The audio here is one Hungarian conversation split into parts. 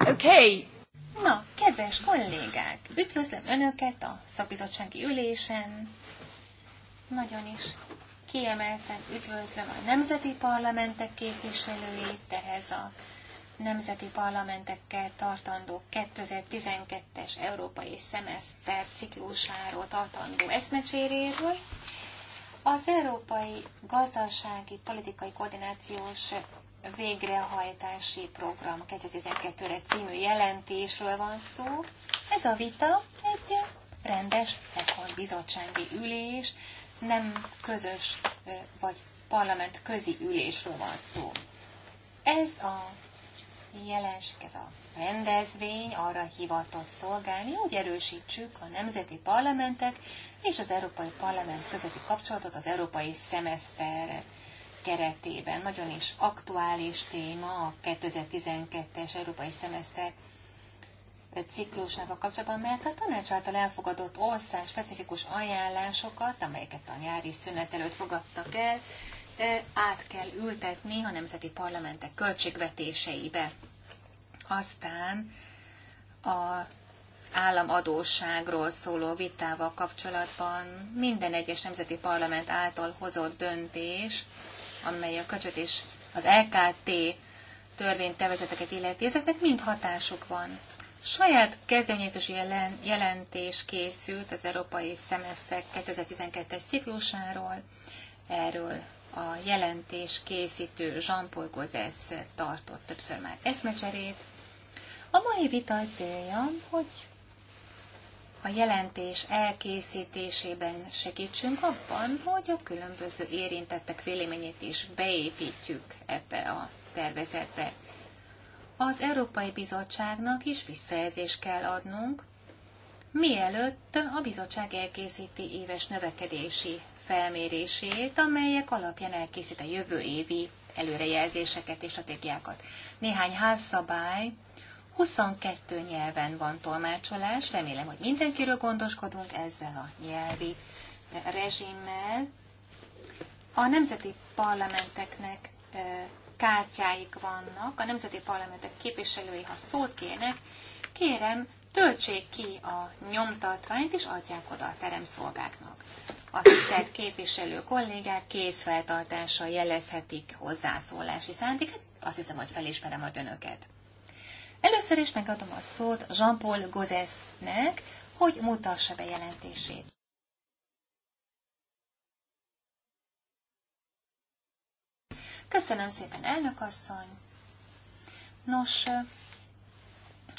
Okay. Na, kedves kollégák, üdvözlöm Önöket a szakbizottsági ülésen. Nagyon is kiemelten üdvözlöm a nemzeti parlamentek képviselőit ehhez a nemzeti parlamentekkel tartandó 2012-es európai szemeszter ciklusáról tartandó eszmecséréről. Az Európai Gazdasági Politikai Koordinációs végrehajtási program 2012-re című jelentésről van szó. Ez a vita egy rendes bizottsági ülés, nem közös vagy parlament közi ülésről van szó. Ez a jelenség, ez a rendezvény arra hivatott szolgálni, hogy erősítsük a nemzeti parlamentek és az Európai Parlament közötti kapcsolatot az európai szemeszter keretében. Nagyon is aktuális téma a 2012-es európai szemeszter ciklusával kapcsolatban, mert a tanács által elfogadott ország specifikus ajánlásokat, amelyeket a nyári szünet előtt fogadtak el, át kell ültetni a nemzeti parlamentek költségvetéseibe aztán az államadóságról szóló vitával kapcsolatban minden egyes nemzeti parlament által hozott döntés, amely a köcsöt és az LKT törvénytervezeteket illeti, ezeknek mind hatásuk van. Saját kezdeményezési jelen, jelentés készült az Európai Szemeszter 2012-es ciklusáról. Erről a jelentés készítő Jean-Paul Gozes tartott többször már eszmecserét. A mai vita célja, hogy a jelentés elkészítésében segítsünk abban, hogy a különböző érintettek véleményét is beépítjük ebbe a tervezetbe. Az Európai Bizottságnak is visszajelzést kell adnunk, mielőtt a bizottság elkészíti éves növekedési felmérését, amelyek alapján elkészít a jövő évi előrejelzéseket és stratégiákat. Néhány házszabály 22 nyelven van tolmácsolás, remélem, hogy mindenkiről gondoskodunk ezzel a nyelvi rezsimmel. A nemzeti parlamenteknek kártyáik vannak, a nemzeti parlamentek képviselői, ha szót kérnek, kérem, töltsék ki a nyomtatványt, és adják oda a teremszolgáknak. A tisztelt képviselő kollégák készfeltartással jelezhetik hozzászólási szándékát, azt hiszem, hogy felismerem a önöket. Először is megadom a szót Jean-Paul Gozesnek, hogy mutassa be jelentését. Köszönöm szépen, elnök asszony! Nos,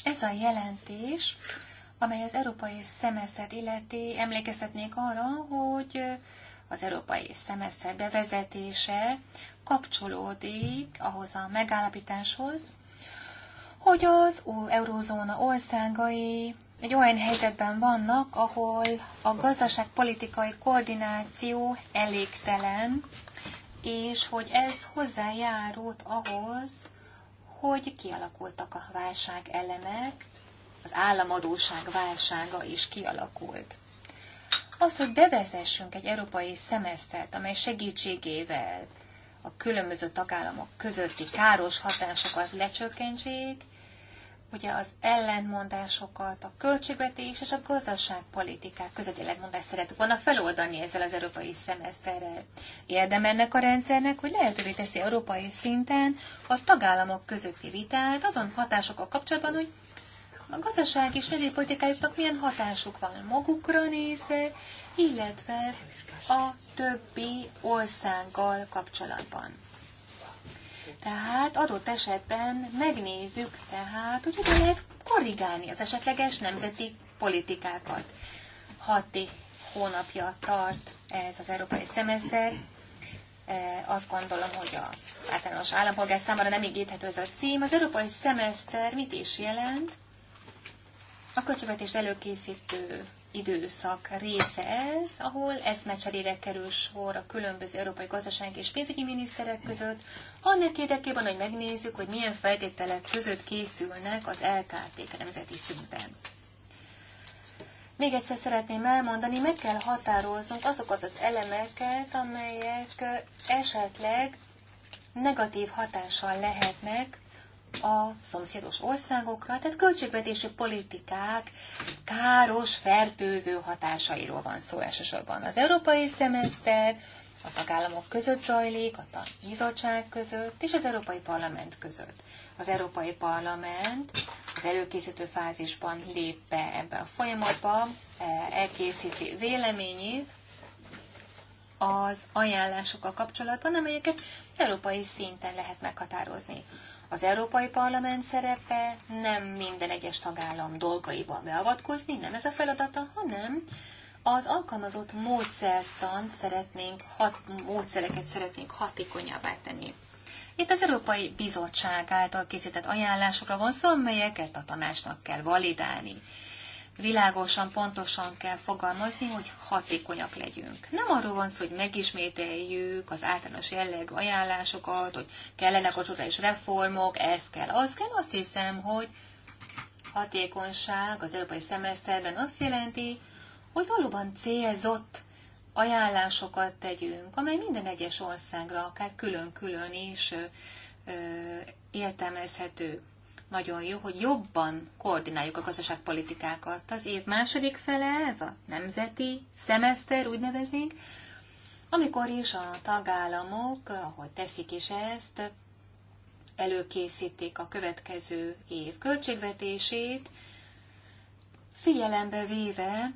ez a jelentés, amely az európai szemeszet illeti, emlékeztetnék arra, hogy az európai szemeszter bevezetése kapcsolódik ahhoz a megállapításhoz, hogy az eurózóna országai egy olyan helyzetben vannak, ahol a gazdaságpolitikai koordináció elégtelen, és hogy ez hozzájárult ahhoz, hogy kialakultak a válság elemek, az államadóság válsága is kialakult. Az, hogy bevezessünk egy európai szemesztert, amely segítségével a különböző tagállamok közötti káros hatásokat lecsökkentsék, ugye az ellentmondásokat a költségvetés és a gazdaságpolitikák közötti ellentmondást szeretük volna feloldani ezzel az európai szemeszterrel. Érdem ennek a rendszernek, hogy lehetővé teszi európai szinten a tagállamok közötti vitát azon hatásokkal kapcsolatban, hogy a gazdaság és mezőpolitikájuknak milyen hatásuk van magukra nézve, illetve a többi országgal kapcsolatban. Tehát adott esetben megnézzük tehát, hogy hogyan lehet korrigálni az esetleges nemzeti politikákat. Hati hónapja tart ez az európai szemeszter. E, azt gondolom, hogy a általános állampolgár számára nem ígérhető ez a cím. Az európai szemeszter mit is jelent? A költségvetés előkészítő időszak része ez, ahol eszmecserére kerül sor a különböző európai gazdasági és pénzügyi miniszterek között, annak érdekében, hogy megnézzük, hogy milyen feltételek között készülnek az LKT nemzeti szinten. Még egyszer szeretném elmondani, meg kell határoznunk azokat az elemeket, amelyek esetleg negatív hatással lehetnek a szomszédos országokra, tehát költségvetési politikák káros, fertőző hatásairól van szó elsősorban. Az európai szemeszter a tagállamok között zajlik, a bizottság között és az Európai Parlament között. Az Európai Parlament az előkészítő fázisban lép be ebbe a folyamatba, elkészíti véleményét az ajánlásokkal kapcsolatban, amelyeket európai szinten lehet meghatározni. Az Európai Parlament szerepe nem minden egyes tagállam dolgaiban beavatkozni, nem ez a feladata, hanem az alkalmazott módszertan szeretnénk, hat, módszereket szeretnénk hatékonyabbá tenni. Itt az Európai Bizottság által készített ajánlásokra van szó, amelyeket a tanácsnak kell validálni világosan, pontosan kell fogalmazni, hogy hatékonyak legyünk. Nem arról van szó, hogy megismételjük az általános jellegű ajánlásokat, hogy kellenek a csodális reformok, ez kell, az kell. Azt hiszem, hogy hatékonyság az európai szemeszterben azt jelenti, hogy valóban célzott ajánlásokat tegyünk, amely minden egyes országra, akár külön-külön is értelmezhető nagyon jó, hogy jobban koordináljuk a gazdaságpolitikákat. Az év második fele, ez a nemzeti szemeszter, úgy neveznénk, amikor is a tagállamok, ahogy teszik is ezt, előkészítik a következő év költségvetését, figyelembe véve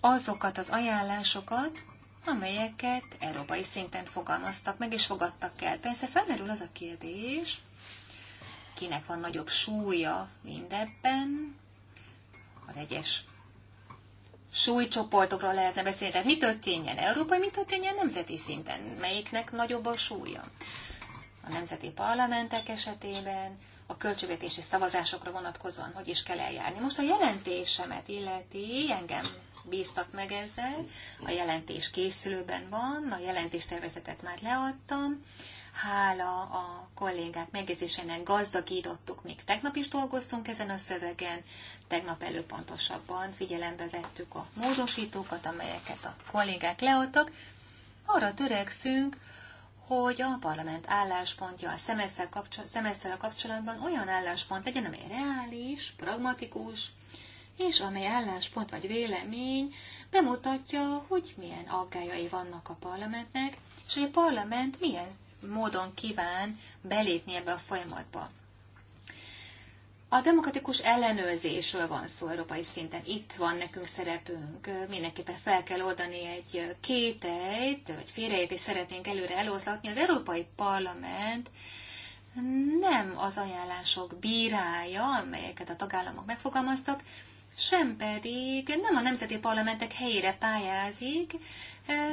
azokat az ajánlásokat, amelyeket európai szinten fogalmaztak meg és fogadtak el. Persze felmerül az a kérdés, kinek van nagyobb súlya mindebben, az egyes súlycsoportokról lehetne beszélni. Tehát mi történjen európai, mi történjen nemzeti szinten, melyiknek nagyobb a súlya. A nemzeti parlamentek esetében, a költségvetési szavazásokra vonatkozóan hogy is kell eljárni. Most a jelentésemet illeti, engem bíztak meg ezzel, a jelentés készülőben van, a jelentéstervezetet már leadtam, hála a kollégák megjegyzésének gazdagítottuk. Még tegnap is dolgoztunk ezen a szövegen, tegnap előpontosabban figyelembe vettük a módosítókat, amelyeket a kollégák leadtak. Arra törekszünk, hogy a parlament álláspontja a szemesztel kapcsolatban olyan álláspont legyen, amely reális, pragmatikus, és amely álláspont vagy vélemény bemutatja, hogy milyen aggájai vannak a parlamentnek, és hogy a parlament milyen módon kíván belépni ebbe a folyamatba. A demokratikus ellenőrzésről van szó európai szinten. Itt van nekünk szerepünk. Mindenképpen fel kell oldani egy kételyt, vagy és szeretnénk előre eloszlatni. Az Európai Parlament nem az ajánlások bírája, amelyeket a tagállamok megfogalmaztak, sem pedig nem a nemzeti parlamentek helyére pályázik,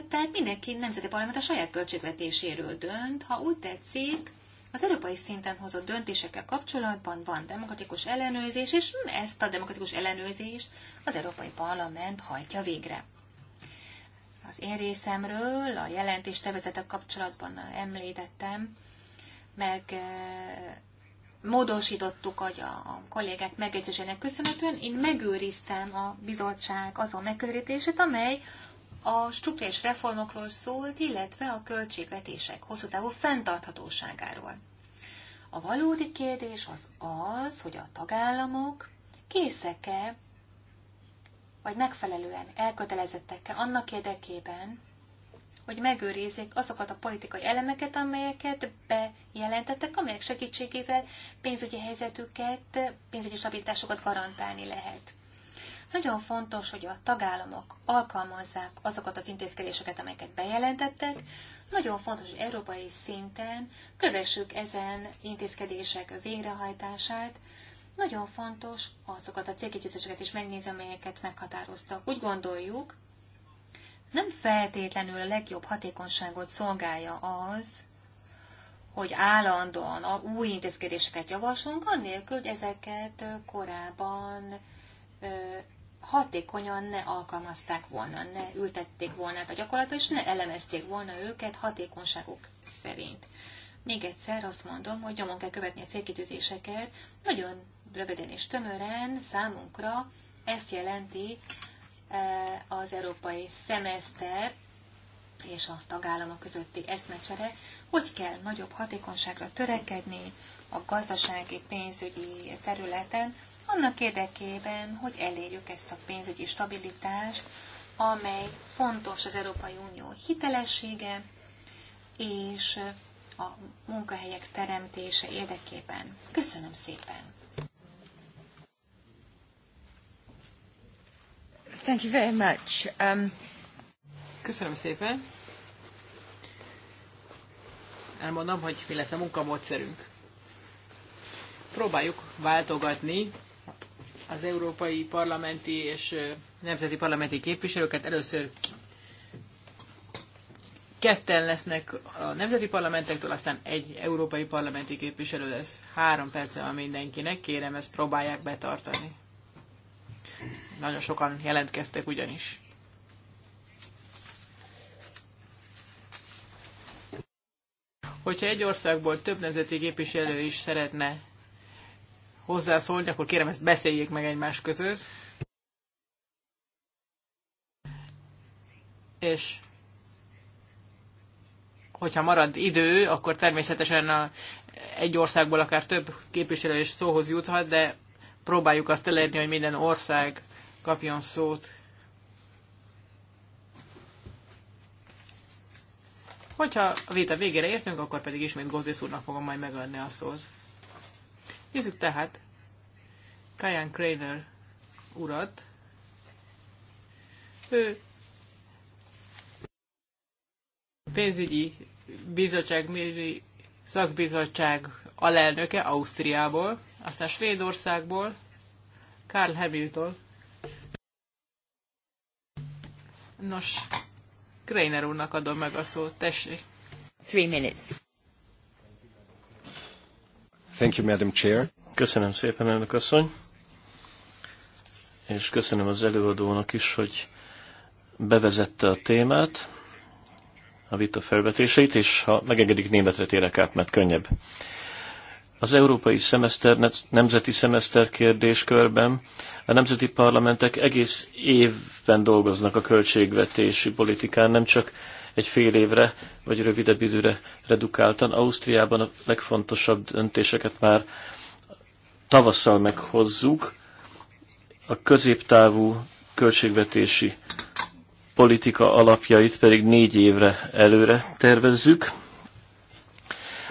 tehát mindenki nemzeti parlament a saját költségvetéséről dönt. Ha úgy tetszik, az európai szinten hozott döntésekkel kapcsolatban van demokratikus ellenőrzés, és ezt a demokratikus ellenőrzést az Európai Parlament hajtja végre. Az én részemről a jelentés tevezetek kapcsolatban említettem, meg módosítottuk hogy a kollégák megjegyzésének köszönhetően. Én megőriztem a bizottság azon megközelítését, amely a struktúrás reformokról szólt, illetve a költségvetések hosszú távú fenntarthatóságáról. A valódi kérdés az az, hogy a tagállamok készek-e, vagy megfelelően elkötelezettek-e annak érdekében, hogy megőrizzék azokat a politikai elemeket, amelyeket bejelentettek, amelyek segítségével pénzügyi helyzetüket, pénzügyi stabilitásokat garantálni lehet. Nagyon fontos, hogy a tagállamok alkalmazzák azokat az intézkedéseket, amelyeket bejelentettek. Nagyon fontos, hogy európai szinten kövessük ezen intézkedések végrehajtását. Nagyon fontos azokat a célkitűzéseket is megnézni, amelyeket meghatároztak. Úgy gondoljuk, nem feltétlenül a legjobb hatékonyságot szolgálja az, hogy állandóan a új intézkedéseket javaslunk, annélkül, hogy ezeket korábban hatékonyan ne alkalmazták volna, ne ültették volna a gyakorlatba, és ne elemezték volna őket hatékonyságuk szerint. Még egyszer azt mondom, hogy nyomon kell követni a célkitűzéseket, nagyon röviden és tömören számunkra ezt jelenti e, az európai szemeszter és a tagállamok közötti eszmecsere, hogy kell nagyobb hatékonyságra törekedni a gazdasági, pénzügyi területen, annak érdekében, hogy elérjük ezt a pénzügyi stabilitást, amely fontos az Európai Unió hitelessége és a munkahelyek teremtése érdekében. Köszönöm szépen! Thank you very much. Um... Köszönöm szépen. Elmondom, hogy mi lesz a munkamódszerünk. Próbáljuk váltogatni az európai parlamenti és nemzeti parlamenti képviselőket. Először ketten lesznek a nemzeti parlamentektől, aztán egy európai parlamenti képviselő lesz. Három perce van mindenkinek, kérem ezt próbálják betartani. Nagyon sokan jelentkeztek ugyanis. Hogyha egy országból több nemzeti képviselő is szeretne hozzászólni, akkor kérem ezt beszéljék meg egymás között. És hogyha marad idő, akkor természetesen a, egy országból akár több képviselő is szóhoz juthat, de próbáljuk azt elérni, hogy minden ország kapjon szót. Hogyha a vita végére értünk, akkor pedig ismét Gózis úrnak fogom majd megadni a szót. Nézzük tehát Kajan Craner urat. Ő pénzügyi bizottság, méri szakbizottság alelnöke Ausztriából, aztán Svédországból, Karl Hamilton. Nos, Kreiner úrnak adom meg a szót, tessék. Three minutes. Thank you, Madam Chair. Köszönöm szépen, elnök asszony. És köszönöm az előadónak is, hogy bevezette a témát, a vita felvetéseit, és ha megengedik, németre térek át, mert könnyebb. Az európai szemeszter, nemzeti szemeszter kérdéskörben a nemzeti parlamentek egész évben dolgoznak a költségvetési politikán, nem csak egy fél évre, vagy rövidebb időre redukáltan. Ausztriában a legfontosabb döntéseket már tavasszal meghozzuk. A középtávú költségvetési politika alapjait pedig négy évre előre tervezzük.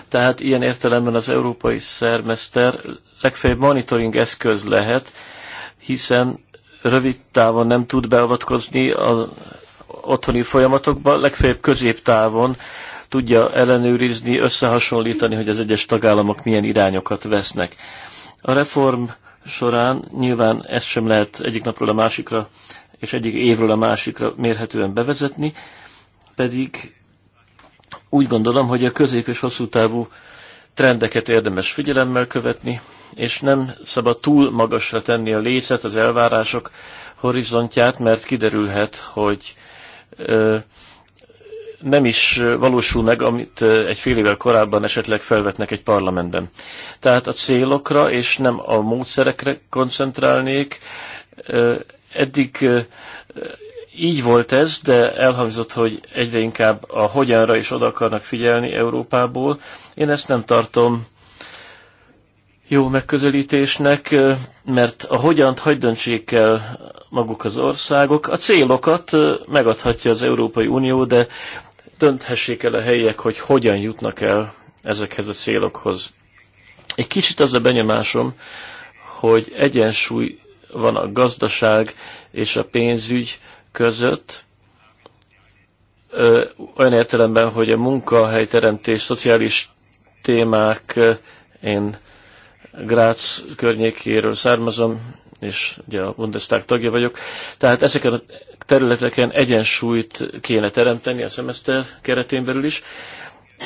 Tehát ilyen értelemben az európai szermeszter legfeljebb monitoring eszköz lehet, hiszen rövid távon nem tud beavatkozni a otthoni folyamatokba, legfeljebb középtávon tudja ellenőrizni, összehasonlítani, hogy az egyes tagállamok milyen irányokat vesznek. A reform során nyilván ezt sem lehet egyik napról a másikra és egyik évről a másikra mérhetően bevezetni, pedig úgy gondolom, hogy a közép és hosszú távú trendeket érdemes figyelemmel követni, és nem szabad túl magasra tenni a lécet, az elvárások horizontját, mert kiderülhet, hogy nem is valósul meg, amit egy fél évvel korábban esetleg felvetnek egy parlamentben. Tehát a célokra és nem a módszerekre koncentrálnék. Eddig így volt ez, de elhangzott, hogy egyre inkább a hogyanra is oda akarnak figyelni Európából. Én ezt nem tartom jó megközelítésnek, mert a hogyan hagy döntsék el maguk az országok. A célokat megadhatja az Európai Unió, de dönthessék el a helyiek, hogy hogyan jutnak el ezekhez a célokhoz. Egy kicsit az a benyomásom, hogy egyensúly van a gazdaság és a pénzügy között, olyan értelemben, hogy a munkahelyteremtés, szociális témák, én Grácz környékéről származom, és ugye a Bundestag tagja vagyok. Tehát ezeken a területeken egyensúlyt kéne teremteni a szemeszter keretén belül is.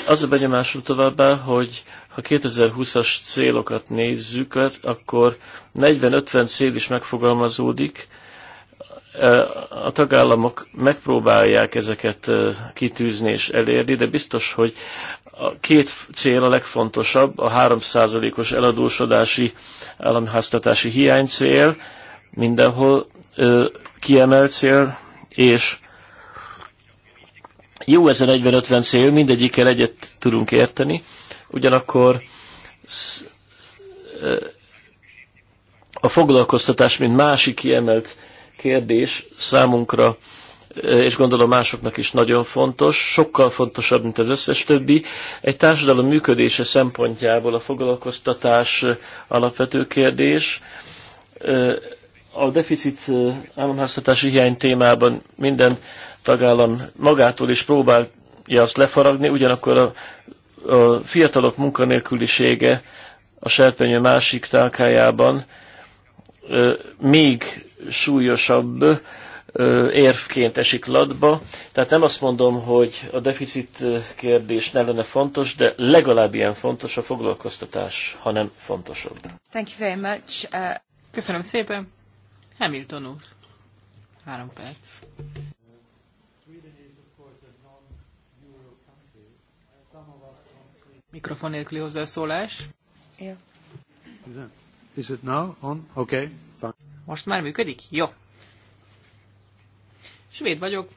Az a benyomásom továbbá, hogy ha 2020-as célokat nézzük, hát akkor 40-50 cél is megfogalmazódik. E, a tagállamok megpróbálják ezeket e, kitűzni és elérni, de biztos, hogy a két cél a legfontosabb, a 3%-os eladósodási háztatási hiány cél, mindenhol ö, kiemelt cél, és jó ez a 40-50 cél, mindegyikkel egyet tudunk érteni, ugyanakkor a foglalkoztatás, mint másik kiemelt kérdés számunkra és gondolom másoknak is nagyon fontos, sokkal fontosabb, mint az összes többi. Egy társadalom működése szempontjából a foglalkoztatás alapvető kérdés. A deficit államháztatási hiány témában minden tagállam magától is próbálja azt lefaragni, ugyanakkor a, a fiatalok munkanélkülisége a serpenyő másik tálkájában még súlyosabb, érvként esik latba. Tehát nem azt mondom, hogy a deficit kérdés ne lenne fontos, de legalább ilyen fontos a foglalkoztatás, hanem fontosabb. Thank you very much. Uh... Köszönöm szépen. Hamilton úr. Három perc. Mikrofon nélküli hozzászólás. Yeah. Is it now on? Okay. Most már működik? Jó, Svéd vagyok,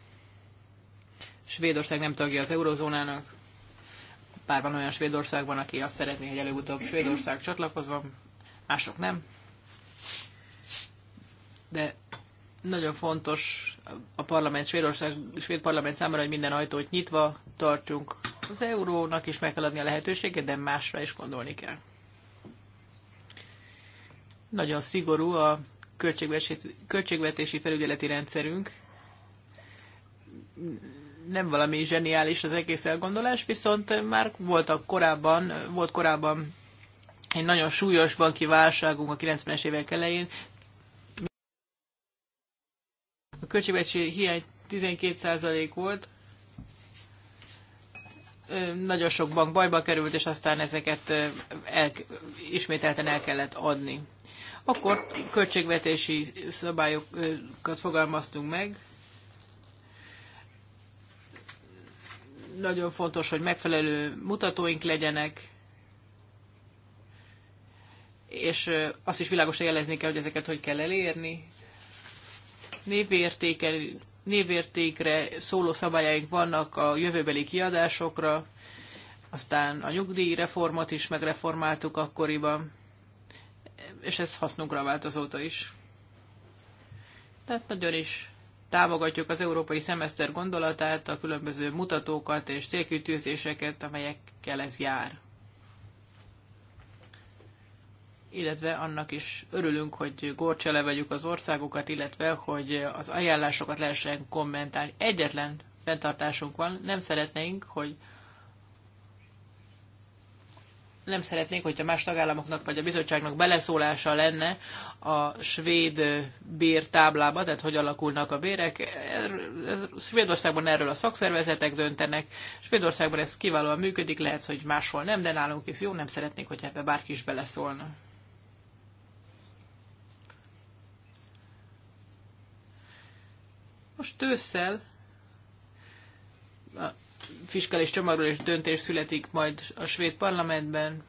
Svédország nem tagja az eurozónának, pár van olyan Svédországban, aki azt szeretné, hogy előbb-utóbb Svédország csatlakozom, mások nem. De nagyon fontos a parlament, Svédország, Svéd parlament számára, hogy minden ajtót nyitva tartsunk. Az eurónak is meg kell adni a lehetőséget, de másra is gondolni kell. Nagyon szigorú a költségvetési felügyeleti rendszerünk, nem valami zseniális az egész elgondolás, viszont már voltak korábban, volt korábban egy nagyon súlyos banki válságunk a 90-es évek elején. A költségvetési hiány 12% volt, nagyon sok bank bajba került, és aztán ezeket el, ismételten el kellett adni. Akkor költségvetési szabályokat fogalmaztunk meg, Nagyon fontos, hogy megfelelő mutatóink legyenek, és azt is világosan jelezni kell, hogy ezeket hogy kell elérni. névértékre szóló szabályaink vannak a jövőbeli kiadásokra, aztán a nyugdíjreformot is megreformáltuk akkoriban, és ez hasznunkra vált azóta is. Tehát nagyon is támogatjuk az európai szemeszter gondolatát, a különböző mutatókat és célkütőzéseket, amelyekkel ez jár. Illetve annak is örülünk, hogy górcsele vegyük az országokat, illetve hogy az ajánlásokat lehessen kommentálni. Egyetlen fenntartásunk van, nem szeretnénk, hogy nem szeretnék, hogyha más tagállamoknak vagy a bizottságnak beleszólása lenne a svéd bér táblába, tehát hogy alakulnak a bérek. Svédországban erről a szakszervezetek döntenek, Svédországban ez kiválóan működik, lehet, hogy máshol nem, de nálunk is jó, nem szeretnék, hogyha ebbe bárki is beleszólna. Most ősszel fiskális csomagról és döntés születik majd a svéd parlamentben,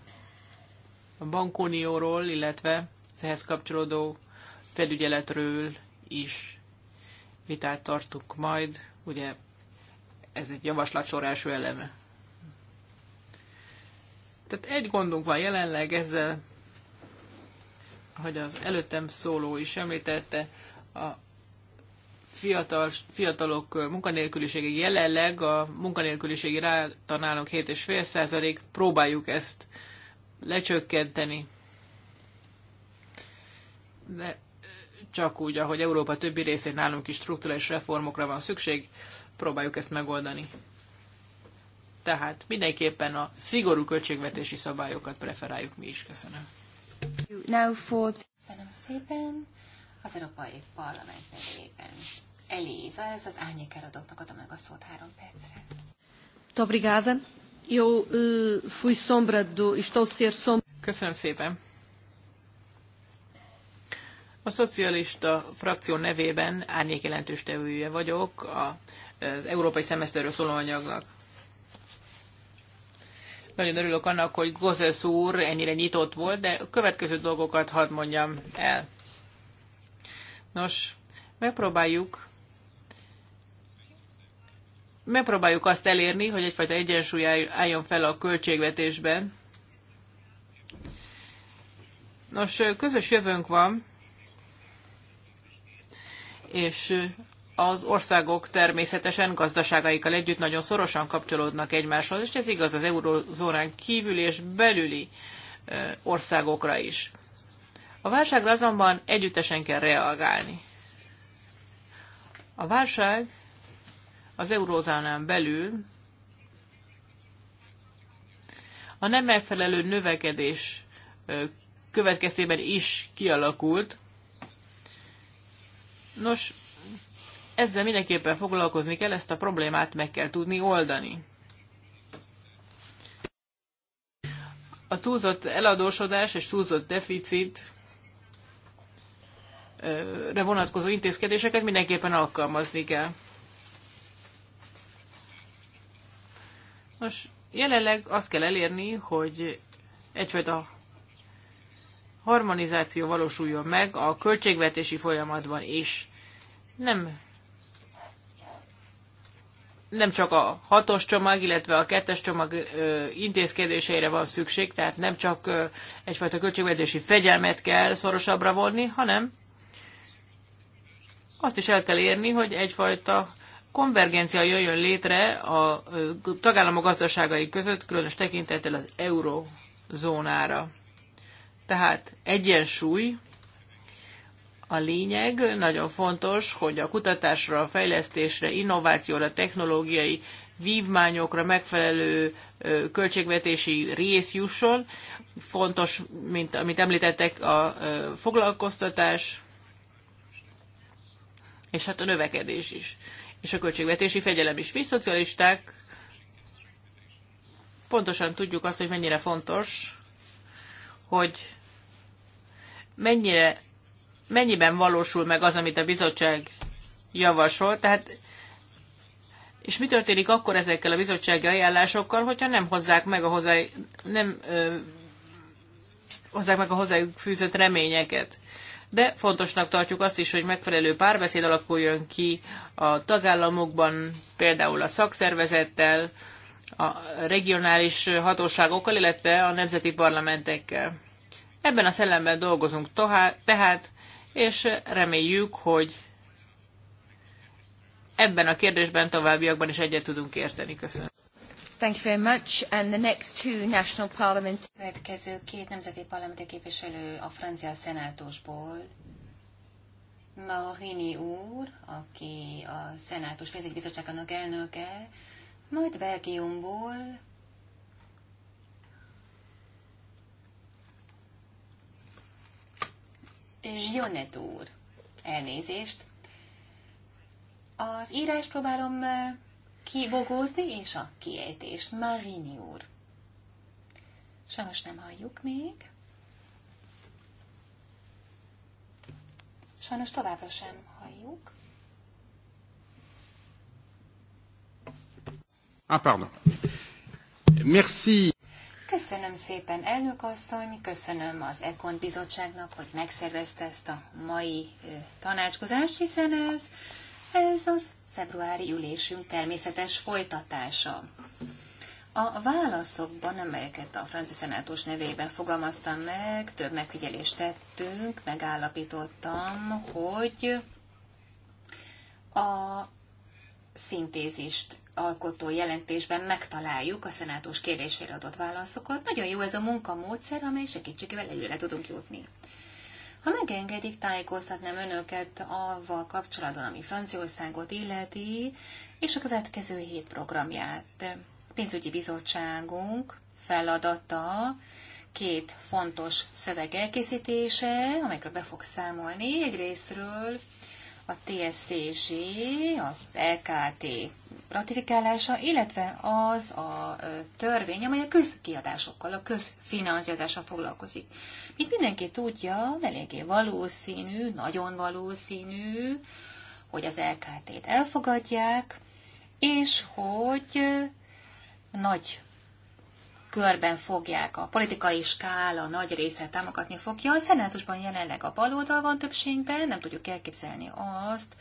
a bankunióról, illetve az ehhez kapcsolódó felügyeletről is vitát tartunk majd. Ugye ez egy javaslat sor első eleme. Tehát egy gondunk van jelenleg ezzel, hogy az előttem szóló is említette, a fiatal, fiatalok munkanélkülisége jelenleg a munkanélküliségi rátanának 7,5 próbáljuk ezt lecsökkenteni. De csak úgy, ahogy Európa többi részén nálunk is struktúrális reformokra van szükség, próbáljuk ezt megoldani. Tehát mindenképpen a szigorú költségvetési szabályokat preferáljuk mi is. Köszönöm. Now for... Köszönöm szépen az Európai Parlament nevében. Eliza, ez az árnyék eladóknak adom meg a szót három percre. Obrigada. jó, eh, fui sombra do... tosszér ser Köszönöm szépen. A szocialista frakció nevében árnyék jelentős tevője vagyok az európai szemeszterről szóló anyagnak. Nagyon örülök annak, hogy Gozesz úr ennyire nyitott volt, de a következő dolgokat hadd mondjam el. Nos, megpróbáljuk megpróbáljuk azt elérni, hogy egyfajta egyensúly álljon fel a költségvetésben. Nos, közös jövőnk van, és az országok természetesen gazdaságaikkal együtt nagyon szorosan kapcsolódnak egymáshoz, és ez igaz az eurozónán kívül és belüli országokra is. A válságra azonban együttesen kell reagálni. A válság az eurózónán belül a nem megfelelő növekedés következtében is kialakult. Nos, ezzel mindenképpen foglalkozni kell, ezt a problémát meg kell tudni oldani. A túlzott eladósodás és túlzott deficit vonatkozó intézkedéseket mindenképpen alkalmazni kell. Nos, jelenleg azt kell elérni, hogy egyfajta harmonizáció valósuljon meg a költségvetési folyamatban is. Nem nem csak a hatos csomag, illetve a kettes csomag intézkedéseire van szükség, tehát nem csak egyfajta költségvetési fegyelmet kell szorosabbra vonni, hanem azt is el kell érni, hogy egyfajta konvergencia jöjjön létre a tagállamok gazdaságai között, különös tekintettel az eurozónára. Tehát egyensúly a lényeg, nagyon fontos, hogy a kutatásra, a fejlesztésre, innovációra, technológiai vívmányokra megfelelő költségvetési rész jusson. Fontos, mint amit említettek, a foglalkoztatás, és hát a növekedés is és a költségvetési fegyelem is. Mi szocialisták pontosan tudjuk azt, hogy mennyire fontos, hogy mennyire, mennyiben valósul meg az, amit a bizottság javasol. Tehát és mi történik akkor ezekkel a bizottsági ajánlásokkal, hogyha nem hozzák meg a hozzá, nem ö, hozzák meg a hozzájuk fűzött reményeket? de fontosnak tartjuk azt is, hogy megfelelő párbeszéd alakuljon ki a tagállamokban, például a szakszervezettel, a regionális hatóságokkal, illetve a nemzeti parlamentekkel. Ebben a szellemben dolgozunk tehát, és reméljük, hogy ebben a kérdésben továbbiakban is egyet tudunk érteni. Köszönöm. Thank you very much. And the next two national parliament... Következő két nemzeti parlamenti képviselő a francia szenátusból. Marini úr, aki a szenátus pénzügybizottságának bizottságának elnöke, majd Belgiumból Zsionet úr, elnézést. Az írás próbálom kibogózni és a kiejtést. Marini úr. Sajnos nem halljuk még. Sajnos továbbra sem halljuk. Ah, pardon. Merci. Köszönöm szépen, elnök asszony, köszönöm az Ekon bizottságnak, hogy megszervezte ezt a mai tanácskozást, hiszen ez, ez az februári ülésünk természetes folytatása. A válaszokban, amelyeket a francia szenátus nevében fogalmaztam meg, több megfigyelést tettünk, megállapítottam, hogy a szintézist alkotó jelentésben megtaláljuk a szenátus kérdésére adott válaszokat. Nagyon jó ez a munkamódszer, amely segítségével előre tudunk jutni. Ha megengedik, tájékoztatnám önöket avval kapcsolatban, ami Franciaországot illeti, és a következő hét programját. A pénzügyi bizottságunk feladata két fontos szöveg elkészítése, amelyekről be fog számolni. Egyrésztről a TSCG, az LKT ratifikálása, illetve az a törvény, amely a közkiadásokkal, a közfinanszírozással foglalkozik. Mint mindenki tudja, eléggé valószínű, nagyon valószínű, hogy az LKT-t elfogadják, és hogy nagy körben fogják. A politikai skála nagy része támogatni fogja. A szenátusban jelenleg a baloldal van többségben, nem tudjuk elképzelni azt,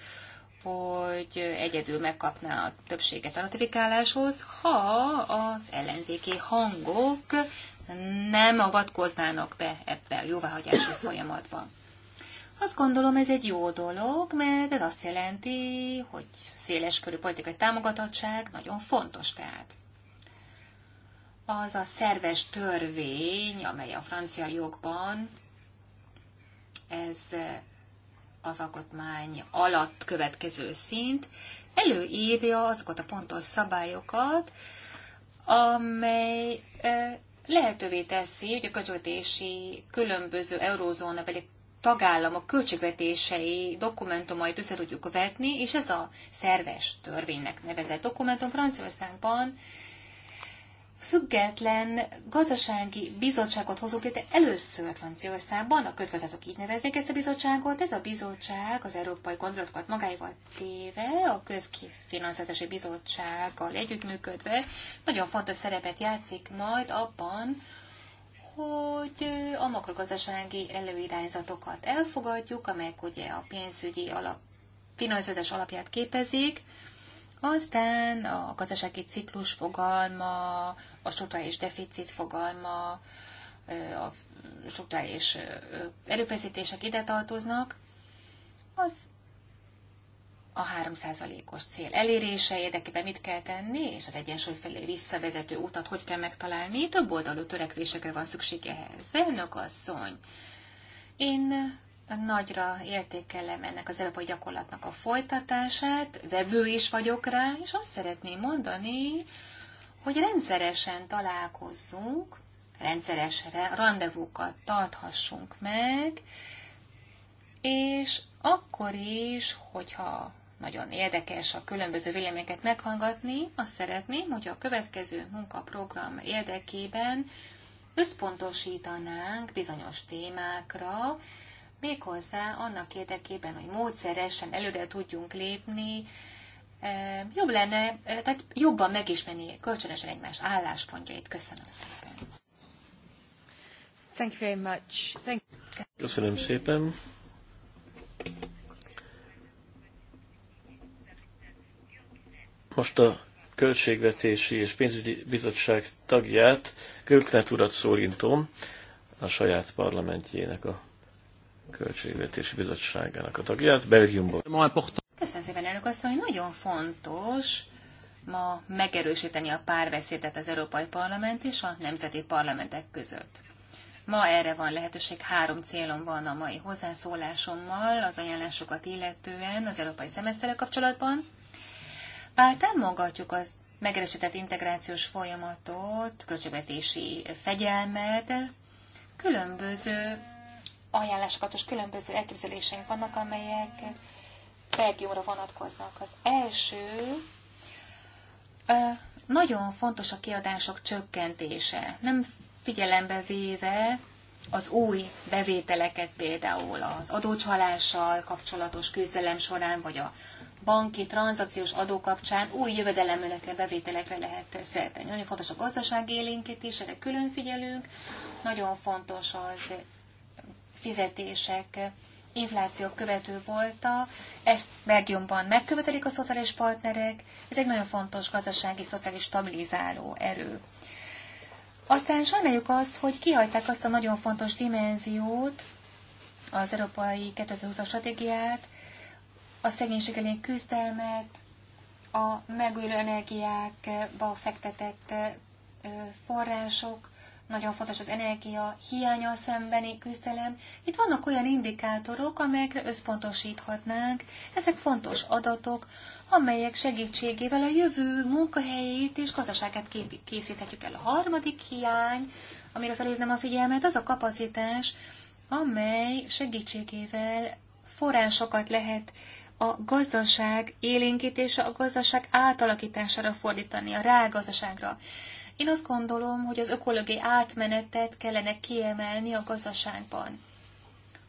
hogy egyedül megkapná a többséget a ratifikáláshoz, ha az ellenzéki hangok nem avatkoznának be ebbe a jóváhagyási folyamatba. Azt gondolom, ez egy jó dolog, mert ez azt jelenti, hogy széleskörű politikai támogatottság nagyon fontos tehát az a szerves törvény, amely a francia jogban, ez az alkotmány alatt következő szint, előírja azokat a pontos szabályokat, amely lehetővé teszi, hogy a költségvetési különböző eurózóna eurózónabeli tagállamok költségvetései dokumentumait össze tudjuk vetni, és ez a szerves törvénynek nevezett dokumentum Franciaországban független gazdasági bizottságot hozunk létre először Franciaországban, a közgazdászok így nevezik ezt a bizottságot. Ez a bizottság az európai gondolatokat magáival téve, a közkifinanszírozási bizottsággal együttműködve nagyon fontos szerepet játszik majd abban, hogy a makrogazdasági előirányzatokat elfogadjuk, amelyek ugye a pénzügyi alap, finanszírozás alapját képezik, aztán a gazdasági ciklus fogalma, a és deficit fogalma, a és erőfeszítések ide tartoznak, az a 3%-os cél elérése érdekében mit kell tenni, és az egyensúly felé visszavezető utat hogy kell megtalálni, több oldalú törekvésekre van szükség ehhez. Elnök asszony, én nagyra értékelem ennek az európai gyakorlatnak a folytatását, vevő is vagyok rá, és azt szeretném mondani, hogy rendszeresen találkozzunk, rendszeresre rendezvókat tarthassunk meg, és akkor is, hogyha nagyon érdekes a különböző véleményeket meghallgatni, azt szeretném, hogy a következő munkaprogram érdekében összpontosítanánk bizonyos témákra, méghozzá annak érdekében, hogy módszeresen előre tudjunk lépni, e, jobb lenne, e, tehát jobban megismerni kölcsönösen egymás álláspontjait. Köszönöm szépen. Thank you very much. Thank you. Köszönöm szépen. Most a Költségvetési és Pénzügyi Bizottság tagját, Gölknet urat szólintom, a saját parlamentjének a Költségvetési Bizottságának a tagját, Belgiumból. Köszönöm szépen, elnök asszony, nagyon fontos ma megerősíteni a párbeszédet az Európai Parlament és a nemzeti parlamentek között. Ma erre van lehetőség, három célom van a mai hozzászólásommal, az ajánlásokat illetően az európai szemeszterrel kapcsolatban. Bár támogatjuk az megerősített integrációs folyamatot, költségvetési fegyelmet, különböző ajánlásokat és különböző elképzeléseink vannak, amelyek Belgiumra vonatkoznak. Az első nagyon fontos a kiadások csökkentése, nem figyelembe véve az új bevételeket például az adócsalással kapcsolatos küzdelem során, vagy a banki tranzakciós adó kapcsán új jövedelemönekre, bevételekre lehet szerteni. Nagyon fontos a gazdaság élénkítés, erre külön figyelünk. Nagyon fontos az fizetések infláció követő volta, ezt megjobban megkövetelik a szociális partnerek, ez egy nagyon fontos gazdasági, szociális stabilizáló erő. Aztán sajnáljuk azt, hogy kihagyták azt a nagyon fontos dimenziót, az Európai 2020-as stratégiát, a szegénység elég küzdelmet, a megújuló energiákba fektetett források, nagyon fontos az energia hiánya szembeni küzdelem. Itt vannak olyan indikátorok, amelyekre összpontosíthatnánk. Ezek fontos adatok, amelyek segítségével a jövő munkahelyét és gazdaságát készíthetjük el. A harmadik hiány, amire felhívnám a figyelmet, az a kapacitás, amely segítségével forrásokat lehet a gazdaság élénkítése, a gazdaság átalakítására fordítani, a rágazdaságra. Én azt gondolom, hogy az ökológiai átmenetet kellene kiemelni a gazdaságban.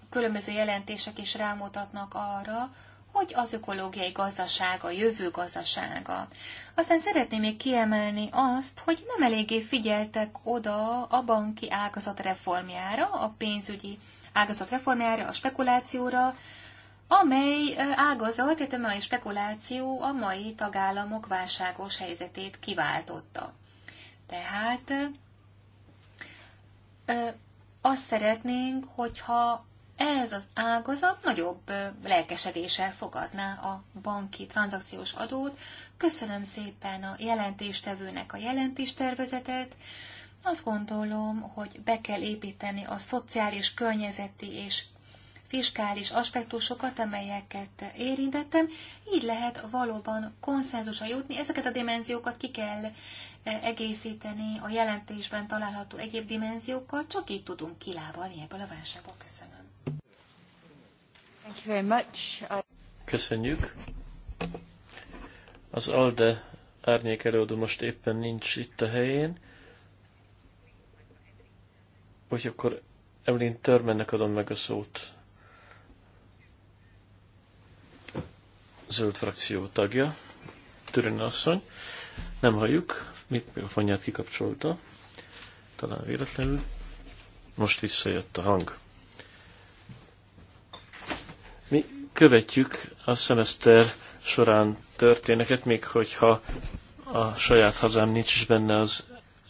A különböző jelentések is rámutatnak arra, hogy az ökológiai gazdasága, a jövő gazdasága. Aztán szeretném még kiemelni azt, hogy nem eléggé figyeltek oda a banki ágazat reformjára, a pénzügyi ágazat reformjára, a spekulációra, amely ágazat, tehát a mai spekuláció a mai tagállamok válságos helyzetét kiváltotta. Tehát azt szeretnénk, hogyha ez az ágazat nagyobb lelkesedéssel fogadná a banki tranzakciós adót. Köszönöm szépen a jelentéstevőnek a jelentéstervezetet. Azt gondolom, hogy be kell építeni a szociális, környezeti és fiskális aspektusokat, amelyeket érintettem, így lehet valóban konszenzusra jutni. Ezeket a dimenziókat ki kell egészíteni a jelentésben található egyéb dimenziókkal, csak így tudunk kilábalni ebből a válságból. Köszönöm. Thank you very much. Köszönjük. Az ALDE árnyék előadó most éppen nincs itt a helyén. Hogy akkor Evelyn Törmennek adom meg a szót. Zöld frakció tagja. Türen asszony. Nem halljuk mikrofonját kikapcsolta, talán véletlenül. Most visszajött a hang. Mi követjük a szemeszter során történeket, még hogyha a saját hazám nincs is benne az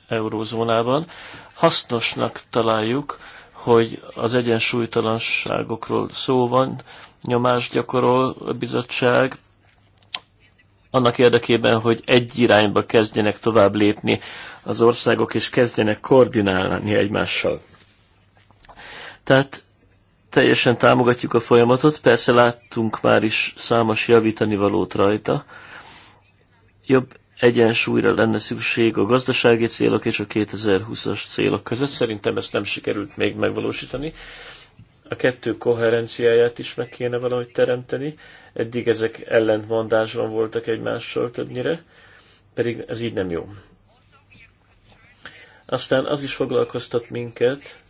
eurózónában. Hasznosnak találjuk, hogy az egyensúlytalanságokról szó van, nyomást gyakorol a bizottság, annak érdekében, hogy egy irányba kezdjenek tovább lépni az országok, és kezdjenek koordinálni egymással. Tehát teljesen támogatjuk a folyamatot, persze láttunk már is számos javítani valót rajta. Jobb egyensúlyra lenne szükség a gazdasági célok és a 2020-as célok között. Szerintem ezt nem sikerült még megvalósítani. A kettő koherenciáját is meg kéne valahogy teremteni, Eddig ezek ellentmondásban voltak egymással többnyire, pedig ez így nem jó. Aztán az is foglalkoztat minket,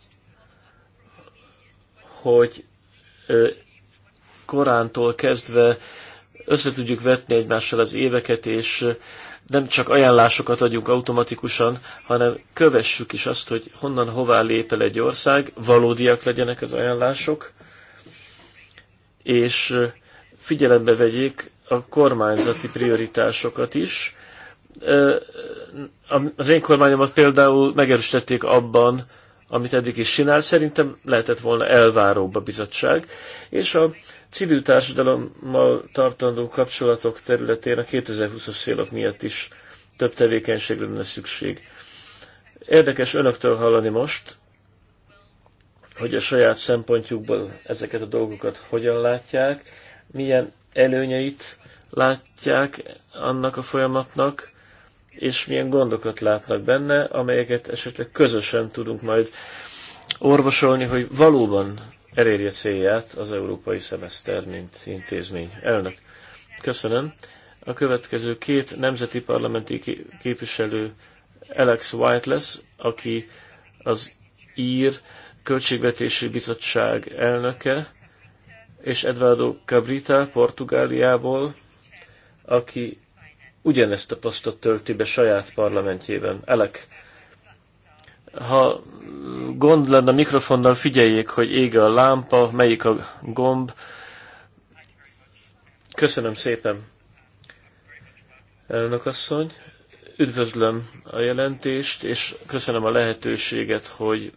hogy korántól kezdve összetudjuk vetni egymással az éveket, és nem csak ajánlásokat adjunk automatikusan, hanem kövessük is azt, hogy honnan hová lép el egy ország, valódiak legyenek az ajánlások, és figyelembe vegyék a kormányzati prioritásokat is. Az én kormányomat például megerősítették abban, amit eddig is csinál, szerintem lehetett volna elváróbb a bizottság, és a civil társadalommal tartandó kapcsolatok területén a 2020-as szélok miatt is több tevékenységre lenne szükség. Érdekes önöktől hallani most, hogy a saját szempontjukból ezeket a dolgokat hogyan látják, milyen előnyeit látják annak a folyamatnak, és milyen gondokat látnak benne, amelyeket esetleg közösen tudunk majd orvosolni, hogy valóban elérje célját az európai szemeszter, mint intézmény. Elnök, köszönöm. A következő két nemzeti parlamenti képviselő Alex White lesz, aki az ír költségvetési bizottság elnöke, és Eduardo Cabrita Portugáliából, aki ugyanezt a posztot tölti be saját parlamentjében. Elek, ha gond lenne a mikrofonnal, figyeljék, hogy ég a lámpa, melyik a gomb. Köszönöm szépen, elnök asszony. Üdvözlöm a jelentést, és köszönöm a lehetőséget, hogy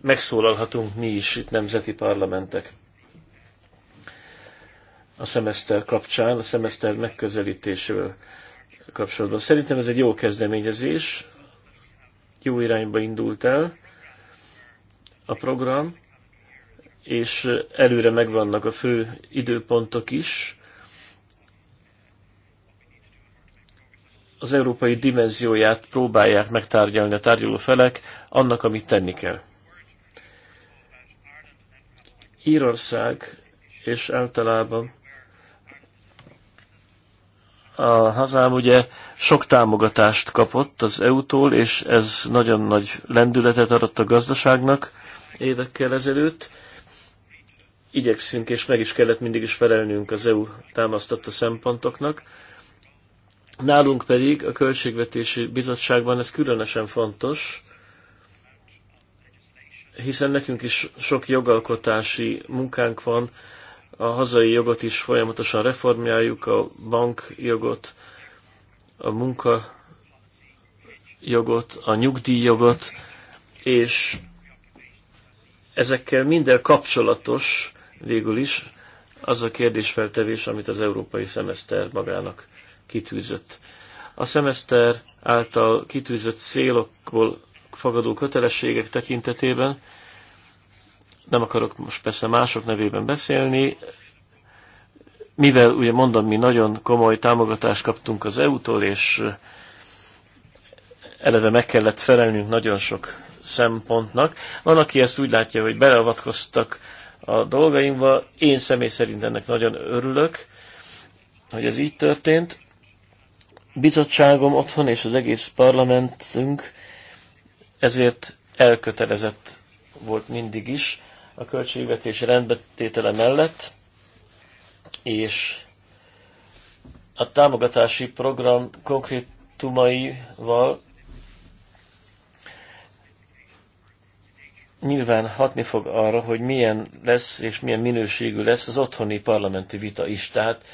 megszólalhatunk mi is itt nemzeti parlamentek a szemeszter kapcsán, a szemeszter megközelítésével kapcsolatban. Szerintem ez egy jó kezdeményezés, jó irányba indult el a program, és előre megvannak a fő időpontok is. Az európai dimenzióját próbálják megtárgyalni a tárgyaló felek annak, amit tenni kell. Írország és általában a hazám ugye sok támogatást kapott az EU-tól, és ez nagyon nagy lendületet adott a gazdaságnak évekkel ezelőtt. Igyekszünk, és meg is kellett mindig is felelnünk az EU támasztotta szempontoknak. Nálunk pedig a Költségvetési Bizottságban ez különösen fontos, hiszen nekünk is sok jogalkotási munkánk van a hazai jogot is folyamatosan reformjáljuk, a bankjogot, a munkajogot, a nyugdíjjogot, és ezekkel minden kapcsolatos végül is az a kérdésfeltevés, amit az európai szemeszter magának kitűzött. A szemeszter által kitűzött célokból fogadó kötelességek tekintetében nem akarok most persze mások nevében beszélni, mivel ugye mondom, mi nagyon komoly támogatást kaptunk az EU-tól, és eh, eleve meg kellett felelnünk nagyon sok szempontnak. Van, aki ezt úgy látja, hogy beleavatkoztak a dolgaimba, én személy szerint ennek nagyon örülök, hogy ez így történt. Bizottságom otthon és az egész parlamentünk ezért elkötelezett volt mindig is, a költségvetés rendbetétele mellett, és a támogatási program konkrétumaival nyilván hatni fog arra, hogy milyen lesz és milyen minőségű lesz az otthoni parlamenti vita is. Tehát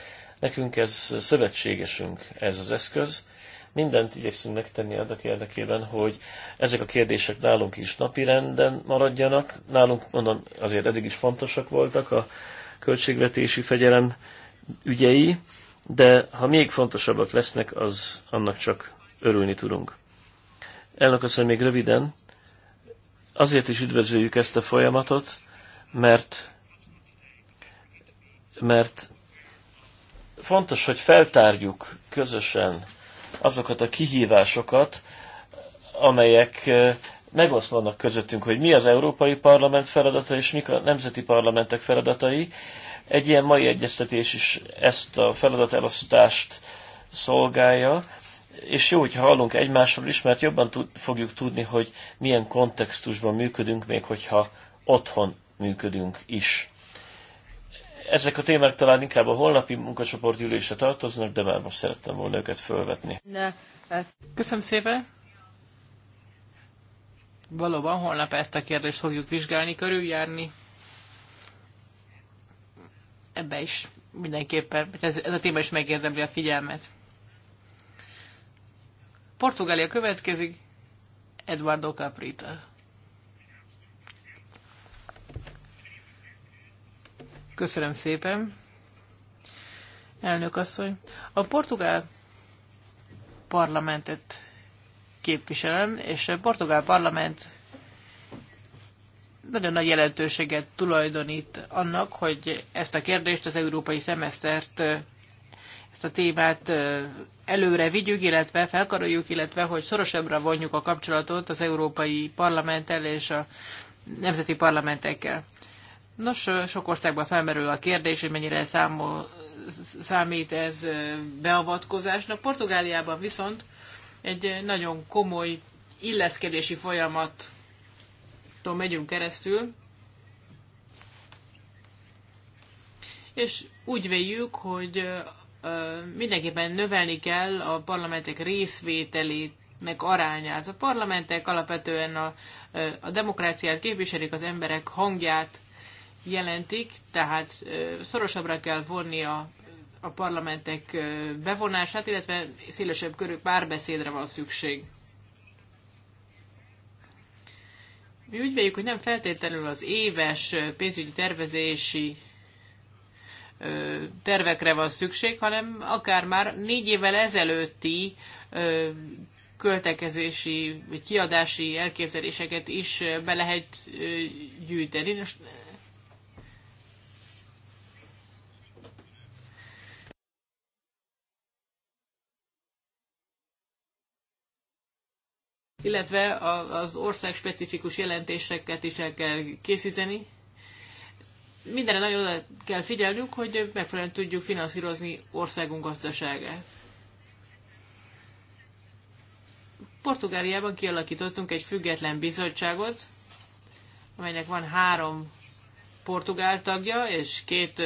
nekünk ez szövetségesünk, ez az eszköz, Mindent igyekszünk megtenni annak érdekében, hogy ezek a kérdések nálunk is napirenden maradjanak. Nálunk, mondom, azért eddig is fontosak voltak a költségvetési fegyelem ügyei, de ha még fontosabbak lesznek, az annak csak örülni tudunk. Elnök aztán még röviden, azért is üdvözöljük ezt a folyamatot, mert mert fontos, hogy feltárjuk közösen azokat a kihívásokat, amelyek megoszlanak közöttünk, hogy mi az Európai Parlament feladata és mik a nemzeti parlamentek feladatai. Egy ilyen mai egyeztetés is ezt a feladatelosztást szolgálja, és jó, hogyha hallunk egymásról is, mert jobban tud, fogjuk tudni, hogy milyen kontextusban működünk, még hogyha otthon működünk is. Ezek a témák talán inkább a holnapi munkacsoport ülése tartoznak, de már most szerettem volna őket fölvetni. Köszönöm szépen! Valóban holnap ezt a kérdést fogjuk vizsgálni, körüljárni. Ebbe is mindenképpen, ez, ez a téma is megérdemli a figyelmet. Portugália következik, Eduardo Caprita. Köszönöm szépen. Elnök asszony, a portugál parlamentet képviselem, és a portugál parlament nagyon nagy jelentőséget tulajdonít annak, hogy ezt a kérdést, az európai szemesztert, ezt a témát előre vigyük, illetve felkaroljuk, illetve hogy szorosabbra vonjuk a kapcsolatot az európai parlamenttel és a nemzeti parlamentekkel. Nos, sok országban felmerül a kérdés, hogy mennyire számol, számít ez beavatkozásnak. Portugáliában viszont egy nagyon komoly illeszkedési folyamat megyünk keresztül, és úgy véljük, hogy mindenképpen növelni kell a parlamentek részvételének arányát. A parlamentek alapvetően a, a demokráciát képviselik, az emberek hangját jelentik, tehát szorosabbra kell vonni a, a parlamentek bevonását, illetve szélesebb körű párbeszédre van szükség. Mi úgy véljük, hogy nem feltétlenül az éves pénzügyi tervezési tervekre van szükség, hanem akár már négy évvel ezelőtti költekezési, vagy kiadási elképzeléseket is be lehet gyűjteni. Most illetve az ország specifikus jelentéseket is el kell készíteni. Mindenre nagyon oda kell figyelnünk, hogy megfelelően tudjuk finanszírozni országunk gazdaságát. Portugáliában kialakítottunk egy független bizottságot, amelynek van három portugál tagja és két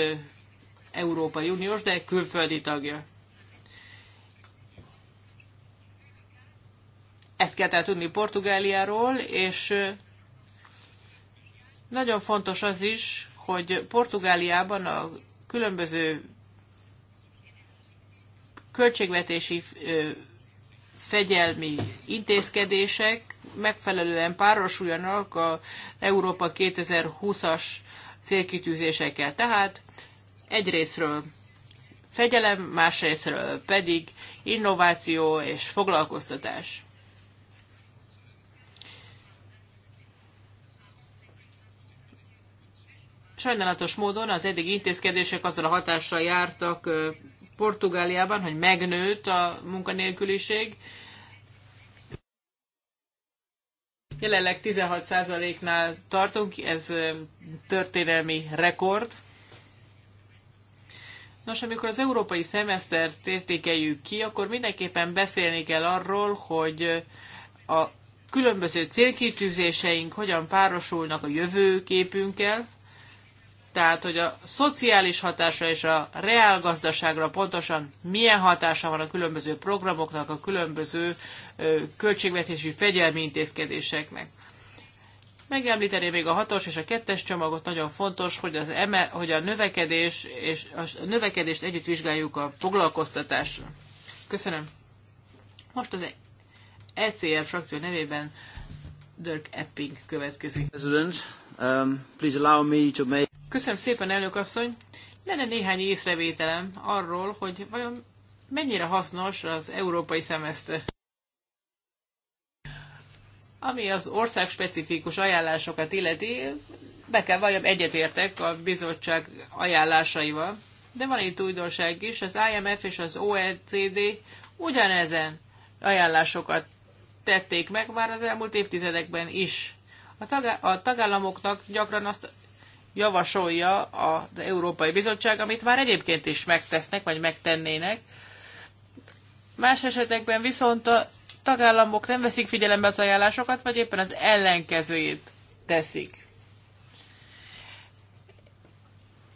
Európai Uniós, de külföldi tagja. Ezt kell tudni Portugáliáról, és nagyon fontos az is, hogy Portugáliában a különböző költségvetési fegyelmi intézkedések megfelelően párosuljanak a Európa 2020-as célkitűzésekkel. Tehát egyrésztről fegyelem, másrésztről pedig innováció és foglalkoztatás. Sajnálatos módon az eddig intézkedések azzal a hatással jártak Portugáliában, hogy megnőtt a munkanélküliség. Jelenleg 16%-nál tartunk, ez történelmi rekord. Nos, amikor az európai szemesztert értékeljük ki, akkor mindenképpen beszélni kell arról, hogy a különböző célkitűzéseink hogyan párosulnak a jövőképünkkel, tehát hogy a szociális hatása és a reál gazdaságra pontosan milyen hatása van a különböző programoknak, a különböző költségvetési fegyelmi intézkedéseknek. Megemlíteném még a hatos és a kettes csomagot, nagyon fontos, hogy, az eme, hogy a, növekedés és a növekedést együtt vizsgáljuk a foglalkoztatásra. Köszönöm. Most az ECR frakció nevében Dirk Epping következik. President, um, please allow me to make... Köszönöm szépen, elnök asszony. Lenne néhány észrevételem arról, hogy vajon mennyire hasznos az európai szemeszter. Ami az ország specifikus ajánlásokat illeti, be kell valljam egyetértek a bizottság ajánlásaival, de van itt újdonság is, az IMF és az OECD ugyanezen ajánlásokat tették meg már az elmúlt évtizedekben is. A, tagá- a tagállamoknak gyakran azt javasolja az Európai Bizottság, amit már egyébként is megtesznek, vagy megtennének. Más esetekben viszont a tagállamok nem veszik figyelembe az ajánlásokat, vagy éppen az ellenkezőjét teszik.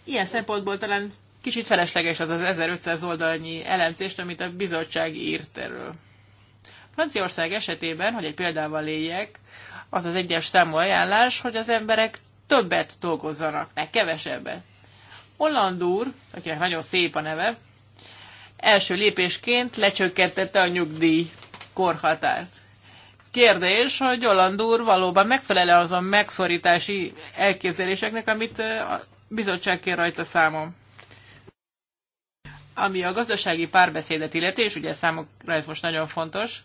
Ilyen szempontból talán kicsit felesleges az az 1500 oldalnyi elemzést, amit a bizottság írt erről. Franciaország esetében, hogy egy példával éljek, az az egyes számú ajánlás, hogy az emberek többet dolgozzanak, ne kevesebbet. Holland úr, akinek nagyon szép a neve, első lépésként lecsökkentette a nyugdíj korhatárt. Kérdés, hogy Holland úr valóban megfelele azon megszorítási elképzeléseknek, amit a bizottság kér rajta számom. Ami a gazdasági párbeszédet illeti, és ugye számokra ez most nagyon fontos,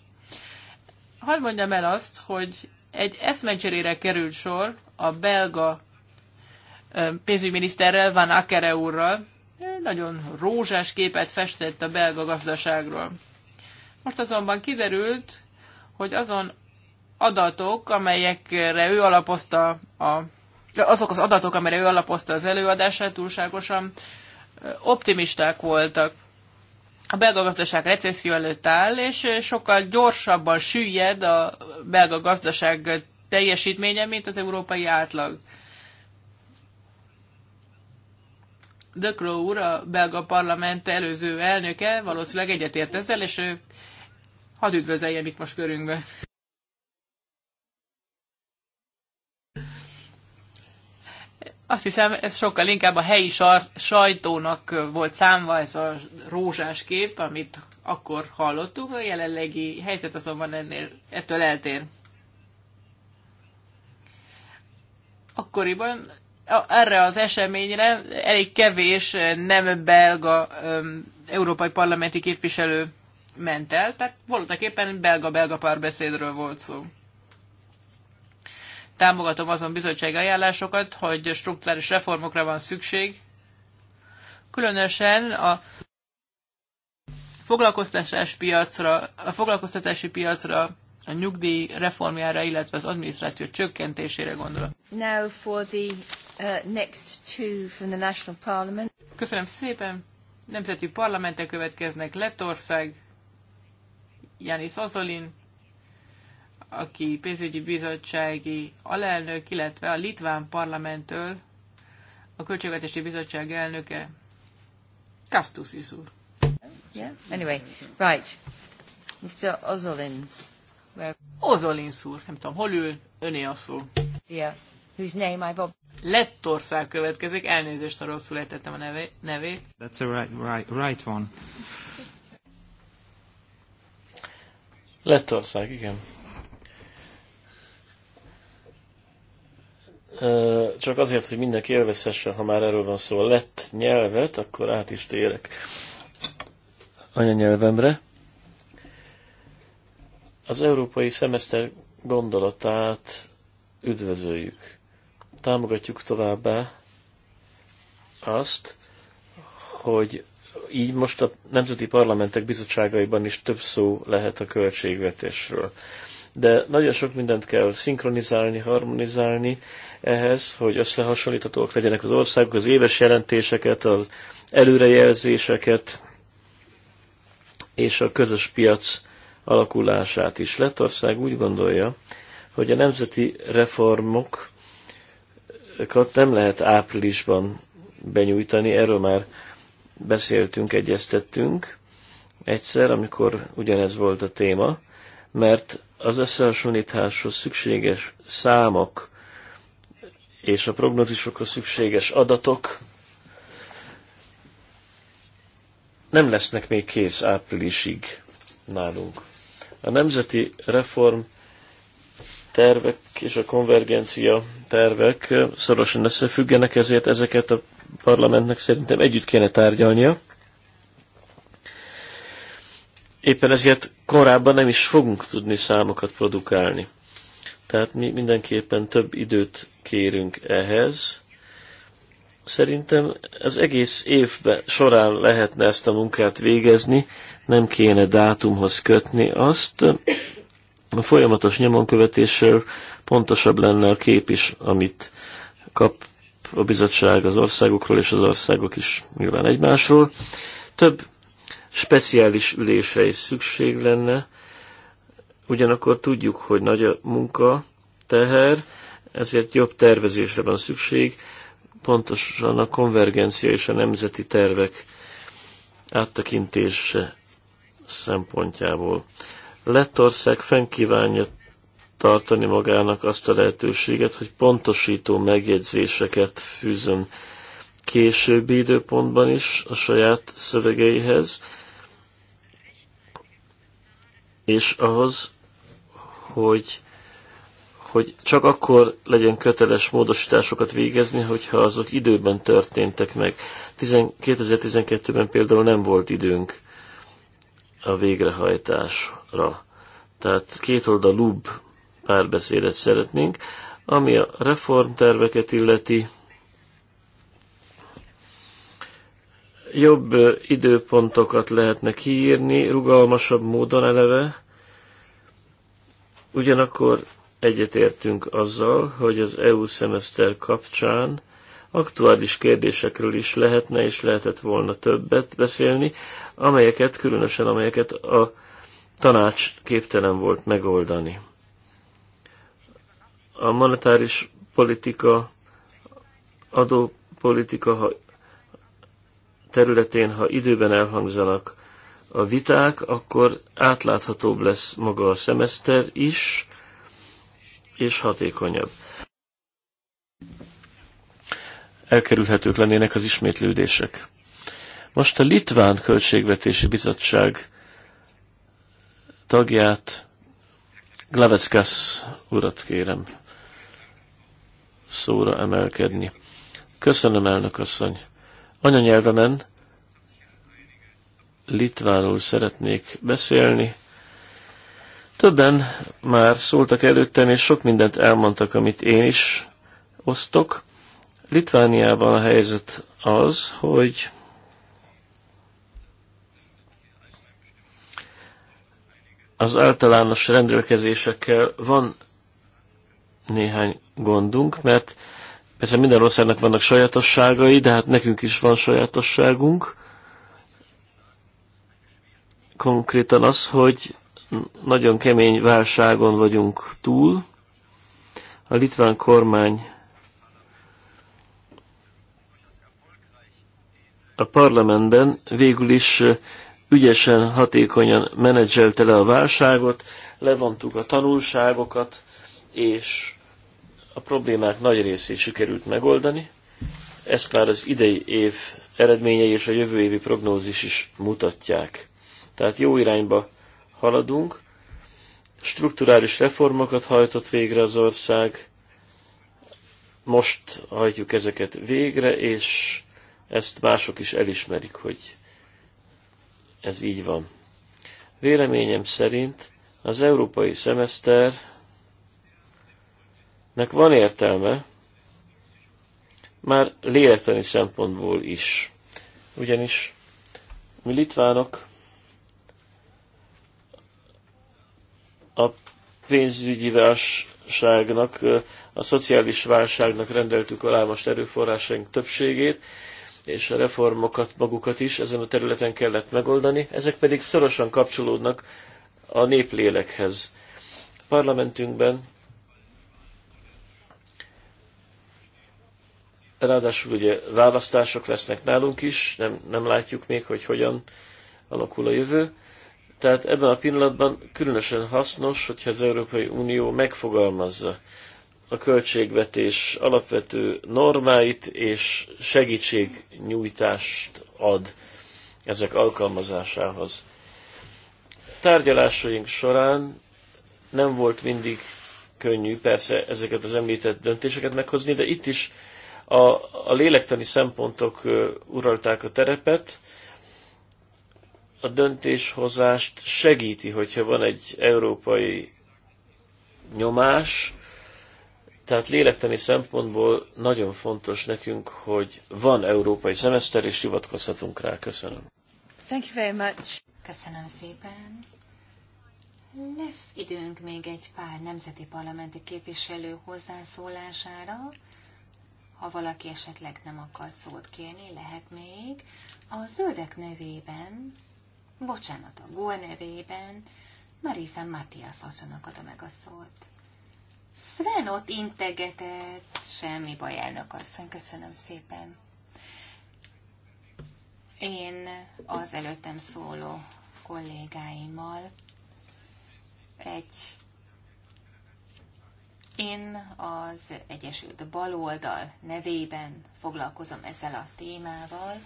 hadd mondjam el azt, hogy egy eszmencserére került sor a belga pénzügyminiszterrel, Van Akere úrral. Nagyon rózsás képet festett a belga gazdaságról. Most azonban kiderült, hogy azon adatok, amelyekre ő alapozta a azok az adatok, amelyre ő alapozta az előadását, túlságosan optimisták voltak. A belga gazdaság recesszió előtt áll, és sokkal gyorsabban süllyed a belga gazdaság teljesítménye, mint az európai átlag. De Croo úr, a belga parlament előző elnöke valószínűleg egyetért ezzel, és ő hadd üdvözelje itt most körünkbe. Azt hiszem, ez sokkal inkább a helyi sajtónak volt számva ez a rózsás kép, amit akkor hallottuk, a jelenlegi helyzet azonban ennél ettől eltér. akkoriban erre az eseményre elég kevés nem belga európai parlamenti képviselő ment el, tehát voltak éppen belga-belga párbeszédről volt szó. Támogatom azon bizottság ajánlásokat, hogy struktúrális reformokra van szükség, különösen a foglalkoztatási piacra, a foglalkoztatási piacra a nyugdíj reformjára, illetve az adminisztráció csökkentésére gondolok. Now for the uh, next two from the National Parliament. Köszönöm szépen. Nemzeti parlamentek következnek Lettország, Janis Ozolin, aki pénzügyi bizottsági alelnök, illetve a Litván parlamenttől a Költségvetési Bizottság elnöke, Kastusis úr. Yeah. Anyway, right. Mr. Ozolins. Ozolin szúr, nem tudom, hol ül, öné a szó. Yeah. Whose name I've Lettország következik, elnézést, ha rosszul értettem a nevé, nevét. That's a right, right, right one. Lettország, igen. Csak azért, hogy mindenki élvezhesse, ha már erről van szó, lett nyelvet, akkor át is térek anyanyelvemre. Az európai szemeszter gondolatát üdvözöljük. Támogatjuk továbbá azt, hogy így most a nemzeti parlamentek bizottságaiban is több szó lehet a költségvetésről. De nagyon sok mindent kell szinkronizálni, harmonizálni ehhez, hogy összehasonlíthatóak legyenek az országok, az éves jelentéseket, az előrejelzéseket és a közös piac alakulását is. Lettország úgy gondolja, hogy a nemzeti reformokat nem lehet áprilisban benyújtani, erről már beszéltünk, egyeztettünk egyszer, amikor ugyanez volt a téma, mert az összehasonlításhoz szükséges számok és a prognózisokhoz szükséges adatok nem lesznek még kész áprilisig nálunk. A nemzeti reform tervek és a konvergencia tervek szorosan összefüggenek, ezért ezeket a parlamentnek szerintem együtt kéne tárgyalnia. Éppen ezért korábban nem is fogunk tudni számokat produkálni. Tehát mi mindenképpen több időt kérünk ehhez, Szerintem az egész évben során lehetne ezt a munkát végezni, nem kéne dátumhoz kötni azt. A folyamatos nyomonkövetéssel pontosabb lenne a kép is, amit kap a bizottság az országokról, és az országok is nyilván egymásról. Több speciális ülésre is szükség lenne, ugyanakkor tudjuk, hogy nagy a munka, teher, ezért jobb tervezésre van szükség, pontosan a konvergencia és a nemzeti tervek áttekintése szempontjából. Lettország fennkívánja tartani magának azt a lehetőséget, hogy pontosító megjegyzéseket fűzön későbbi időpontban is a saját szövegeihez, és ahhoz, hogy hogy csak akkor legyen köteles módosításokat végezni, hogyha azok időben történtek meg. 2012-ben például nem volt időnk a végrehajtásra. Tehát kétoldalúbb párbeszédet szeretnénk. Ami a reformterveket illeti, jobb időpontokat lehetne kiírni, rugalmasabb módon eleve, ugyanakkor egyetértünk azzal, hogy az EU szemeszter kapcsán aktuális kérdésekről is lehetne és lehetett volna többet beszélni, amelyeket, különösen amelyeket a tanács képtelen volt megoldani. A monetáris politika, adópolitika ha területén, ha időben elhangzanak a viták, akkor átláthatóbb lesz maga a szemeszter is, és hatékonyabb. Elkerülhetők lennének az ismétlődések. Most a Litván Költségvetési Bizottság tagját, Glaveckas urat kérem szóra emelkedni. Köszönöm, elnök asszony. Anyanyelvemen litvánul szeretnék beszélni, Többen már szóltak előttem, és sok mindent elmondtak, amit én is osztok. Litvániában a helyzet az, hogy az általános rendelkezésekkel van néhány gondunk, mert persze minden országnak vannak sajátosságai, de hát nekünk is van sajátosságunk. Konkrétan az, hogy nagyon kemény válságon vagyunk túl. A litván kormány a parlamentben végül is ügyesen, hatékonyan menedzselte le a válságot, levontuk a tanulságokat, és a problémák nagy részét sikerült megoldani. Ezt már az idei év eredményei és a jövő évi prognózis is mutatják. Tehát jó irányba haladunk. Strukturális reformokat hajtott végre az ország, most hajtjuk ezeket végre, és ezt mások is elismerik, hogy ez így van. Véleményem szerint az európai szemeszternek van értelme, már lélektani szempontból is. Ugyanis mi litvánok a pénzügyi válságnak, a szociális válságnak rendeltük alá most erőforrásaink többségét, és a reformokat magukat is ezen a területen kellett megoldani, ezek pedig szorosan kapcsolódnak a néplélekhez. A parlamentünkben ráadásul ugye választások lesznek nálunk is, nem, nem látjuk még, hogy hogyan alakul a jövő. Tehát ebben a pillanatban különösen hasznos, hogyha az Európai Unió megfogalmazza a költségvetés alapvető normáit és segítségnyújtást ad ezek alkalmazásához. Tárgyalásaink során nem volt mindig könnyű persze ezeket az említett döntéseket meghozni, de itt is a, a lélektani szempontok uralták a terepet, a döntéshozást segíti, hogyha van egy európai nyomás, tehát lélektani szempontból nagyon fontos nekünk, hogy van európai szemeszter, és hivatkozhatunk rá. Köszönöm. Thank you very much. Köszönöm szépen. Lesz időnk még egy pár nemzeti parlamenti képviselő hozzászólására. Ha valaki esetleg nem akar szót kérni, lehet még. A zöldek nevében Bocsánat, a Gól nevében Marisa Matthias asszonynak adom meg a szót. Sven ott integetett. Semmi baj, elnök asszony, köszönöm szépen. Én az előttem szóló kollégáimmal egy én az Egyesült Baloldal nevében foglalkozom ezzel a témával,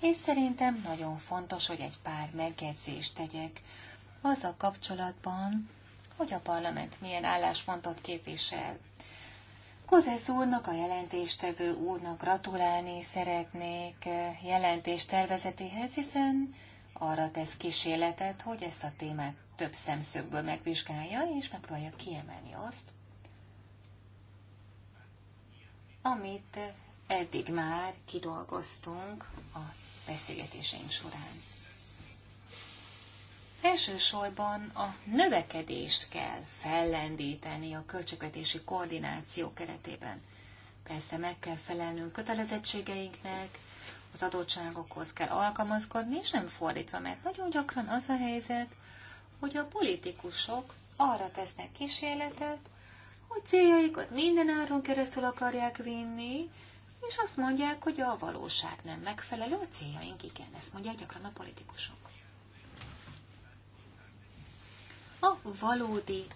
és szerintem nagyon fontos, hogy egy pár megjegyzést tegyek a kapcsolatban, hogy a parlament milyen álláspontot képvisel. Kozesz úrnak, a jelentéstevő úrnak gratulálni szeretnék eh, jelentés tervezetéhez, hiszen arra tesz kísérletet, hogy ezt a témát több szemszögből megvizsgálja, és megpróbálja kiemelni azt, amit eddig már kidolgoztunk a beszélgetéseink során. Elsősorban a növekedést kell fellendíteni a költségvetési koordináció keretében. Persze meg kell felelnünk kötelezettségeinknek, az adottságokhoz kell alkalmazkodni, és nem fordítva, mert nagyon gyakran az a helyzet, hogy a politikusok arra tesznek kísérletet, hogy céljaikat mindenáron keresztül akarják vinni, és azt mondják, hogy a valóság nem megfelelő, a céljaink igen, ezt mondják gyakran a politikusok. A valódi,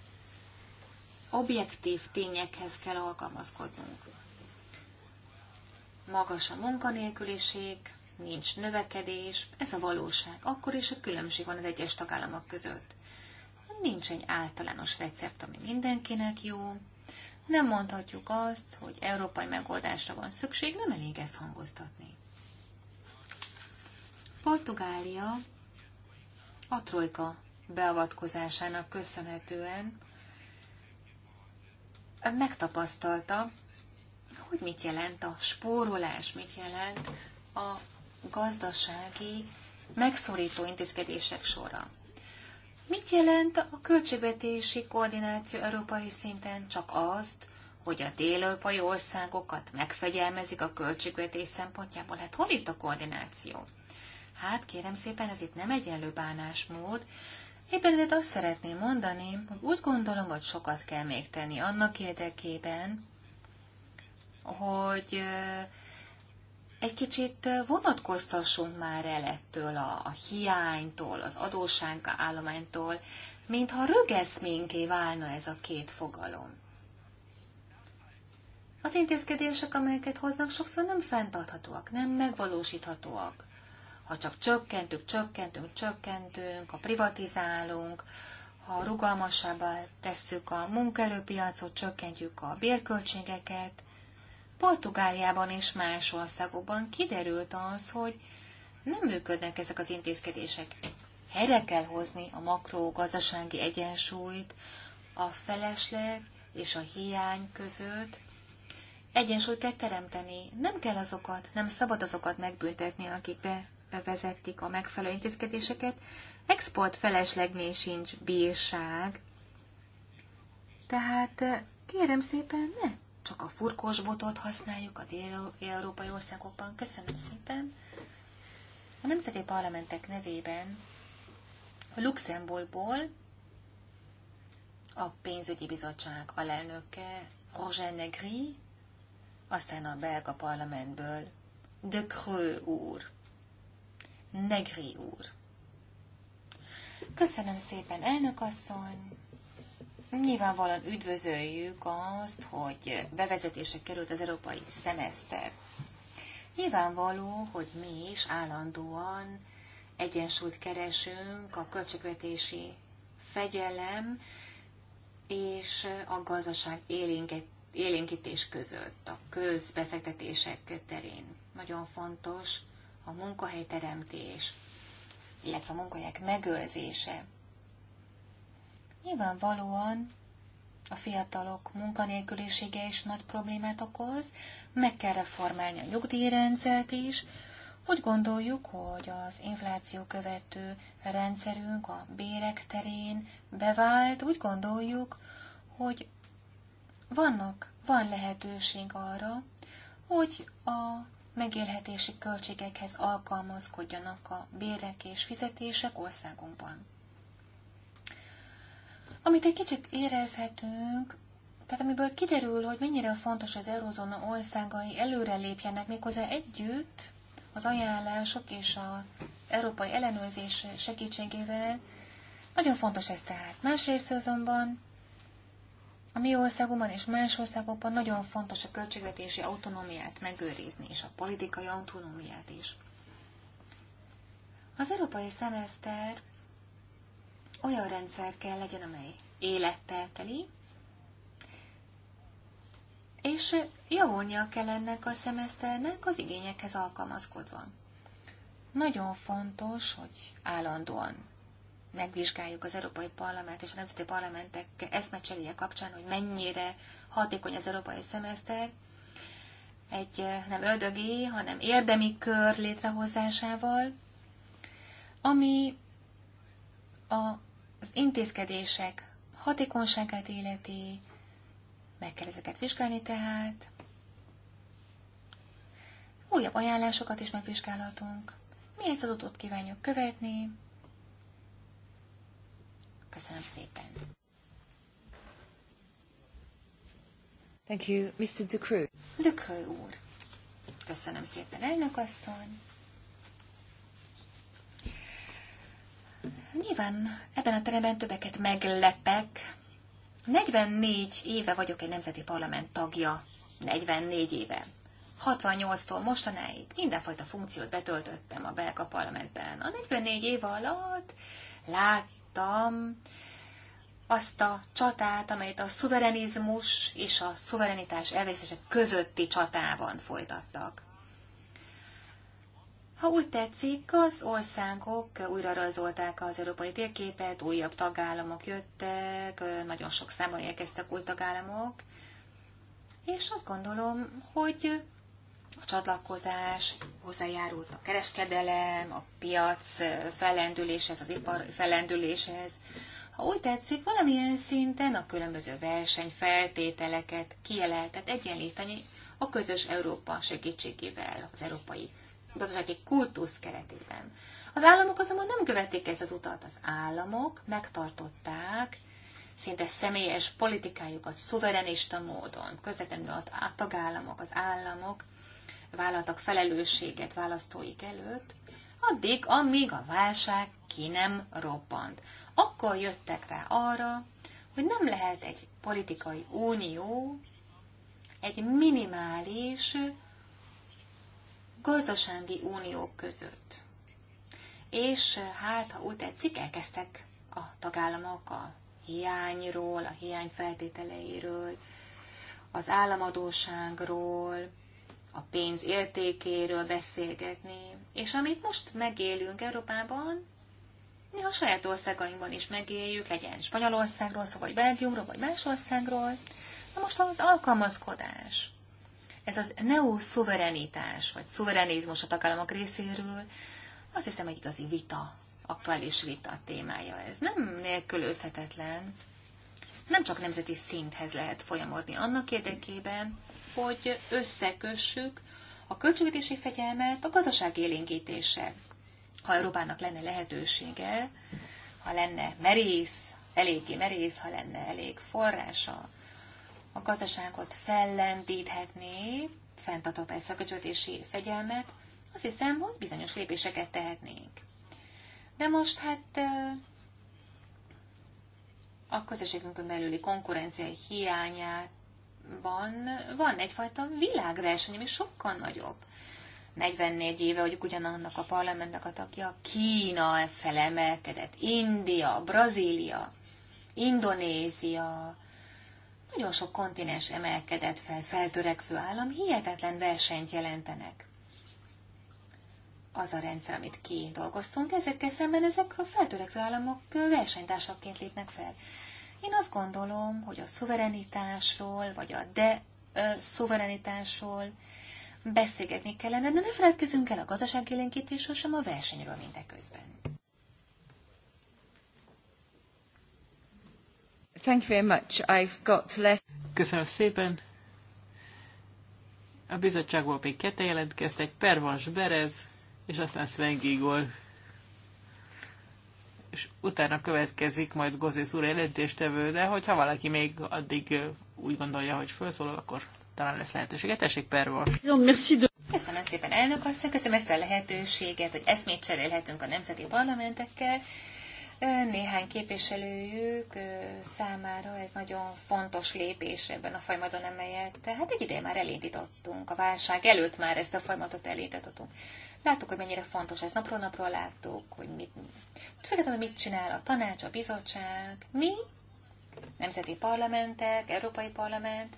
objektív tényekhez kell alkalmazkodnunk. Magas a munkanélküliség, nincs növekedés, ez a valóság. Akkor is a különbség van az egyes tagállamok között. Nincs egy általános recept, ami mindenkinek jó, nem mondhatjuk azt, hogy európai megoldásra van szükség, nem elég ezt hangoztatni. Portugália a trojka beavatkozásának köszönhetően megtapasztalta, hogy mit jelent a spórolás, mit jelent a gazdasági megszorító intézkedések sora. Mit jelent a költségvetési koordináció európai szinten? Csak azt, hogy a dél-európai országokat megfegyelmezik a költségvetés szempontjából. Hát hol itt a koordináció? Hát kérem szépen, ez itt nem egyenlő bánásmód. Éppen ezért azt szeretném mondani, hogy úgy gondolom, hogy sokat kell még tenni annak érdekében, hogy egy kicsit vonatkoztassunk már el ettől a, a hiánytól, az állománytól, mintha rögeszménké válna ez a két fogalom. Az intézkedések, amelyeket hoznak, sokszor nem fenntarthatóak, nem megvalósíthatóak. Ha csak csökkentünk, csökkentünk, csökkentünk, ha privatizálunk, ha rugalmasabbá tesszük a munkaerőpiacot, csökkentjük a bérköltségeket, Portugáliában és más országokban kiderült az, hogy nem működnek ezek az intézkedések. Helyre kell hozni a makrogazdasági egyensúlyt, a felesleg és a hiány között. Egyensúlyt kell teremteni. Nem kell azokat, nem szabad azokat megbüntetni, akik bevezették a megfelelő intézkedéseket. Export feleslegnél sincs bírság. Tehát eh, kérem szépen, ne csak a furkós botot használjuk a dél-európai országokban. Köszönöm szépen. A nemzeti parlamentek nevében a Luxemburgból a pénzügyi bizottság alelnöke Roger Negri, aztán a belga parlamentből De Creux úr, Negri úr. Köszönöm szépen, elnök asszony! Nyilvánvalóan üdvözöljük azt, hogy bevezetése került az európai szemeszter. Nyilvánvaló, hogy mi is állandóan egyensúlyt keresünk a költségvetési fegyelem és a gazdaság élénkítés között, a közbefektetések terén. Nagyon fontos a munkahelyteremtés, illetve a munkahelyek megőrzése. Nyilvánvalóan a fiatalok munkanélkülisége is nagy problémát okoz, meg kell reformálni a nyugdíjrendszert is. Úgy gondoljuk, hogy az infláció követő rendszerünk a bérek terén bevált, úgy gondoljuk, hogy vannak, van lehetőség arra, hogy a megélhetési költségekhez alkalmazkodjanak a bérek és fizetések országunkban. Amit egy kicsit érezhetünk, tehát amiből kiderül, hogy mennyire fontos az eurozóna országai előrelépjenek méghozzá együtt az ajánlások és az európai ellenőrzés segítségével, nagyon fontos ez tehát. Másrészt azonban a mi országunkban és más országokban nagyon fontos a költségvetési autonómiát megőrizni, és a politikai autonómiát is. Az európai szemeszter olyan rendszer kell legyen, amely élettel teli, és javulnia kell ennek a szemeszternek az igényekhez alkalmazkodva. Nagyon fontos, hogy állandóan megvizsgáljuk az Európai Parlament és a Nemzeti Parlamentek eszmecseréje kapcsán, hogy mennyire hatékony az európai szemeszter, egy eh, nem ördögi, hanem érdemi kör létrehozásával, ami a az intézkedések hatékonyságát életi, meg kell ezeket vizsgálni tehát. Újabb ajánlásokat is megvizsgálhatunk. Mi ezt az utót kívánjuk követni. Köszönöm szépen. Thank you, Mr. Ducru. Ducru úr. Köszönöm szépen, elnök asszony. Nyilván ebben a teremben többeket meglepek. 44 éve vagyok egy nemzeti parlament tagja. 44 éve. 68-tól mostanáig mindenfajta funkciót betöltöttem a belga parlamentben. A 44 év alatt láttam azt a csatát, amelyet a szuverenizmus és a szuverenitás elvészése közötti csatában folytattak. Ha úgy tetszik, az országok újra rajzolták az európai térképet, újabb tagállamok jöttek, nagyon sok számban érkeztek új tagállamok, és azt gondolom, hogy a csatlakozás hozzájárult a kereskedelem, a piac fellendüléshez, az ipar fellendüléshez. Ha úgy tetszik, valamilyen szinten a különböző versenyfeltételeket ki egyenlíteni a közös Európa segítségével, az európai gazdasági kultusz keretében. Az államok azonban nem követték ezt az utat. Az államok megtartották szinte személyes politikájukat szuverenista módon, közvetlenül a tagállamok, az államok vállaltak felelősséget választóik előtt, addig, amíg a válság ki nem robbant. Akkor jöttek rá arra, hogy nem lehet egy politikai unió egy minimális gazdasági uniók között. És eh, hát, ha úgy tetszik, elkezdtek a tagállamok a hiányról, a hiány feltételeiről, az államadóságról, a pénz értékéről beszélgetni, és amit most megélünk Európában, mi a saját országainkban is megéljük, legyen Spanyolországról szóval vagy Belgiumról, vagy más országról. Na most az alkalmazkodás ez az neoszuverenitás, vagy szuverenizmus a tagállamok részéről, azt hiszem, hogy igazi vita, aktuális vita témája ez. Nem nélkülözhetetlen, nem csak nemzeti szinthez lehet folyamodni annak érdekében, hogy összekössük a költségvetési fegyelmet a gazdaság élénkítése, Ha Európának lenne lehetősége, ha lenne merész, eléggé merész, ha lenne elég forrása, a gazdaságot fellendíthetné, fenntartva persze a költségvetési fegyelmet, azt hiszem, hogy bizonyos lépéseket tehetnénk. De most hát a közösségünkön belüli konkurencia hiányában van egyfajta világverseny, ami sokkal nagyobb. 44 éve, hogy ugyanannak a parlamentnek a tagja, Kína felemelkedett, India, Brazília, Indonézia, nagyon sok kontinens emelkedett fel, feltörekvő állam hihetetlen versenyt jelentenek. Az a rendszer, amit kidolgoztunk, ezekkel szemben ezek a feltörekvő államok versenytársaként lépnek fel. Én azt gondolom, hogy a szuverenitásról, vagy a de szuverenitásról beszélgetni kellene, de ne feledkezzünk el a gazdaságélénkítésről, sem a versenyről mindeközben. Thank you very much. I've got Köszönöm szépen. A bizottságból még ketten jelentkeztek, Pervas Berez, és aztán Sven Gigol. És utána következik majd Gozész úr jelentéstevő, de hogyha valaki még addig úgy gondolja, hogy felszólal, akkor talán lesz lehetőséget. Tessék, Pervas. Köszönöm szépen, elnök asszony, köszönöm ezt a lehetőséget, hogy eszmét cserélhetünk a nemzeti parlamentekkel néhány képviselőjük számára ez nagyon fontos lépés ebben a folyamaton, amelyet hát egy ideje már elindítottunk, a válság előtt már ezt a folyamatot elindítottunk. Láttuk, hogy mennyire fontos ez, napról napról láttuk, hogy mit, függetlenül mit csinál a tanács, a bizottság, mi, nemzeti parlamentek, európai parlament,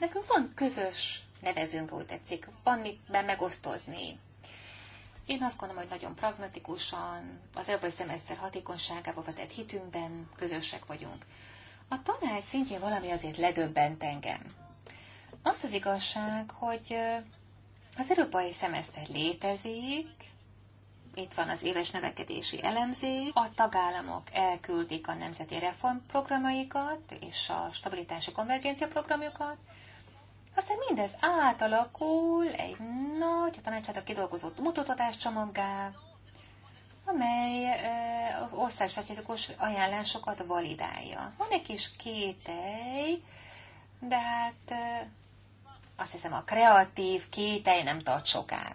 nekünk van közös nevezünk, úgy tetszik, van mit megosztozni én azt gondolom, hogy nagyon pragmatikusan, az európai szemeszter hatékonyságába vetett hitünkben közösek vagyunk. A tanács szintjén valami azért ledöbbent engem. Az az igazság, hogy az európai szemeszter létezik, itt van az éves növekedési elemzés, a tagállamok elküldik a nemzeti reformprogramaikat és a stabilitási konvergencia programjukat, aztán mindez átalakul egy nagy, a tanácsátok kidolgozott mutatás csomaggá, amely országspecifikus ajánlásokat validálja. Van egy kis kételj, de hát azt hiszem a kreatív kételj nem tart sokáig.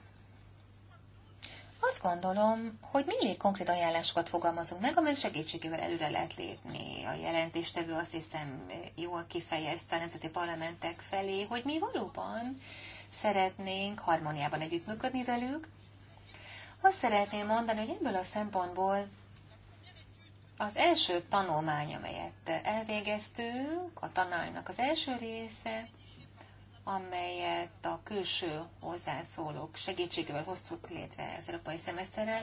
Azt gondolom, hogy mindig konkrét ajánlásokat fogalmazunk meg, amely segítségével előre lehet lépni. A jelentéstevő azt hiszem jól kifejezte a nemzeti parlamentek felé, hogy mi valóban szeretnénk harmóniában együttműködni velük. Azt szeretném mondani, hogy ebből a szempontból az első tanulmány, amelyet elvégeztünk, a tanulmánynak az első része, amelyet a külső hozzászólók segítségével hoztuk létre az európai szemeszterrel.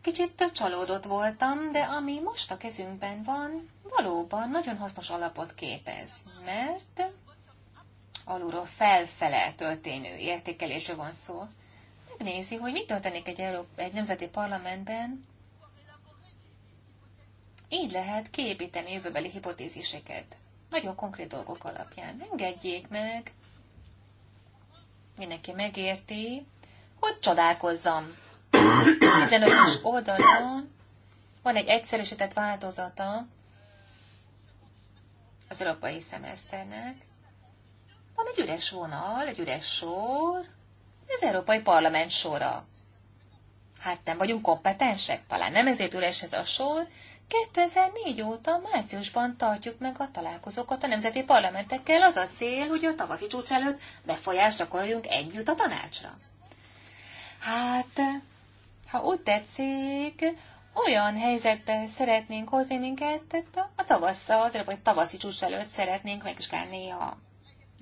Kicsit csalódott voltam, de ami most a kezünkben van, valóban nagyon hasznos alapot képez, mert alulról felfele történő értékelésre van szó. Megnézi, hogy mit történik egy, Európa, egy nemzeti parlamentben, így lehet kiépíteni jövőbeli hipotéziseket nagyon konkrét dolgok alapján. Engedjék meg, mindenki megérti, hogy csodálkozzam. 15-ös oldalon van egy egyszerűsített változata az európai szemeszternek. Van egy üres vonal, egy üres sor, az Európai Parlament sora. Hát nem vagyunk kompetensek, talán nem ezért üres ez a sor, 2004 óta márciusban tartjuk meg a találkozókat a nemzeti parlamentekkel. Az a cél, hogy a tavaszi csúcs előtt befolyást gyakoroljunk együtt a tanácsra. Hát, ha úgy tetszik, olyan helyzetbe szeretnénk hozni minket, tehát a tavasszal, azért, hogy tavaszi csúcs előtt szeretnénk megvizsgálni a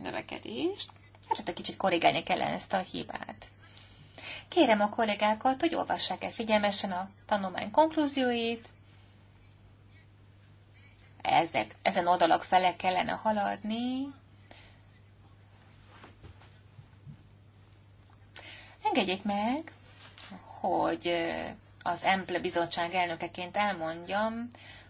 növekedést. Hát, hát egy kicsit korrigálni kellene ezt a hibát. Kérem a kollégákat, hogy olvassák el figyelmesen a tanulmány konklúzióit, ezek, ezen oldalak fele kellene haladni. Engedjék meg, hogy az Emple bizottság elnökeként elmondjam,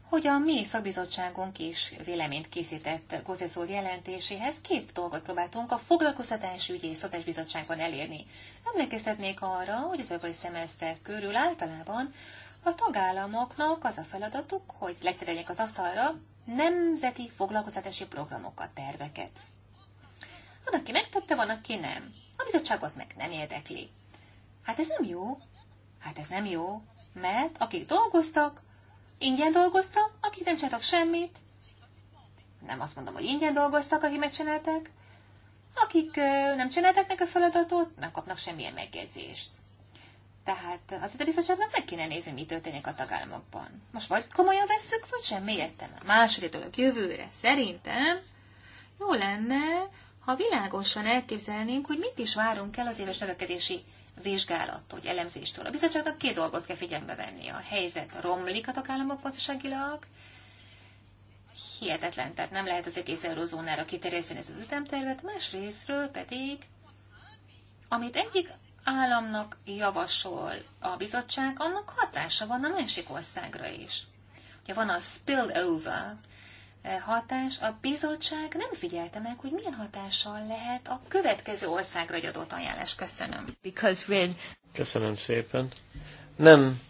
hogy a mi szakbizottságunk is véleményt készített Gozeszól jelentéséhez. Két dolgot próbáltunk a foglalkoztatási ügyi szociális bizottságban elérni. Emlékezhetnék arra, hogy az európai szemeszter körül általában a tagállamoknak az a feladatuk, hogy letereljék az asztalra nemzeti foglalkoztatási programokat, terveket. Van, aki megtette, van, aki nem. A bizottságot meg nem érdekli. Hát ez nem jó. Hát ez nem jó, mert akik dolgoztak, ingyen dolgoztak, akik nem csináltak semmit, nem azt mondom, hogy ingyen dolgoztak, akik megcsináltak. akik nem csináltak meg a feladatot, nem kapnak semmilyen megjegyzést. Tehát azért a bizottságnak meg kéne nézni, mi történik a tagállamokban. Most vagy komolyan vesszük, vagy sem, még A második dolog jövőre szerintem jó lenne, ha világosan elképzelnénk, hogy mit is várunk el az éves növekedési vizsgálattól, vagy elemzéstől. A bizottságnak két dolgot kell figyelembe venni. A helyzet romlik a tagállamok gazdaságilag, hihetetlen, tehát nem lehet az egész eurozónára kiterjeszteni ezt az ütemtervet, másrésztről pedig, amit egyik államnak javasol a bizottság, annak hatása van a másik országra is. Ugye van a spillover eh, hatás, a bizottság nem figyelte meg, hogy milyen hatással lehet a következő országra egy adott ajánlás. Köszönöm. Because we're... Köszönöm szépen. Nem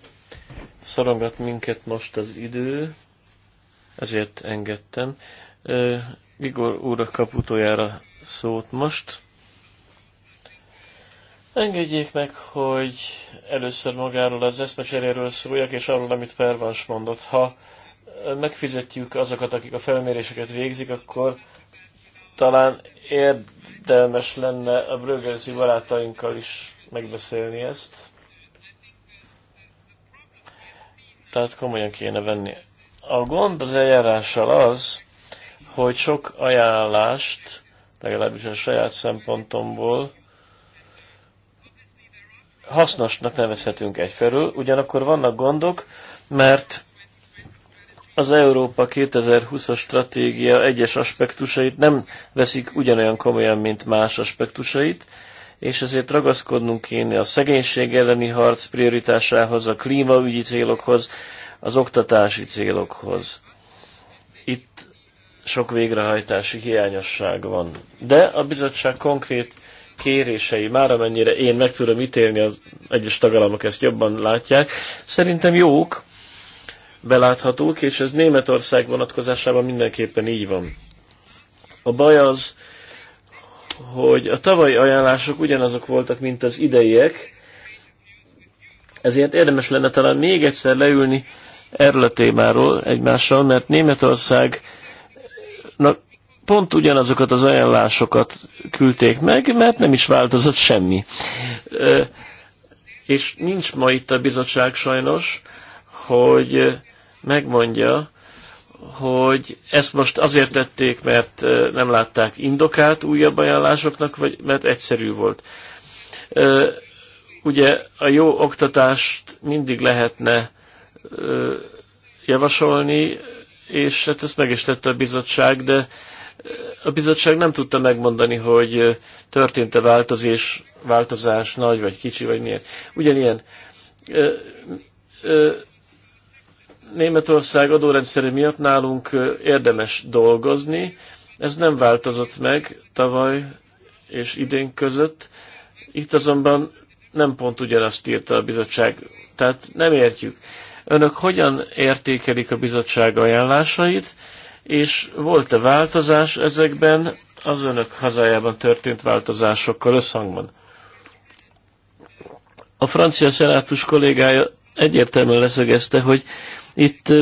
szorongat minket most az idő, ezért engedtem. Eh, Igor úr kap utoljára szót most. Engedjék meg, hogy először magáról az eszmecseréről szóljak, és arról, amit Pervans mondott. Ha megfizetjük azokat, akik a felméréseket végzik, akkor talán érdemes lenne a brögelzi barátainkkal is megbeszélni ezt. Tehát komolyan kéne venni. A gond az eljárással az, hogy sok ajánlást, legalábbis a saját szempontomból, hasznosnak nevezhetünk egyfelől, ugyanakkor vannak gondok, mert az Európa 2020-as stratégia egyes aspektusait nem veszik ugyanolyan komolyan, mint más aspektusait, és ezért ragaszkodnunk kéne a szegénység elleni harc prioritásához, a klímaügyi célokhoz, az oktatási célokhoz. Itt sok végrehajtási hiányosság van. De a bizottság konkrét kérései, már amennyire én meg tudom ítélni, az egyes tagállamok ezt jobban látják, szerintem jók, beláthatók, és ez Németország vonatkozásában mindenképpen így van. A baj az, hogy a tavalyi ajánlások ugyanazok voltak, mint az ideiek, ezért érdemes lenne talán még egyszer leülni erről a témáról egymással, mert Németország pont ugyanazokat az ajánlásokat küldték meg, mert nem is változott semmi. És nincs ma itt a bizottság sajnos, hogy megmondja, hogy ezt most azért tették, mert nem látták indokát újabb ajánlásoknak, vagy mert egyszerű volt. Ugye a jó oktatást mindig lehetne javasolni, és hát ezt meg is tette a bizottság, de a bizottság nem tudta megmondani, hogy történt-e változás, változás nagy vagy kicsi, vagy milyen. Ugyanilyen Németország adórendszerű miatt nálunk érdemes dolgozni, ez nem változott meg tavaly és idén között. Itt azonban nem pont ugyanazt írta a bizottság, tehát nem értjük. Önök hogyan értékelik a bizottság ajánlásait, és volt-e változás ezekben az önök hazájában történt változásokkal összhangban? A francia szenátus kollégája egyértelműen leszögezte, hogy itt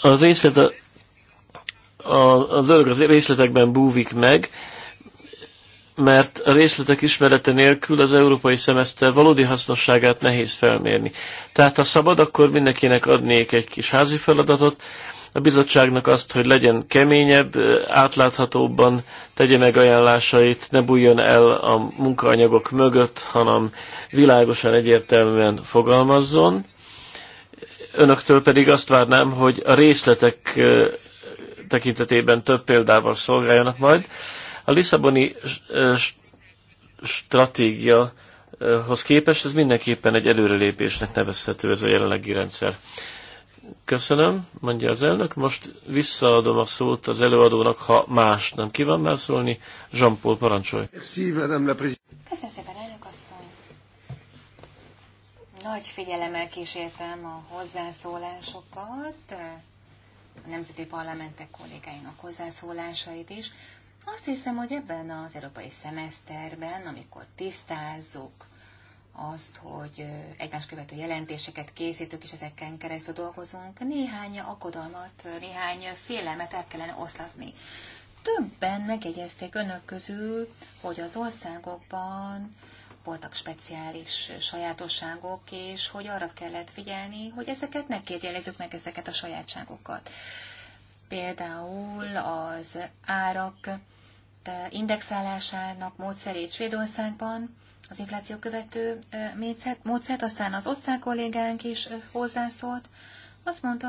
a részlet a, a, a dolog az részletekben búvik meg, mert a részletek ismerete nélkül az európai szemeszter valódi hasznosságát nehéz felmérni. Tehát ha szabad, akkor mindenkinek adnék egy kis házi feladatot, a bizottságnak azt, hogy legyen keményebb, átláthatóbban tegye meg ajánlásait, ne bújjon el a munkaanyagok mögött, hanem világosan egyértelműen fogalmazzon. Önöktől pedig azt várnám, hogy a részletek tekintetében több példával szolgáljanak majd. A Lisszaboni stratégia hoz képest ez mindenképpen egy előrelépésnek nevezhető ez a jelenlegi rendszer. Köszönöm, mondja az elnök. Most visszaadom a szót az előadónak, ha más nem kíván már szólni. Jean-Paul, parancsolj. Köszönöm szépen, elnök asszony. Nagy figyelemmel kísértem a hozzászólásokat, a nemzeti parlamentek kollégáinak hozzászólásait is. Azt hiszem, hogy ebben az európai szemeszterben, amikor tisztázzuk azt, hogy egymás követő jelentéseket készítünk, és ezeken keresztül dolgozunk. Néhány akadalmat, néhány félelmet el kellene oszlatni. Többen megjegyezték önök közül, hogy az országokban voltak speciális sajátosságok, és hogy arra kellett figyelni, hogy ezeket ne kérdjelezzük meg ezeket a sajátságokat. Például az árak eh, indexálásának módszerét Svédországban az infláció követő módszert, aztán az osztrák kollégánk is hozzászólt. Azt mondta,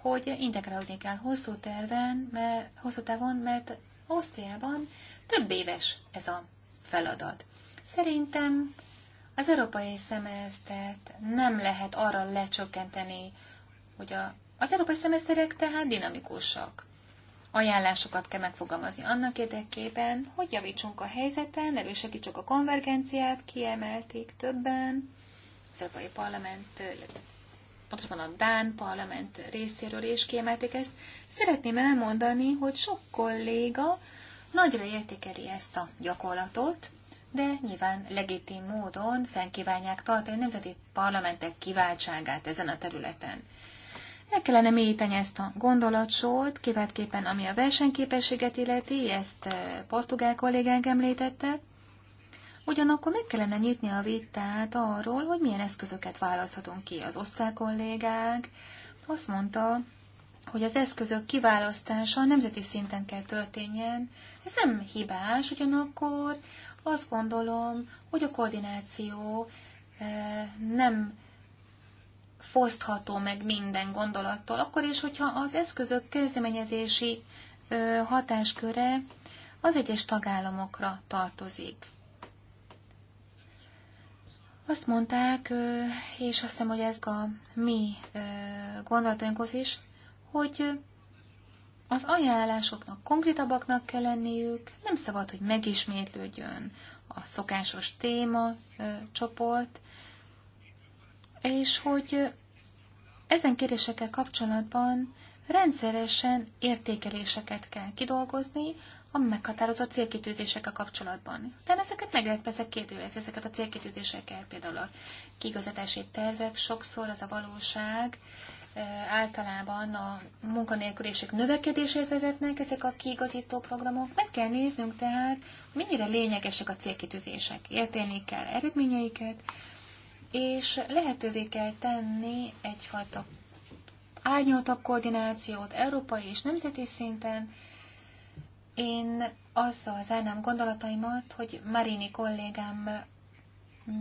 hogy integrálódni kell hosszú, terven, mert, hosszú távon, mert Ausztriában több éves ez a feladat. Szerintem az európai szemesztert nem lehet arra lecsökkenteni, hogy a, az európai szemeszterek tehát dinamikusak ajánlásokat kell megfogalmazni annak érdekében, hogy javítsunk a helyzeten, erősítsük a konvergenciát, kiemelték többen, az Európai Parlament, pontosan a Dán Parlament részéről is kiemelték ezt. Szeretném elmondani, hogy sok kolléga nagyra értékeli ezt a gyakorlatot, de nyilván legitim módon fennkívánják tartani a nemzeti parlamentek kiváltságát ezen a területen. El kellene mélyíteni ezt a gondolatsort, kiváltképpen ami a versenyképességet illeti, ezt e, portugál kollégánk említette. Ugyanakkor meg kellene nyitni a vitát arról, hogy milyen eszközöket választhatunk ki. Az osztrák kollégák azt mondta, hogy az eszközök kiválasztása a nemzeti szinten kell történjen. Ez nem hibás, ugyanakkor azt gondolom, hogy a koordináció e, nem fosztható meg minden gondolattól, akkor is, hogyha az eszközök kezdeményezési hatásköre az egyes tagállamokra tartozik. Azt mondták, és azt hiszem, hogy ez a mi gondolatunkhoz is, hogy az ajánlásoknak konkrétabbaknak kell lenniük, nem szabad, hogy megismétlődjön a szokásos téma, csoport, és hogy ezen kérdésekkel kapcsolatban rendszeresen értékeléseket kell kidolgozni a meghatározott célkitűzésekkel kapcsolatban. Tehát ezeket meg lehet persze kérdőjelezni, ezeket a célkitűzéseket, például a kigazatási tervek, sokszor az a valóság, általában a munkanélküliség növekedéséhez vezetnek ezek a kiigazító programok. Meg kell néznünk tehát, mennyire lényegesek a célkitűzések. Értélni kell eredményeiket, és lehetővé kell tenni egyfajta árnyaltabb koordinációt európai és nemzeti szinten. Én azzal zárnám gondolataimat, hogy Marini kollégám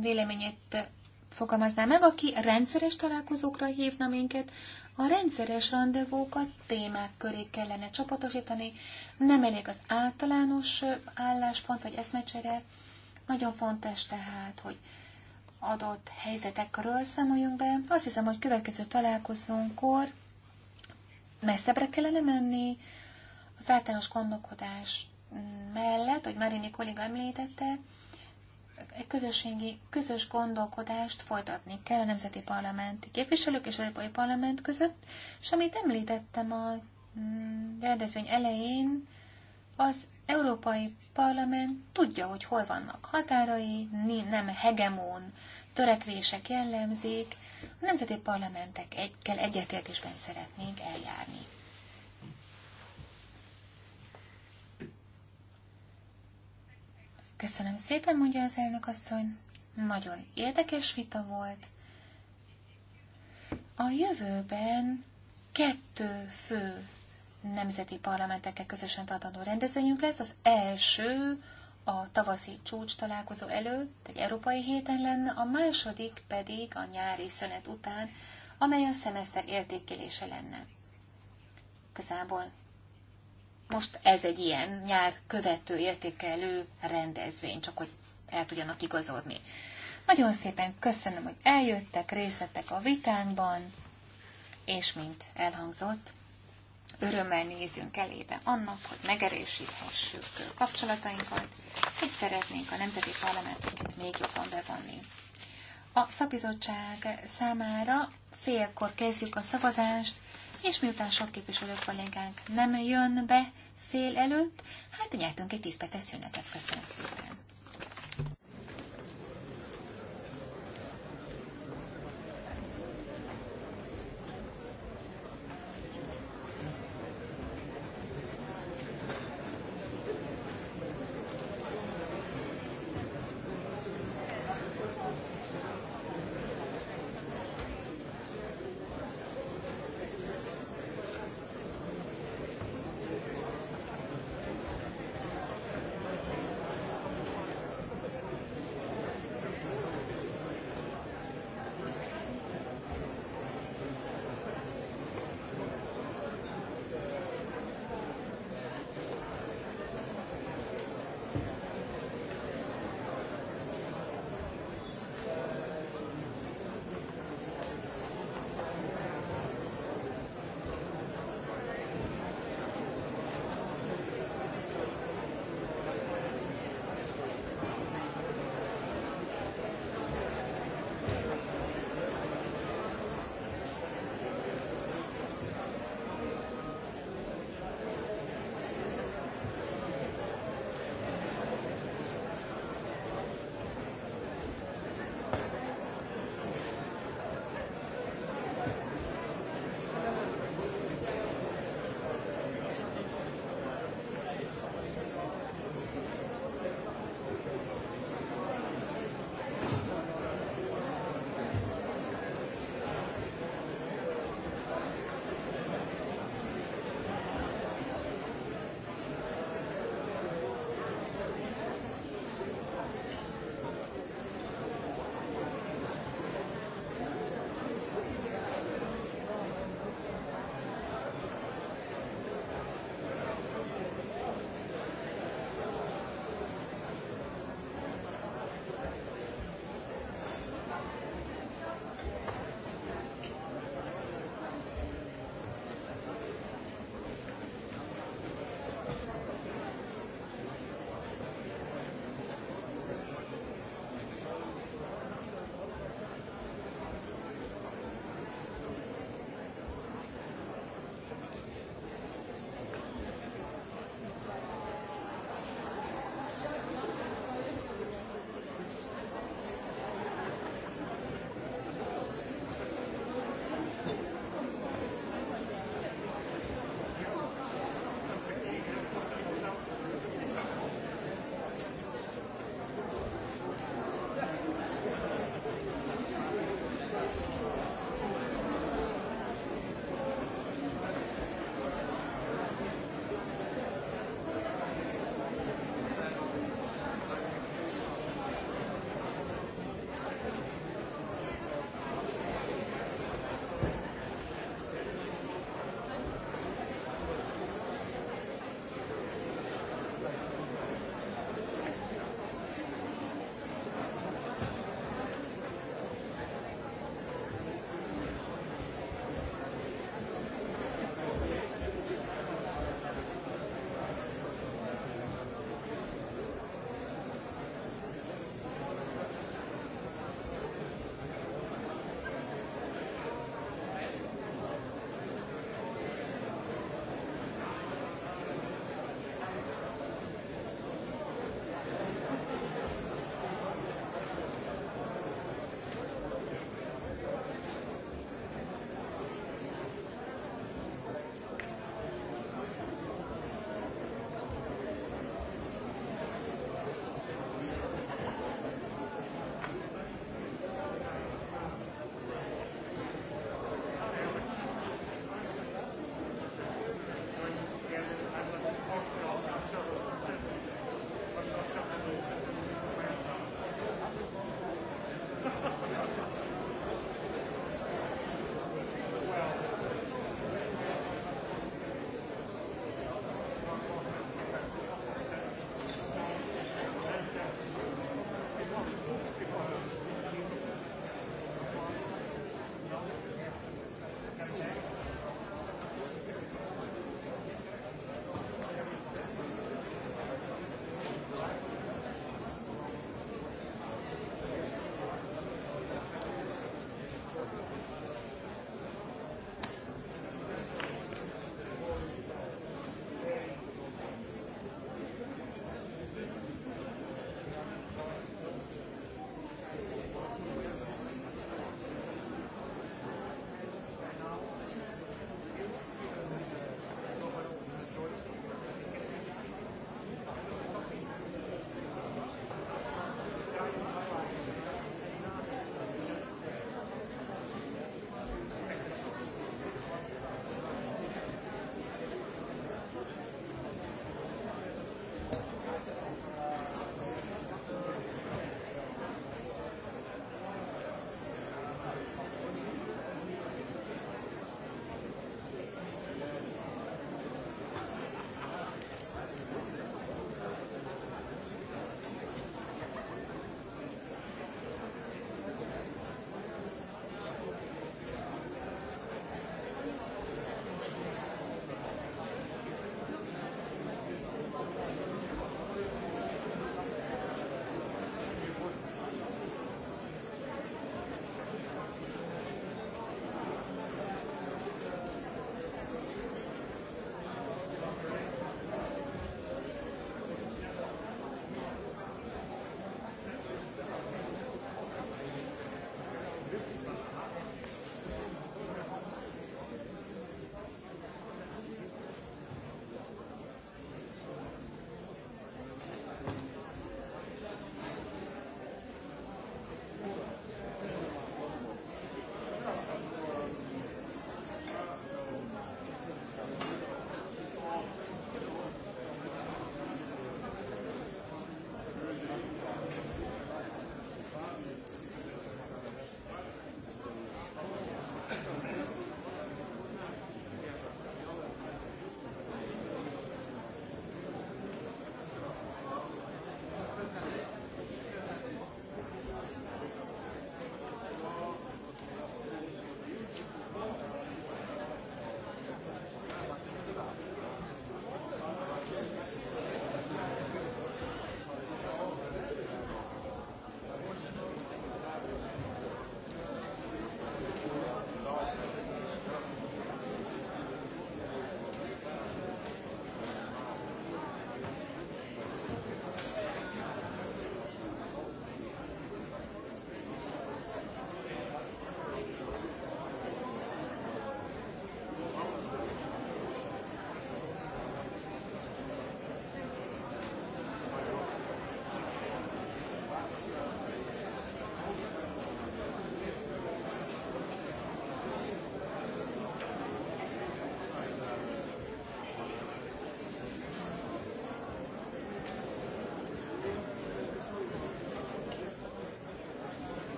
véleményét fogalmazná meg, aki rendszeres találkozókra hívna minket, a rendszeres rendezvókat témák köré kellene csapatosítani, nem elég az általános eh, álláspont vagy eszmecsere, nagyon fontos tehát, hogy adott helyzetekről számoljunk be. Azt hiszem, hogy következő találkozónkor messzebbre kellene menni az általános gondolkodás mellett, hogy Marini kolléga említette, egy közösségi, közös gondolkodást folytatni kell a nemzeti parlamenti képviselők és az európai parlament között, és amit említettem a mm, rendezvény elején, az Európai Parlament tudja, hogy hol vannak határai, nem hegemón törekvések jellemzik, a nemzeti parlamentekkel egyetértésben szeretnénk eljárni. Köszönöm szépen, mondja az elnök asszony. Nagyon érdekes vita volt. A jövőben kettő fő nemzeti parlamentekkel közösen tartandó rendezvényünk lesz. Az első a tavaszi csúcs találkozó előtt, egy európai héten lenne, a második pedig a nyári szünet után, amely a szemeszter értékelése lenne. Közából most ez egy ilyen nyár követő értékelő rendezvény, csak hogy el tudjanak igazodni. Nagyon szépen köszönöm, hogy eljöttek, részt vettek a vitánkban, és mint elhangzott, örömmel nézünk elébe annak, hogy megerősíthessük kapcsolatainkat, és szeretnénk a nemzeti parlamentet még jobban bevonni. A szabizottság számára félkor kezdjük a szavazást, és miután sok képviselő kollégánk nem jön be fél előtt, hát nyertünk egy 10 perces szünetet. Köszönöm szépen!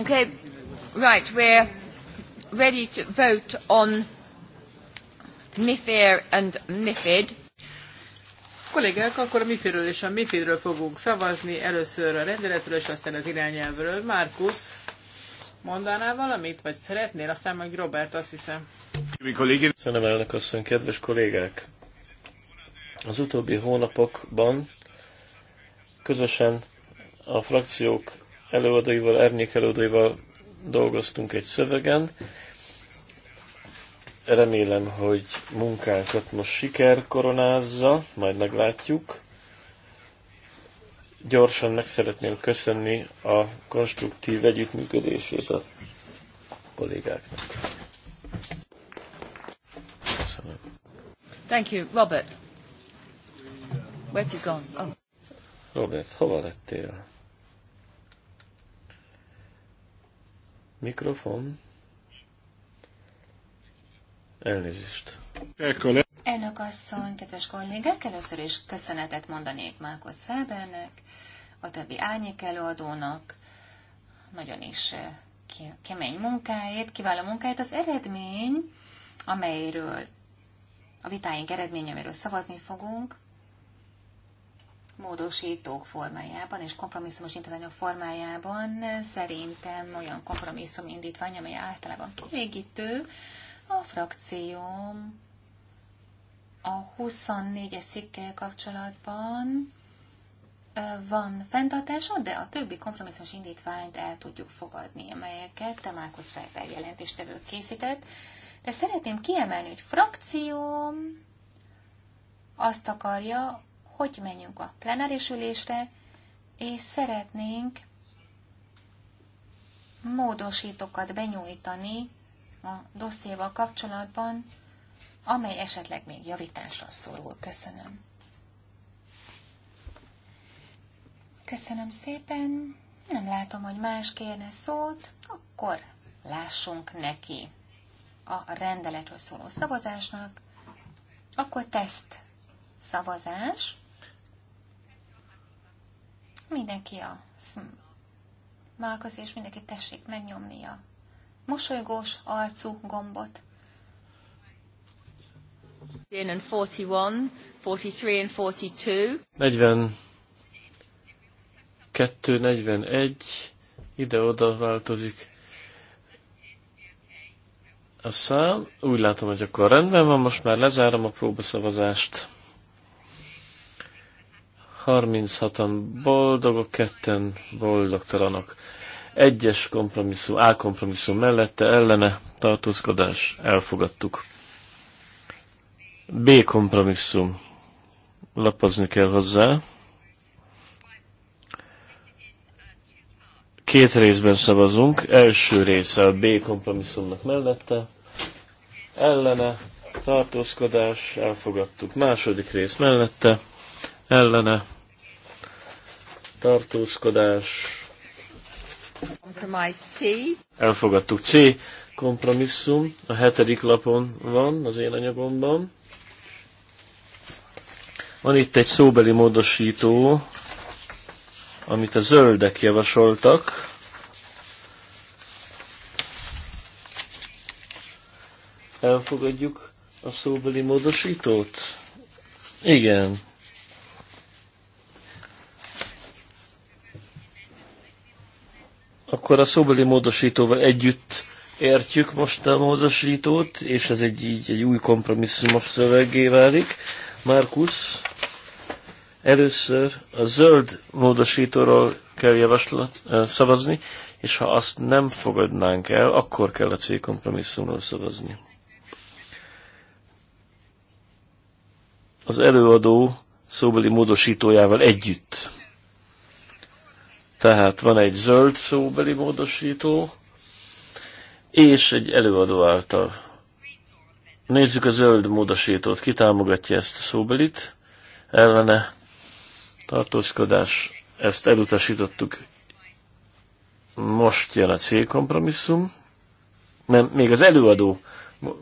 Okay, right, we're ready to vote on MIFIR and MIFID. Kollégák, akkor a MIFIR-ről és a MIFID-ről fogunk szavazni, először a rendeletről és aztán az irányelvről. Márkusz, mondanál valamit, vagy szeretnél, aztán meg Robert, azt hiszem. Köszönöm elnök asszony, kedves kollégák! Az utóbbi hónapokban közösen a frakciók előadóival, Ernyék előadóival dolgoztunk egy szövegen. Remélem, hogy munkánkat most siker koronázza, majd meglátjuk. Gyorsan meg szeretném köszönni a konstruktív együttműködését a kollégáknak. Köszönöm. Thank you. Robert. Where have you gone? Oh. Robert, hova lettél? Mikrofon. Elnézést. Elnök asszony, kedves kollégák, először is köszönetet mondanék Márkusz Felbernek, a többi árnyék előadónak, nagyon is eh, kemény munkáért, kiváló munkáért. Az eredmény, amelyről a vitáink eredménye, amiről szavazni fogunk, módosítók formájában és kompromisszumos indítványok formájában szerintem olyan kompromisszum indítvány, amely általában kielégítő, a frakcióm a 24-es szikkel kapcsolatban van fenntartása, de a többi kompromisszumos indítványt el tudjuk fogadni, amelyeket te Márkusz Ferber jelentéstevő készített. De szeretném kiemelni, hogy frakcióm azt akarja, hogy menjünk a plenáris ülésre, és szeretnénk módosítókat benyújtani a dosszéval kapcsolatban, amely esetleg még javításra szorul. Köszönöm. Köszönöm szépen. Nem látom, hogy más kérne szót, akkor lássunk neki a rendeletről szóló szavazásnak. Akkor teszt szavazás. Mindenki a Málkoz, és mindenki tessék megnyomni a mosolygós arcú gombot. In and 41, 43 and 42. 42, 2, 41, ide-oda változik a szám. Úgy látom, hogy akkor rendben van, most már lezárom a próbaszavazást. 36-an boldogok, ketten boldogtalanok. Egyes kompromisszum, A kompromisszum mellette, ellene, tartózkodás, elfogadtuk. B kompromisszum, lapozni kell hozzá. Két részben szavazunk, első része a B kompromisszumnak mellette, ellene, tartózkodás, elfogadtuk. Második rész mellette, ellene tartózkodás elfogadtuk C kompromisszum a hetedik lapon van az én anyagomban van itt egy szóbeli módosító amit a zöldek javasoltak elfogadjuk a szóbeli módosítót? Igen. akkor a szóbeli módosítóval együtt értjük most a módosítót, és ez egy így egy új kompromisszumos szövegé válik. Markus, először a zöld módosítóról kell javaslat, szavazni, és ha azt nem fogadnánk el, akkor kell a C kompromisszumról szavazni. Az előadó szóbeli módosítójával együtt. Tehát van egy zöld szóbeli módosító, és egy előadó által. Nézzük a zöld módosítót. Ki támogatja ezt a szóbelit? Ellene tartózkodás. Ezt elutasítottuk. Most jön a C kompromisszum. Nem, még az előadó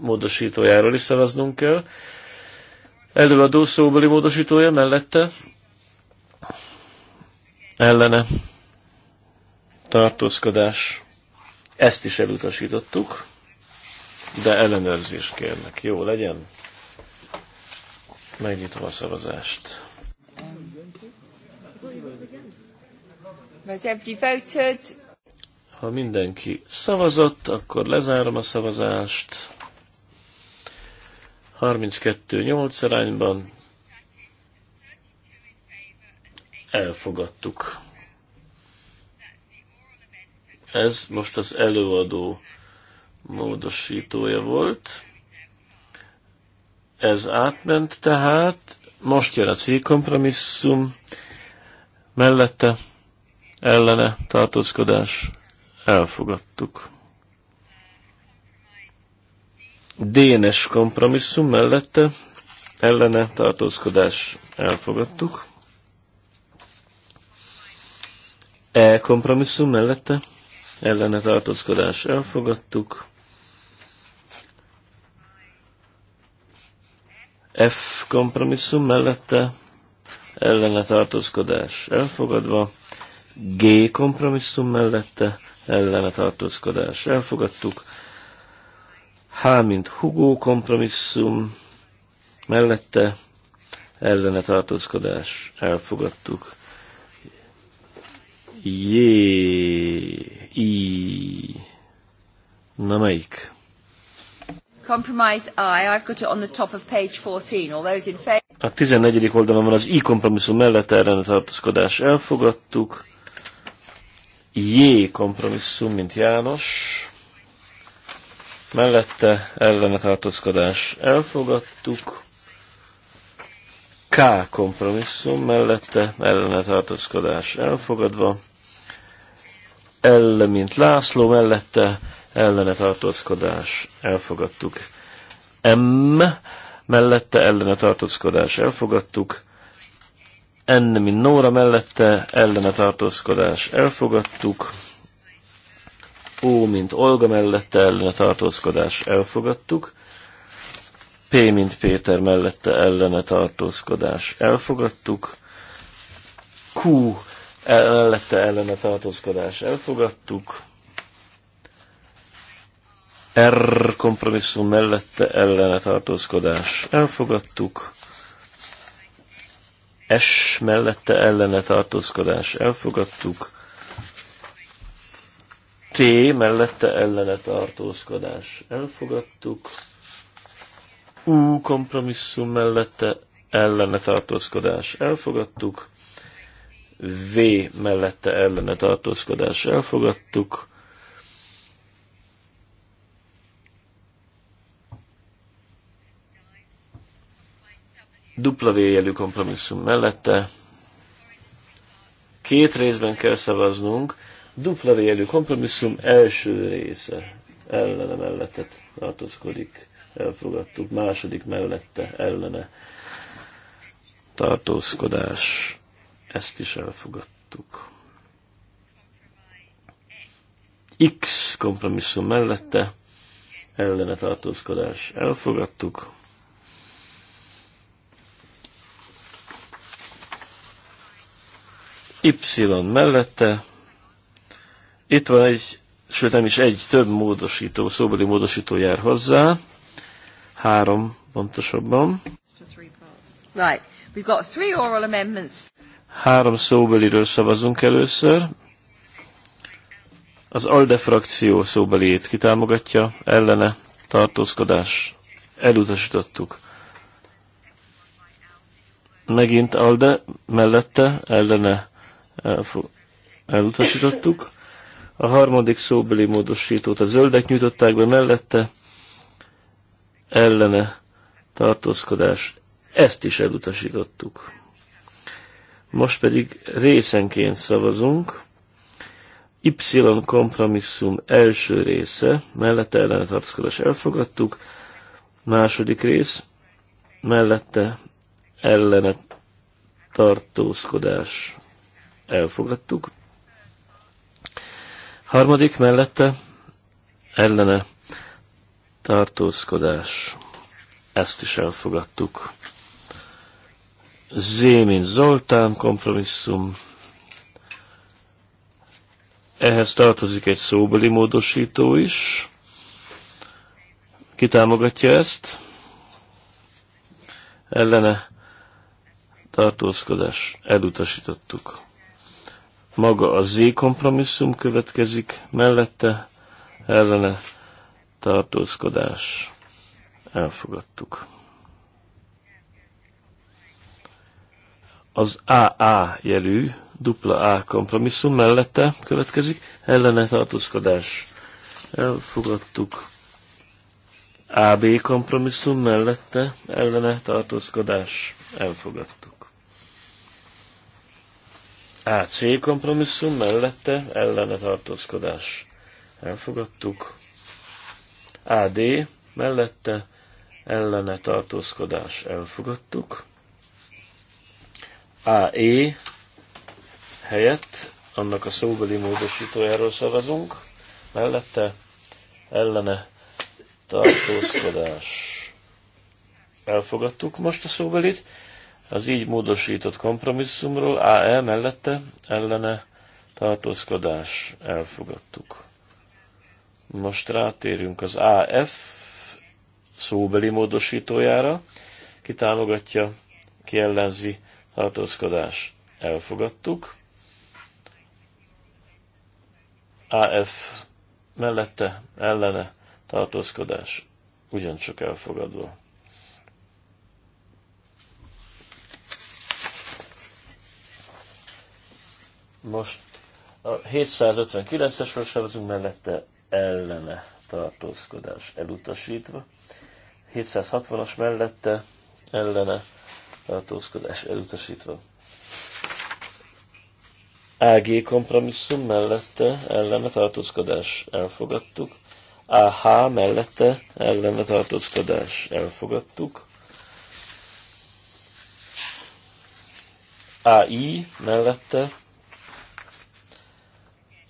módosítójáról is szavaznunk kell. Előadó szóbeli módosítója mellette. Ellene tartózkodás, ezt is elutasítottuk, de ellenőrzést kérnek. Jó legyen? Megnyitom a szavazást. Ha mindenki szavazott, akkor lezárom a szavazást. 32-8 arányban elfogadtuk. Ez most az előadó módosítója volt. Ez átment tehát, most jön a C kompromisszum, mellette ellene tartózkodás elfogadtuk. Dénes kompromisszum mellette ellene tartózkodás elfogadtuk. E kompromisszum mellette ellene tartózkodás elfogadtuk. F kompromisszum mellette ellene tartózkodás elfogadva, G kompromisszum mellette ellene tartózkodás elfogadtuk, H mint hugó kompromisszum mellette ellene tartózkodás elfogadtuk, Jé, I. Na melyik? Compromise I, I've got it on the top of page 14. All those in favor? A 14. oldalon van az I kompromisszum mellett ellene tartózkodás elfogadtuk. J kompromisszum, mint János. Mellette ellene tartózkodás elfogadtuk. K kompromisszum mellette ellene tartózkodás elfogadva. L, mint László mellette, ellene tartózkodás, elfogadtuk. M, mellette ellene tartózkodás, elfogadtuk. N, mint Nóra mellette, ellene tartózkodás, elfogadtuk. O, mint Olga mellette, ellene tartózkodás, elfogadtuk. P, mint Péter mellette, ellene tartózkodás, elfogadtuk. Q, mellette ellene tartózkodás elfogadtuk. R kompromisszum mellette ellene tartózkodás elfogadtuk. S mellette ellene tartózkodás elfogadtuk. T mellette ellene tartózkodás elfogadtuk. U kompromisszum mellette ellene tartózkodás elfogadtuk. V mellette ellene tartózkodás elfogadtuk. W jelű kompromisszum mellette. Két részben kell szavaznunk. W jelű kompromisszum első része ellene mellette tartózkodik. Elfogadtuk. Második mellette ellene tartózkodás ezt is elfogadtuk. X kompromisszum mellette ellene tartózkodás elfogadtuk. Y mellette itt van egy, sőt nem is egy, több módosító, szóbeli módosító jár hozzá. Három pontosabban. Right. We've got three oral amendments. Három szóbeliről szavazunk először. Az ALDE frakció szóbeliét kitámogatja, ellene tartózkodás. Elutasítottuk. Megint ALDE mellette, ellene elutasítottuk. A harmadik szóbeli módosítót a zöldek nyújtották be mellette, ellene tartózkodás. Ezt is elutasítottuk. Most pedig részenként szavazunk. Y kompromisszum első része, mellette ellene elfogadtuk, második rész, mellette ellenet tartózkodás elfogadtuk, harmadik mellette ellene tartózkodás, ezt is elfogadtuk. Z, mint Zoltán, kompromisszum. Ehhez tartozik egy szóbeli módosító is. Ki támogatja ezt? Ellene tartózkodás elutasítottuk. Maga a Z kompromisszum következik, mellette ellene tartózkodás elfogadtuk. az AA jelű, dupla A kompromisszum mellette következik, ellene tartózkodás. Elfogadtuk AB kompromisszum mellette, ellene tartózkodás. Elfogadtuk. AC kompromisszum mellette, ellene tartózkodás. Elfogadtuk. AD mellette, ellene tartózkodás. Elfogadtuk. AE helyett annak a szóbeli módosítójáról szavazunk, mellette ellene tartózkodás. Elfogadtuk most a szóbelit, az így módosított kompromisszumról AE mellette ellene tartózkodás. Elfogadtuk. Most rátérünk az AF szóbeli módosítójára, ki támogatja, ki ellenzi, tartózkodás elfogadtuk. AF mellette, ellene, tartózkodás ugyancsak elfogadva. Most a 759 es szavazunk mellette ellene tartózkodás elutasítva, 760-as mellette ellene tartózkodás elutasítva. AG kompromisszum mellette ellene tartózkodás elfogadtuk. AH mellette ellene tartózkodás elfogadtuk. AI mellette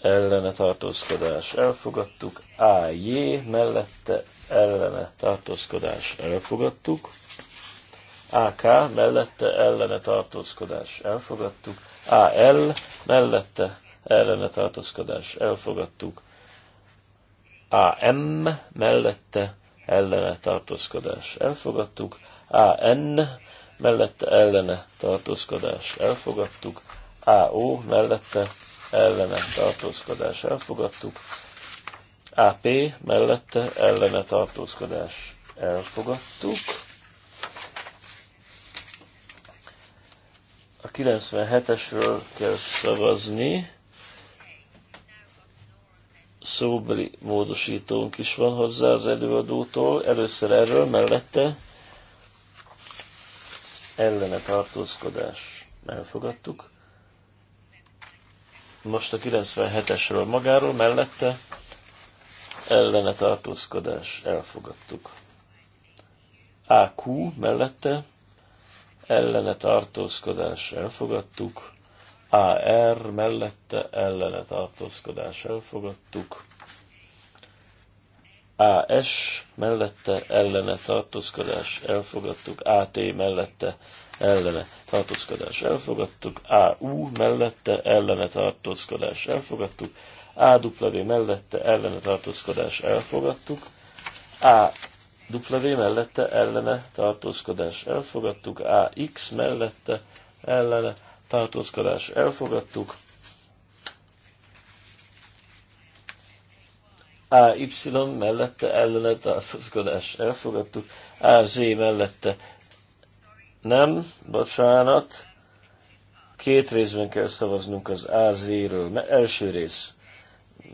ellene tartózkodás elfogadtuk. AJ mellette ellene tartózkodás elfogadtuk. AK mellette ellene tartózkodás elfogadtuk, AL mellette ellene tartózkodás elfogadtuk, AM mellette ellene tartózkodás elfogadtuk, AN mellette ellene tartózkodás elfogadtuk, AO mellette ellene tartózkodás elfogadtuk, AP mellette ellene tartózkodás elfogadtuk, A 97-esről kell szavazni. Szóbeli módosítónk is van hozzá az előadótól. Először erről, mellette ellene tartózkodás elfogadtuk. Most a 97-esről magáról, mellette ellene tartózkodás elfogadtuk. AQ mellette ellene tartózkodás elfogadtuk, AR mellette ellene tartózkodás elfogadtuk, AS mellette ellene tartózkodás elfogadtuk, AT mellette ellene tartózkodás elfogadtuk, AU mellette ellene tartózkodás elfogadtuk, AW mellette ellene tartózkodás elfogadtuk, W mellette ellene tartózkodás elfogadtuk, AX mellette ellene tartózkodás elfogadtuk, AY mellette ellene tartózkodás elfogadtuk, AZ mellette nem, bocsánat, két részben kell szavaznunk az AZ-ről. Első rész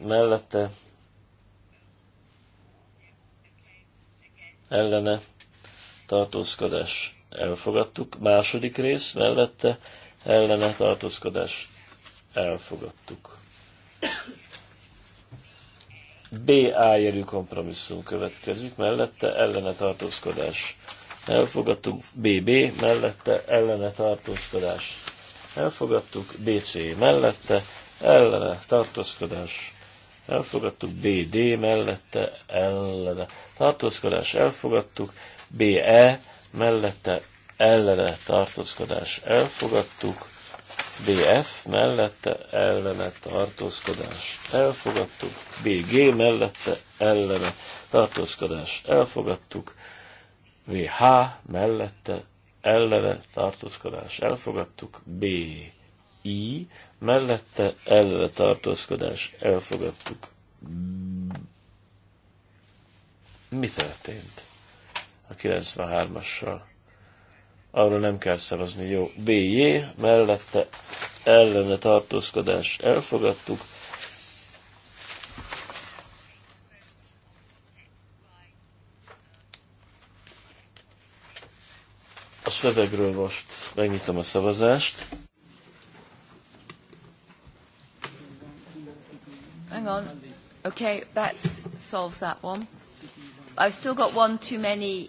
mellette ellene tartózkodás elfogadtuk. Második rész mellette ellene tartózkodás elfogadtuk. BA jelű kompromisszum következik, mellette ellene tartózkodás elfogadtuk, BB mellette ellene tartózkodás elfogadtuk, BC mellette ellene tartózkodás elfogadtuk, BD mellette ellene tartózkodás, elfogadtuk, BE mellette ellene tartózkodás, elfogadtuk, BF mellette ellene tartózkodás, elfogadtuk, BG mellette ellene tartózkodás, elfogadtuk, VH mellette ellene tartózkodás, elfogadtuk, B I, mellette ellene tartózkodás elfogadtuk. Mi történt a 93-assal? Arról nem kell szavazni, jó. BJ, mellette ellene tartózkodás elfogadtuk. A szövegről most megnyitom a szavazást. Okay, that solves that one. I've still got one too many.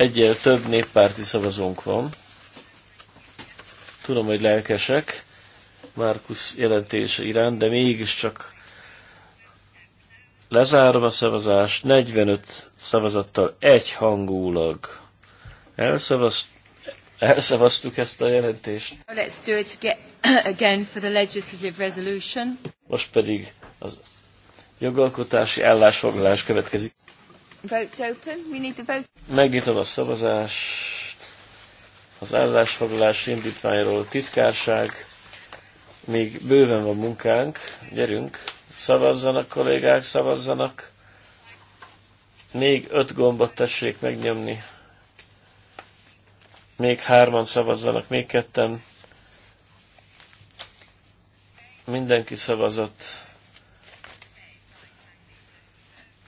Egyel több néppárti szavazónk van. Tudom, hogy lelkesek Márkusz jelentése iránt, de mégiscsak lezárom a szavazást 45 szavazattal egyhangulag. Elszavazt, elszavaztuk ezt a jelentést. Let's do it again for the legislative resolution. Most pedig az jogalkotási állásfoglalás következik. Megnyitom a szavazást az állásfoglalás indítványról titkárság. Még bőven van munkánk. Gyerünk, szavazzanak kollégák, szavazzanak. Még öt gombot tessék megnyomni. Még hárman szavazzanak, még ketten. Mindenki szavazott.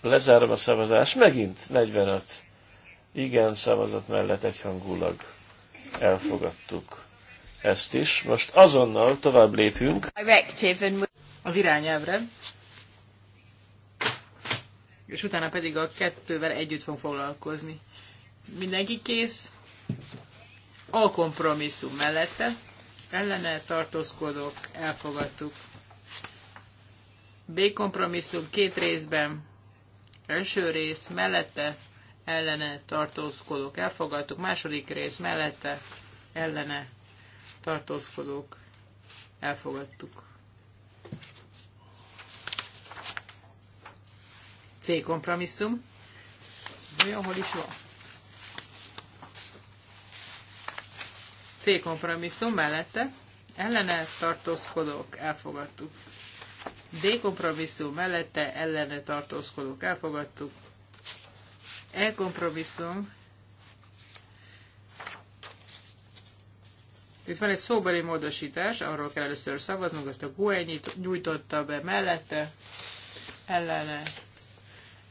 Lezárom a szavazás, megint 45 igen szavazat mellett egyhangulag elfogadtuk ezt is. Most azonnal tovább lépünk az irányelvre, és utána pedig a kettővel együtt fog foglalkozni. Mindenki kész, a kompromisszum mellette, ellene tartózkodok, elfogadtuk. B kompromisszum két részben, Első rész mellette ellene tartózkodók elfogadtuk, második rész mellette ellene tartózkodók elfogadtuk. C kompromisszum. Vajon hol is van? C kompromisszum mellette ellene tartózkodók elfogadtuk. D kompromisszum mellette ellene tartózkodók elfogadtuk. E kompromisszum. Itt van egy szóbeli módosítás, arról kell először szavaznunk, azt a GUE nyújtotta be mellette, ellene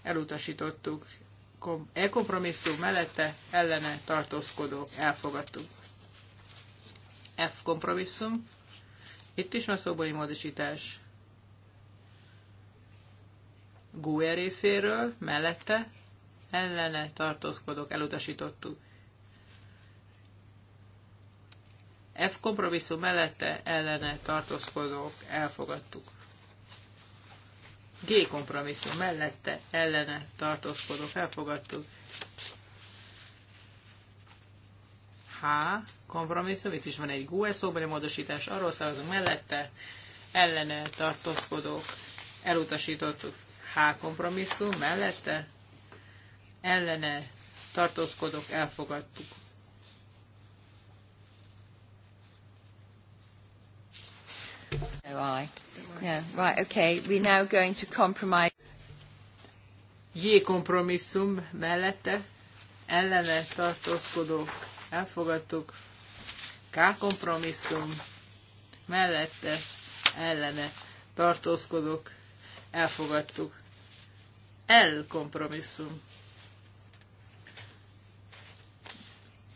elutasítottuk. E kompromisszum mellette ellene tartózkodók elfogadtuk. F kompromisszum. Itt is van szóbeli módosítás. GUE részéről, mellette, ellene tartózkodok, elutasítottuk. F kompromisszum mellette, ellene tartózkodók, elfogadtuk. G kompromisszum mellette, ellene tartózkodók, elfogadtuk. H kompromisszum, itt is van egy GUE szóbeli módosítás, arról szavazunk mellette, ellene tartózkodók, elutasítottuk. H kompromisszum mellette ellene tartózkodok, elfogadtuk. Oh, I. Yeah, right, okay. We're now going to compromise. J kompromisszum mellette ellene tartózkodok, elfogadtuk. K kompromisszum mellette ellene tartózkodok, elfogadtuk. L kompromisszum.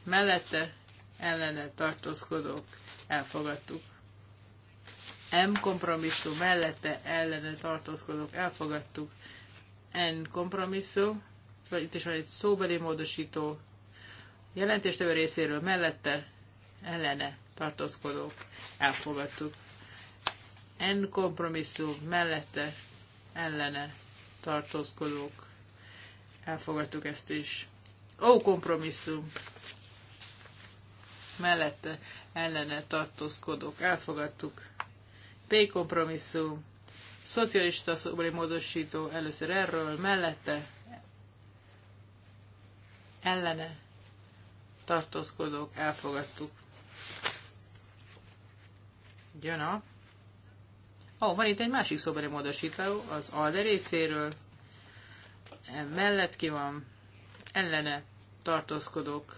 Mellette ellene tartózkodók elfogadtuk. M kompromisszum mellette ellene tartózkodók elfogadtuk. N kompromisszum, vagy itt is van egy szóbeli módosító, jelentéstevő részéről mellette ellene tartózkodók elfogadtuk. N kompromisszum mellette ellene tartózkodók, elfogadtuk ezt is. Ó, kompromisszum! Mellette ellene tartózkodók, elfogadtuk. P kompromisszum, szocialista szobori módosító, először erről, mellette ellene tartózkodók, elfogadtuk. Jön a Ó, van itt egy másik szobori módosító, az ALDE részéről. E mellett ki van, ellene tartózkodók,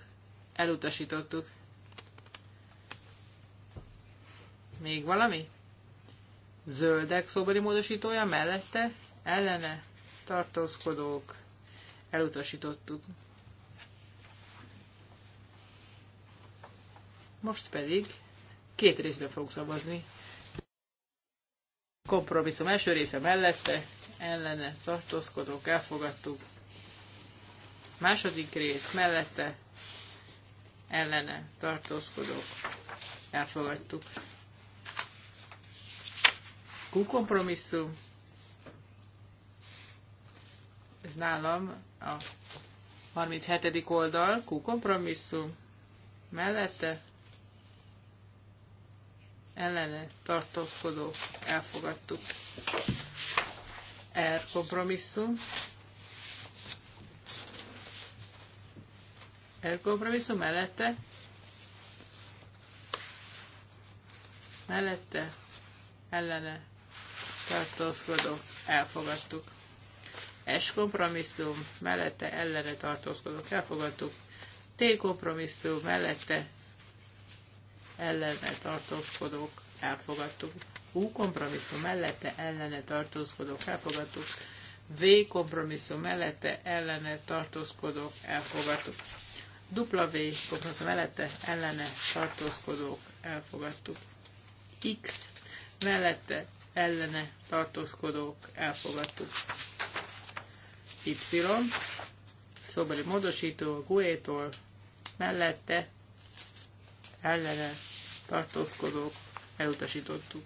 elutasítottuk. Még valami? Zöldek szobori módosítója mellette, ellene tartózkodók, elutasítottuk. Most pedig két részben fogok szavazni Kompromisszum első része mellette, ellene tartózkodók elfogadtuk. Második rész mellette, ellene tartózkodók elfogadtuk. Q kompromisszum. Ez nálam a 37. oldal, Q kompromisszum. Mellette ellene tartózkodók elfogadtuk. Er kompromisszum. er kompromisszum mellette. Mellette ellene tartózkodók elfogadtuk. S kompromisszum mellette ellene tartózkodók elfogadtuk. T kompromisszum mellette ellene tartózkodók elfogadtuk. U kompromisszum mellette ellene tartózkodók elfogadtuk. V kompromisszum mellette ellene tartózkodók elfogadtuk. Dupla V kompromisszum mellette ellene tartózkodók elfogadtuk. X mellette ellene tartózkodók elfogadtuk. Y szóbeli módosító a GUE-tól mellette ellene tartózkodók, elutasítottuk.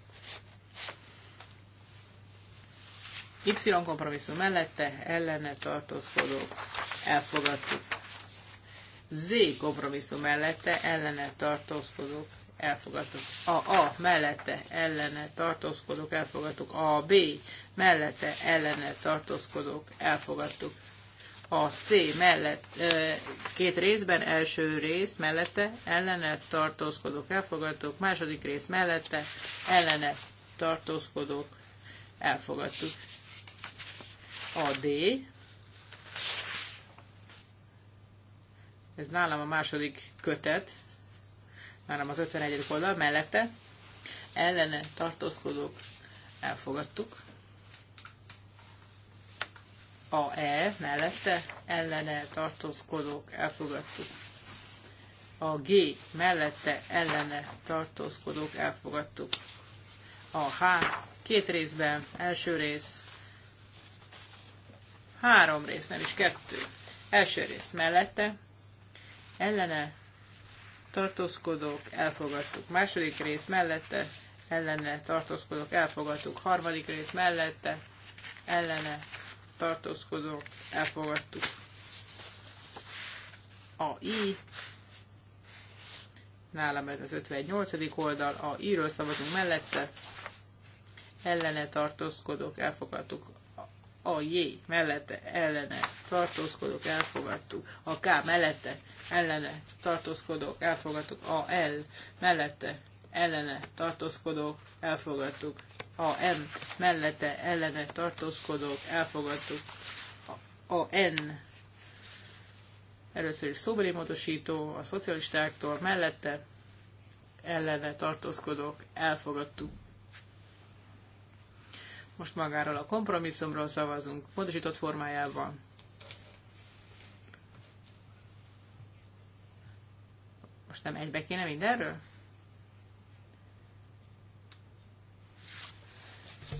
Y kompromisszum mellette, ellene tartózkodók, elfogadtuk. Z kompromisszum mellette, ellene tartózkodók, elfogadtuk. A A mellette, ellene tartózkodók, elfogadtuk. A B mellette, ellene tartózkodók, elfogadtuk a C mellett két részben, első rész mellette ellene tartózkodok, elfogadtuk, második rész mellette ellene tartózkodok, elfogadtuk. A D. Ez nálam a második kötet, nálam az 51. oldal mellette ellene tartózkodok, elfogadtuk a-e mellette ellene tartózkodók elfogadtuk. A G mellette ellene tartózkodók elfogadtuk. A H két részben, első rész, három rész, nem is kettő. Első rész mellette ellene tartózkodók elfogadtuk. Második rész mellette ellene tartózkodók elfogadtuk. Harmadik rész mellette ellene tartózkodók, elfogadtuk. I. nálam ez az 58. oldal, a i ről szavazunk mellette, ellene tartózkodók, elfogadtuk. A J mellette ellene tartózkodók, elfogadtuk. A K mellette ellene tartózkodók, elfogadtuk. A L mellette ellene tartózkodók, elfogadtuk. A N mellette ellene tartózkodók elfogadtuk. A N először is szóbeli módosító a szocialistáktól mellette ellene tartózkodók elfogadtuk. Most magáról a kompromisszumról szavazunk, módosított formájában. Most nem egybe kéne mindenről?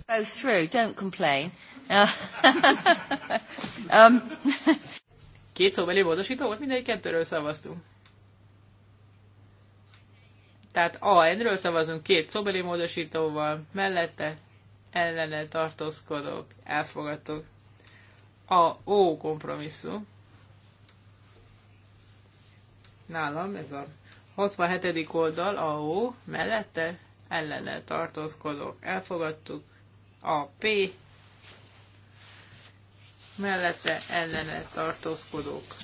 Both through, don't complain. Uh, um. Két szóbeli módosító volt, mindegyik kettőről szavaztunk. Tehát A enről szavazunk két szóbeli módosítóval, mellette ellene tartózkodok, elfogadok. A O kompromisszum. Nálam ez a 67. oldal, a O, mellette ellene tartózkodok, elfogadtuk a p mellette ellene tartózkodók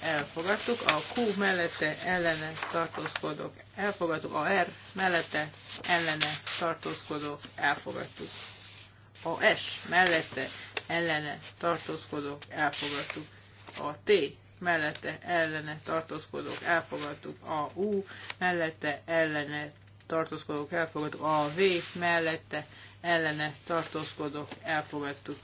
elfogadtuk, a Q mellette ellene tartózkodók elfogadtuk, a R mellette ellene tartózkodók elfogadtuk, a S mellette ellene tartózkodók elfogadtuk, a T mellette ellene tartózkodók elfogadtuk, a U mellette ellene tartózkodók elfogadtuk, a V mellette ellene tartózkodok, elfogadtuk.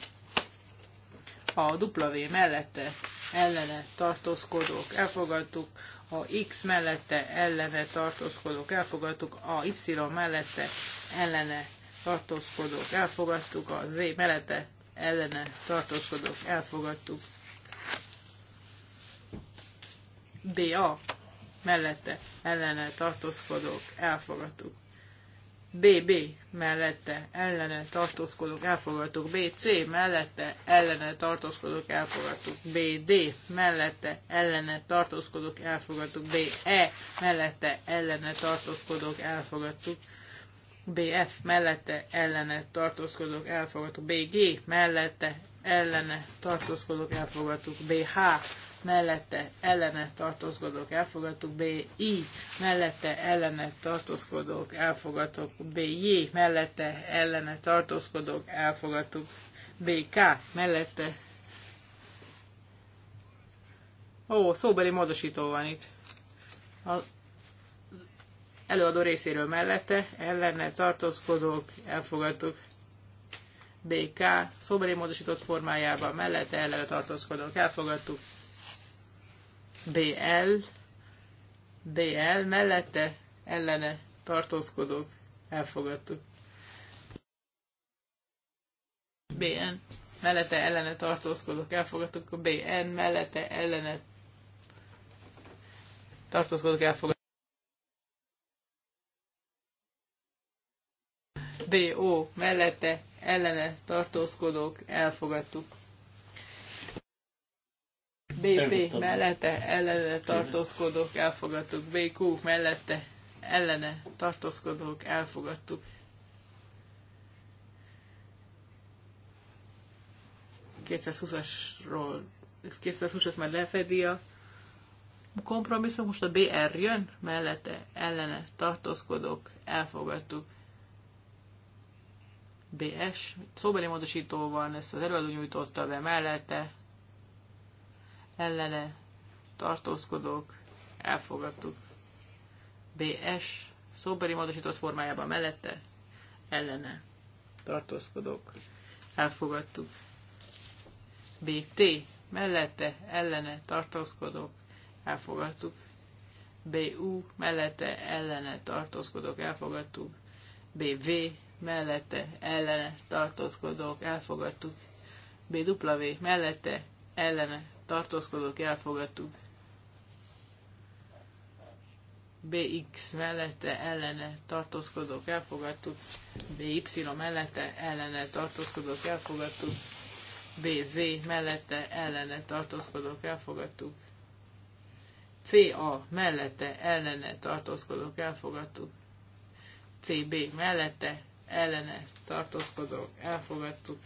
A W mellette ellene tartózkodok, elfogadtuk. A X mellette ellene tartózkodok, elfogadtuk. A Y mellette ellene tartózkodok, elfogadtuk. A Z mellette ellene tartózkodok, elfogadtuk. BA mellette ellene tartózkodok, elfogadtuk. BB mellette ellene tartózkodok, elfogadtuk, BC mellette ellene tartózkodok, elfogadtuk, BD mellette ellene tartózkodok, elfogadtuk, BE mellette ellene tartózkodok, elfogadtuk, BF mellette ellene tartózkodok, elfogadtuk, BG mellette ellene tartózkodok, elfogadtuk, BH mellette ellene tartózkodók elfogadtuk, BI mellette ellene tartózkodók elfogadtuk, BJ mellette ellene tartózkodók elfogadtuk, BK mellette. Ó, szóbeli módosító van itt. A előadó részéről mellette ellene tartózkodók elfogadtuk. BK szóbeli módosított formájában mellette ellene tartózkodók elfogadtuk. BL, BL mellette ellene tartózkodók elfogadtuk. BN mellette ellene tartózkodók elfogadtuk, a BN mellette ellene tartózkodók elfogadtuk. BO mellette ellene tartózkodók elfogadtuk. BP mellette ellene tartózkodók elfogadtuk, BQ mellette ellene tartózkodók elfogadtuk. 220 ...220-as már lefedi a kompromisszum, most a BR jön, mellette ellene tartózkodók elfogadtuk. BS, szóbeli módosítóval ezt az előadó nyújtotta be mellette, ellene tartózkodók elfogadtuk. BS szóbeli módosított formájában mellette ellene tartózkodók elfogadtuk. BT mellette ellene tartózkodók elfogadtuk. BU mellette ellene tartózkodók elfogadtuk. BV mellette ellene tartózkodók elfogadtuk. BW mellette ellene tartózkodók elfogadtuk. BX mellette ellene tartózkodók elfogadtuk, BY mellette ellene tartózkodók elfogadtuk, BZ mellette ellene tartózkodók elfogadtuk, CA mellette ellene tartózkodók elfogadtuk, CB mellette ellene tartózkodók elfogadtuk,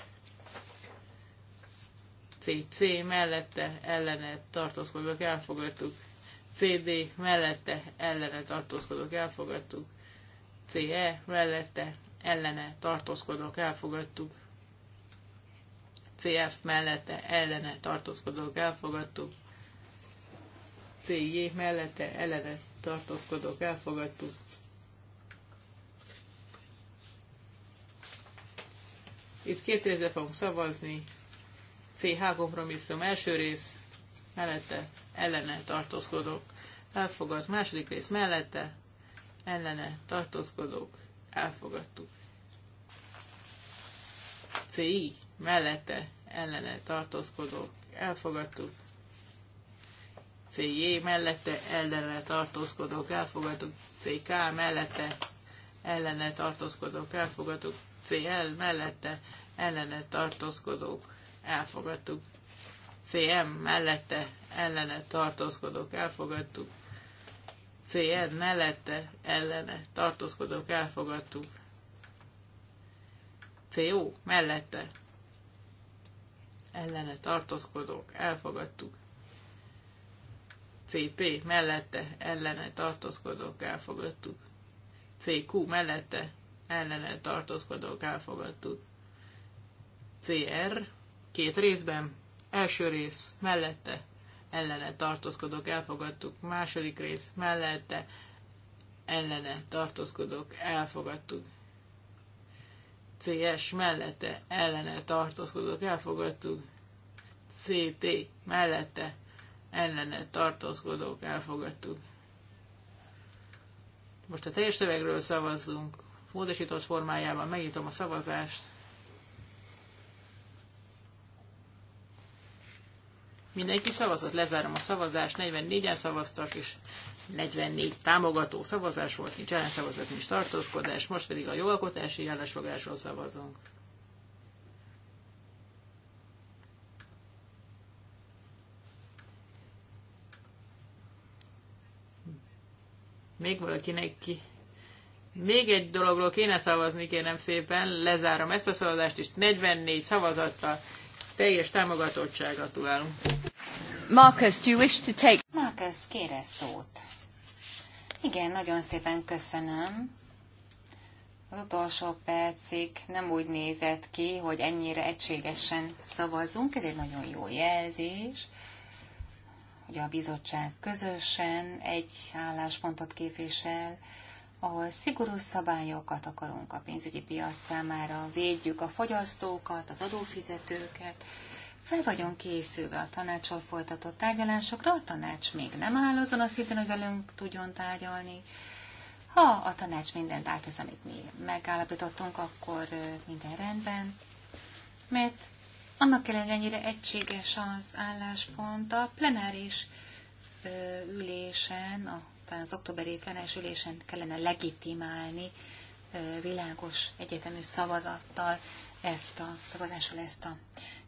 CC mellette ellene tartózkodok, elfogadtuk, CD mellette ellene tartózkodok, elfogadtuk, CE mellette ellene tartózkodok, elfogadtuk, CF mellette ellene tartózkodok, elfogadtuk, CJ mellette ellene tartózkodok, elfogadtuk, Itt két részre fogunk szavazni, CH kompromisszum első rész mellette ellene tartózkodok, elfogad második rész mellette ellene tartózkodok, elfogadtuk. CI mellette ellene tartózkodok, elfogadtuk. CJ mellette ellene tartózkodok, elfogadtuk. CK mellette ellene tartózkodok, elfogadtuk. CL mellette ellene tartózkodók elfogadtuk. CM mellette ellene tartózkodok, elfogadtuk. CN mellette ellene tartózkodok, elfogadtuk. CO mellette ellene tartózkodok, elfogadtuk. CP mellette ellene tartózkodok, elfogadtuk. CQ mellette ellene tartózkodók elfogadtuk. CR Két részben. Első rész mellette ellene tartózkodok, elfogadtuk. Második rész mellette ellene tartózkodok, elfogadtuk. CS mellette ellene tartózkodok, elfogadtuk. CT mellette ellene tartózkodok, elfogadtuk. Most a teljes szövegről szavazzunk, módosított formájában megnyitom a szavazást. Mindenki szavazott, lezárom a szavazást, 44-en szavaztak, és 44 támogató szavazás volt, nincs ellenszavazat, nincs tartózkodás, most pedig a jogalkotási állásfogásról szavazunk. Még valakinek ki. Még egy dologról kéne szavazni, kérem szépen, lezárom ezt a szavazást, és 44 szavazattal teljes támogatottságra tulálunk. Marcus, do you wish to take... Marcus, kére szót. Igen, nagyon szépen köszönöm. Az utolsó percig nem úgy nézett ki, hogy ennyire egységesen szavazunk. Ez egy nagyon jó jelzés, hogy a bizottság közösen egy álláspontot képvisel, ahol szigorú szabályokat akarunk a pénzügyi piac számára, védjük a fogyasztókat, az adófizetőket, fel vagyunk készülve a tanácsol folytatott tárgyalásokra, a tanács még nem áll azon a szinten, hogy velünk tudjon tárgyalni. Ha a tanács mindent átesz, amit mi megállapítottunk, akkor minden rendben. Mert annak ellenére ennyire egységes az álláspont a plenáris ülésen, a, talán az októberi plenáris ülésen kellene legitimálni világos egyetemű szavazattal ezt a szavazással ezt a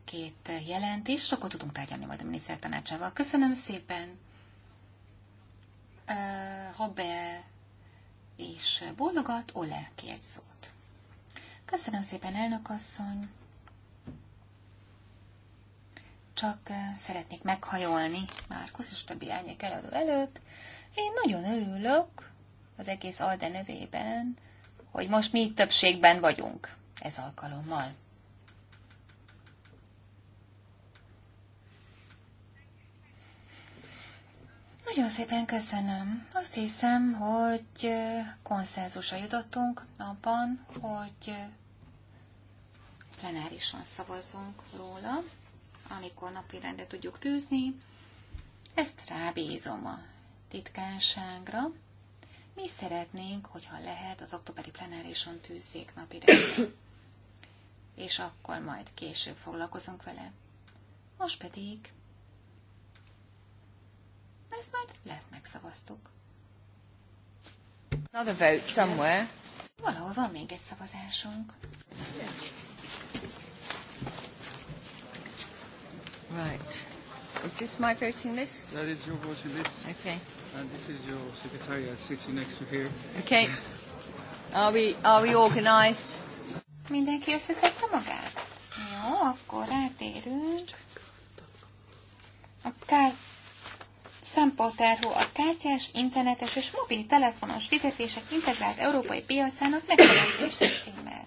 két jelentés, és akkor tudunk tárgyalni majd a minisztertanácsával. Köszönöm szépen! Hobbe és boldogat Ole ki egy szót. Köszönöm szépen, elnök asszony! Csak szeretnék meghajolni Márkusz és többi árnyék eladó előtt. Én nagyon örülök az egész Alde nevében, hogy most mi többségben vagyunk ez alkalommal. Nagyon szépen köszönöm. Azt hiszem, hogy konszenzusra jutottunk abban, hogy plenárisan szavazunk róla, amikor napi rendet tudjuk tűzni. Ezt rábízom a titkánságra. Mi szeretnénk, hogyha lehet, az októberi plenárison tűzzék napi rendet. és akkor majd később foglalkozunk vele. Most pedig ezt már lehet megszavaztuk. Another vote somewhere. Valahol van még egy szavazásunk. Right. Is this my voting list? That is your voting list. Okay. And this is your secretary sitting next to here. Okay. Are we, are we organized? Mindenki összeszedte magát? Jó, akkor rátérünk. A kár szempatárhó a kártyás, internetes és mobiltelefonos fizetések integrált európai piacának megteremtése címmel.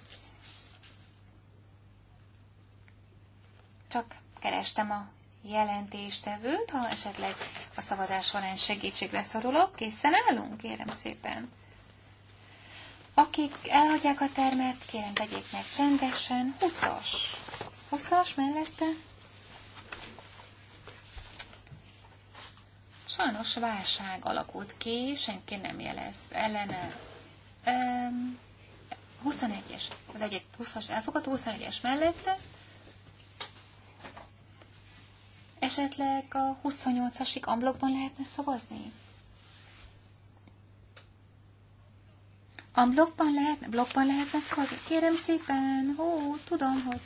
Csak kerestem a jelentéstevőt, ha esetleg a szavazás során segítségre szorulok. Készen állunk? Kérem szépen. Akik elhagyják a termet, kérem tegyék meg csendesen. 20-as. 20-as mellette Sajnos válság alakult ki, senki nem jelez ellene. Um, 21-es, az egy 20-as elfogadó, 21-es mellette. Esetleg a 28-asig amblokban lehetne szavazni? Amblokban lehetne, blogban lehetne szavazni? Kérem szépen, hó, tudom, hogy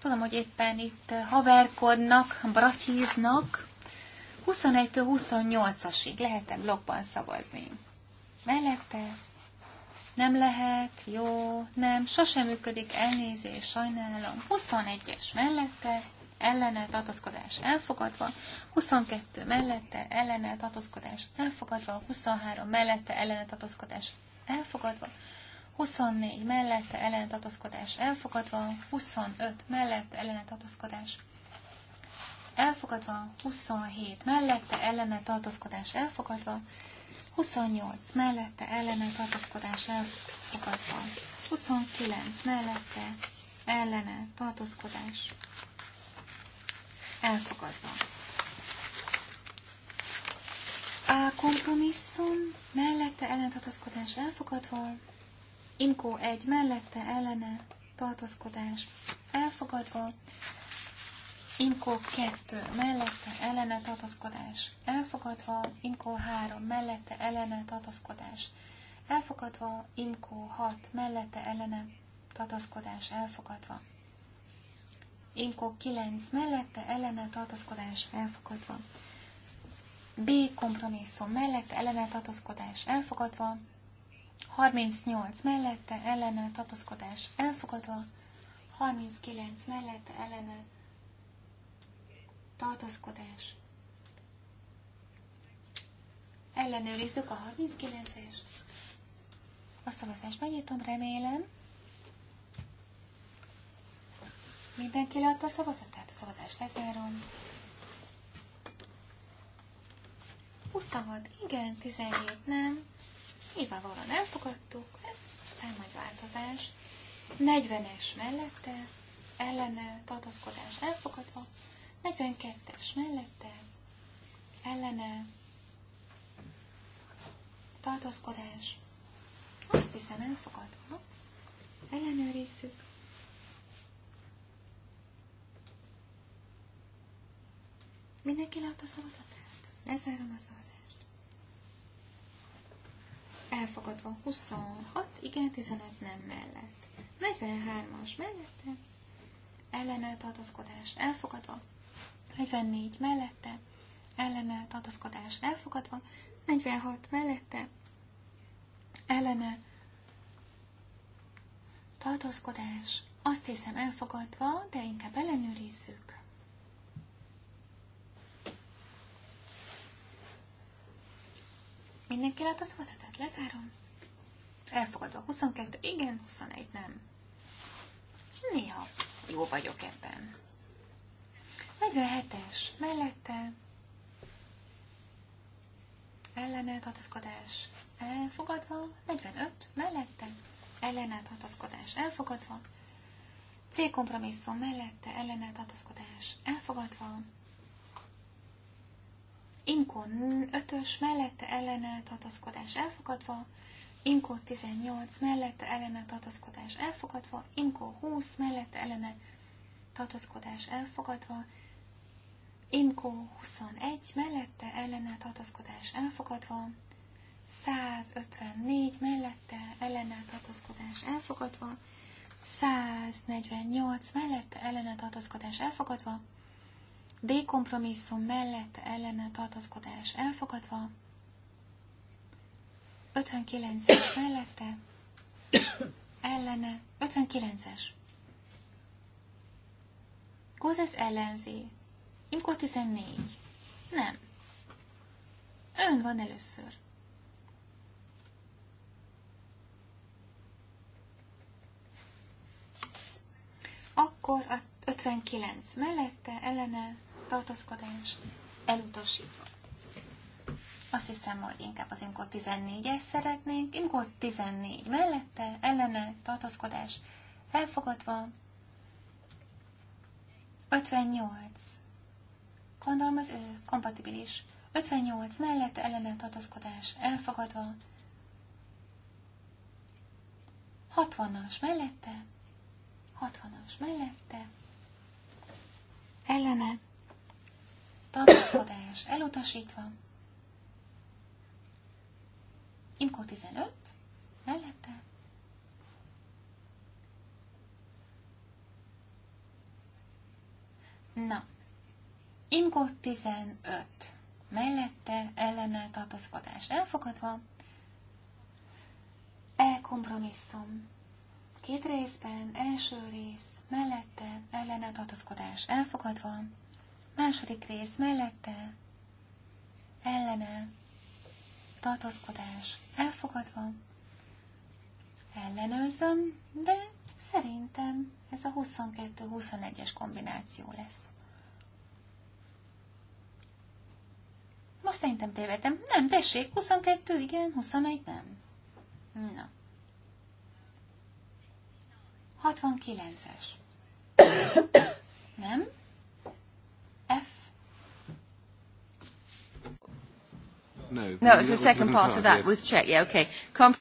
tudom, hogy éppen itt haverkodnak, bratíznak. 21-től 28-asig lehet-e blokkban szavazni? Mellette? Nem lehet, jó, nem, sosem működik, elnézés, sajnálom. 21-es mellette, ellene, tartozkodás elfogadva, 22 mellette, ellene, tartozkodás elfogadva, 23 mellette, ellene, tartozkodás elfogadva, 24 mellette, ellene, tartózkodás elfogadva, 25 mellette, ellene, tartózkodás elfogadva elfogadva, 27 mellette, ellene tartózkodás elfogadva, 28 mellette, ellene tartózkodás elfogadva, 29 mellette, ellene tartózkodás elfogadva. A kompromisszum mellette tartózkodás elfogadva, Inkó 1 mellette ellene tartózkodás elfogadva, Inkó 2 mellette ellene tartaszkodás elfogadva, Inkó 3 mellette ellene tartaszkodás elfogadva, Inkó 6 mellette ellene tartaszkodás elfogadva. Inkó 9 mellette ellene tartaszkodás elfogadva. B kompromisszum mellette ellene tartaszkodás elfogadva. 38 mellette ellene tartaszkodás elfogadva. 39 mellette ellene tartózkodás. Ellenőrizzük a 39 es A szavazást megnyitom, remélem. Mindenki leadta a szavazatát, a szavazást lezárom. 26, igen, 17, nem. Nyilvánvalóan elfogadtuk, ez aztán nagy változás. 40-es mellette, ellene, tartozkodás elfogadva, 42-es mellette ellene tartózkodás. Azt hiszem elfogadva. Ellenőrizzük. Mindenki látta a szavazatát? Lezárom a szavazást. Elfogadva 26, igen, 15 nem mellett. 43-as mellette ellene tartózkodás elfogadva. 44 mellette, ellene tartozkodás elfogadva, 46 mellette, ellene tartozkodás, azt hiszem elfogadva, de inkább ellenőrizzük. Mindenki lát a szavazatát, lezárom. Elfogadva 22, igen, 21 nem. Néha jó vagyok ebben. 47-es mellette ellene tartozkodás elfogadva, 45 mellette ellene tartozkodás elfogadva, C kompromisszum mellette ellene tartozkodás elfogadva, inkon 5-ös mellette ellene tartozkodás elfogadva, Inkó 18 mellette ellene tartozkodás elfogadva, Inkó 20 mellette ellene tartozkodás elfogadva, Imko 21 mellette ellene tartozkodás elfogadva, 154 mellette ellene tartozkodás elfogadva, 148 mellette ellene tartozkodás elfogadva, D kompromisszum mellette ellene tartozkodás elfogadva, 59-es mellette ellene, 59-es. Gózes ellenzi, Imko 14. Nem. Ön van először. Akkor a 59 mellette, ellene, tartózkodás, elutasítva. Azt hiszem, hogy inkább az imkó 14-es szeretnénk. Imkó 14 mellette, ellene, tartózkodás, elfogadva. 58 Gondolom az ő kompatibilis. 58 mellett ellene tartozkodás elfogadva. 60-as mellette. 60-as mellette. Ellene. tartozkodás elutasítva. Imkó 15. Mellette. Na, Imgo 15. Mellette ellene tartozkodás elfogadva. E kompromisszum. Két részben, első rész, mellette ellene tartozkodás elfogadva. Második rész, mellette ellene tartozkodás elfogadva. Ellenőrzöm, de szerintem ez a 22-21-es kombináció lesz. Most szerintem tévedtem. Nem, tessék, 22, igen, 21, nem. Na. 69-es. nem? F. No, no it's the second part of that with check. Yeah, okay. Comp-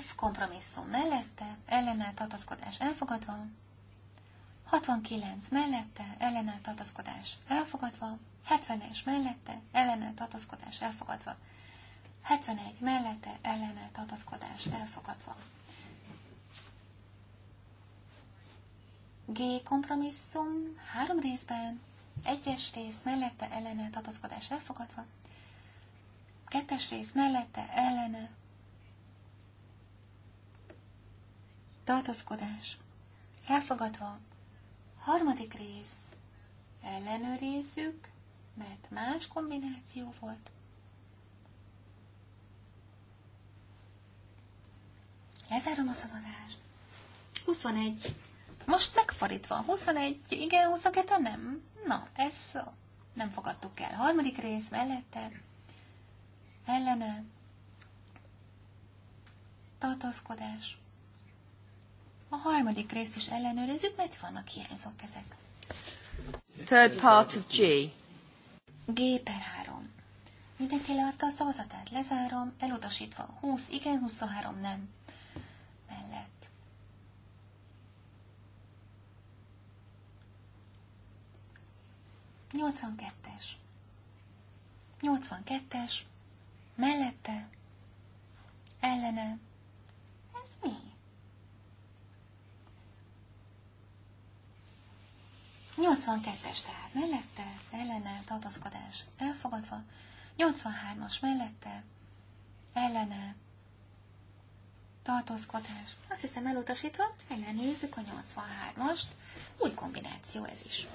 F kompromisszum mellette, ellene tartaszkodás elfogadva. 69 mellette, ellene tartaszkodás elfogadva. 70-es mellette ellene tartozkodás elfogadva. 71 mellette ellene tartozkodás elfogadva. G kompromisszum három részben, egyes rész mellette ellene tartozkodás elfogadva, kettes rész mellette ellene tartozkodás elfogadva, harmadik rész ellenőrizzük, mert más kombináció volt. Lezárom a szavazást. 21. Most megfordítva. 21, igen, 22 nem. Na, ezt nem fogadtuk el. Harmadik rész mellette. Ellene. Tartózkodás. A harmadik részt is ellenőrizzük, mert vannak hiányzók ezek. Third part of G. G per 3. Mindenki leadta a szavazatát, lezárom, elutasítva 20, igen, 23, nem. Mellett. Nyolcvankettes. Nyolcvankettes. mellette, ellene, 82-es tehát mellette, ellene, tartózkodás elfogadva. 83-as mellette, ellene, tartózkodás. Azt hiszem elutasítva, ellenőrizzük a 83-ast. Új kombináció ez is.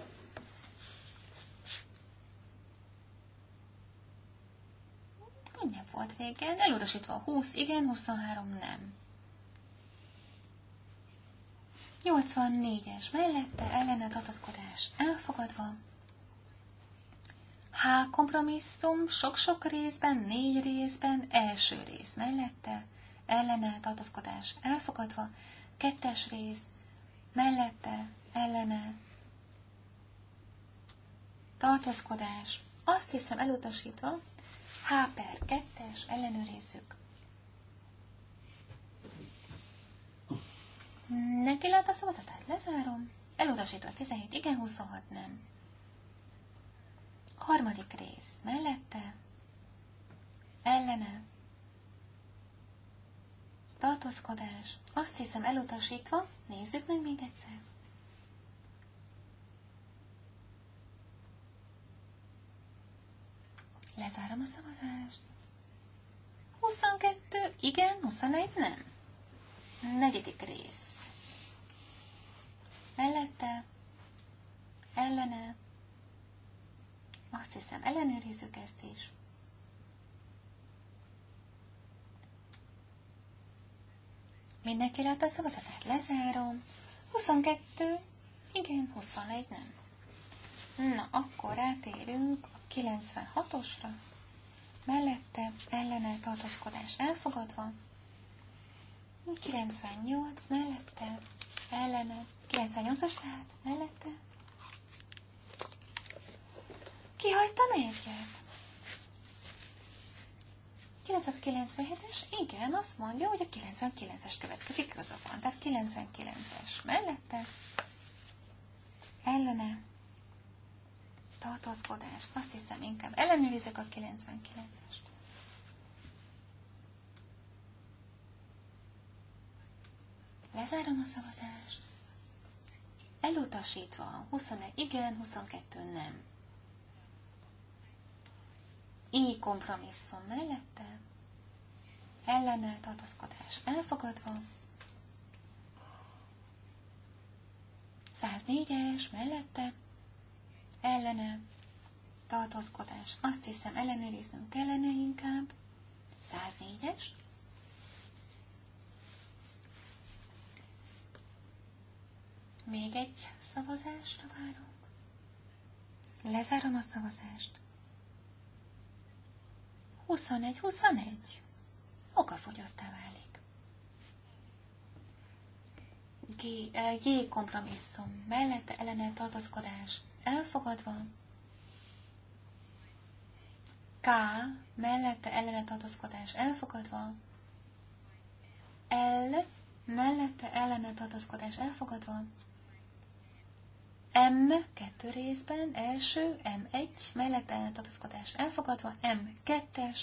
Könnyebb volt régen, elutasítva a 20, igen, 23, nem. 84-es mellette ellene tartozkodás elfogadva. H kompromisszum sok-sok részben, négy részben, első rész mellette ellene tartozkodás elfogadva, kettes rész mellette ellene tartozkodás Azt hiszem elutasítva, H per kettes ellenőrizzük. Neki lehet a szavazatát? Lezárom. Elutasítva 17, igen, 26, nem. Harmadik rész. Mellette. Ellene. Tartózkodás. Azt hiszem elutasítva. Nézzük meg még egyszer. Lezárom a szavazást. 22, igen, 21, nem. Negyedik rész mellette, ellene, azt hiszem ellenőrizzük ezt is. Mindenki lát a szavazatát, lezárom. 22, igen, 21 nem. Na, akkor rátérünk a 96-osra. Mellette ellene tartozkodás elfogadva. 98 mellette ellene 98-as tehát mellette. Kihagytam egyet. 997-es? Igen, azt mondja, hogy a 99-es következik igazabban. Tehát 99-es mellette. Ellene. Tartózkodás. Azt hiszem, inkább ellenőrizek a 99-est. Lezárom a szavazást elutasítva, 21 igen, 22 nem. Így kompromisszum mellette, ellene tartozkodás elfogadva, 104-es mellette, ellene tartózkodás. Azt hiszem ellenőriznünk kellene inkább. 104-es, Még egy szavazásra várunk. Lezárom a szavazást. 21-21. Okafogyottá válik. G, eh, J kompromisszum. Mellette ellene tartozkodás. Elfogadva. K mellette ellene tartozkodás. Elfogadva. L mellette ellene tartozkodás. Elfogadva. M 2 részben, első, M1, mellette ellene tartózkodás elfogadva, M2-es,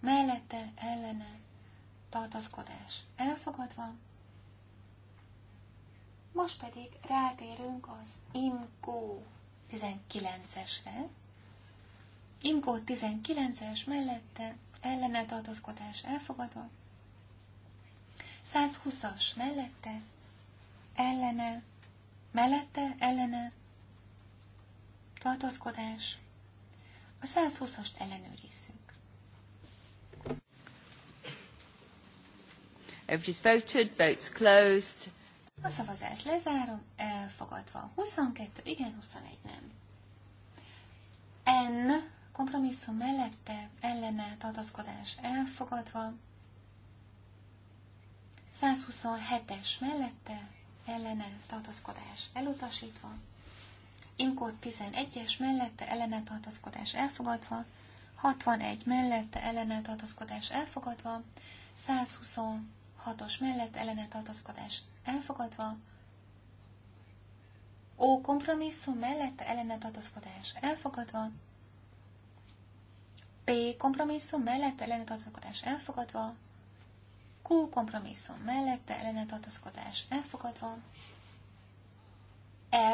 mellette ellene tartózkodás elfogadva. Most pedig rátérünk az IMGO 19-esre. IMGO 19-es mellette ellene tartózkodás elfogadva, 120-as mellette ellene mellette ellene tartózkodás. A 120-ast ellenőrizzük. Everybody's voted, votes closed. A szavazás lezárom, elfogadva. 22, igen, 21 nem. N kompromisszum mellette ellene tartozkodás elfogadva. 127-es mellette ellene tartozkodás elutasítva, Inkó 11-es mellette ellene tartozkodás elfogadva, 61 mellette ellene tartozkodás elfogadva, 126-os mellett ellene tartozkodás elfogadva, Ó kompromisszum mellette ellene tartozkodás elfogadva, P kompromisszum mellett ellene tartózkodás elfogadva, Q kompromisszum mellette ellene tartozkodás elfogadva.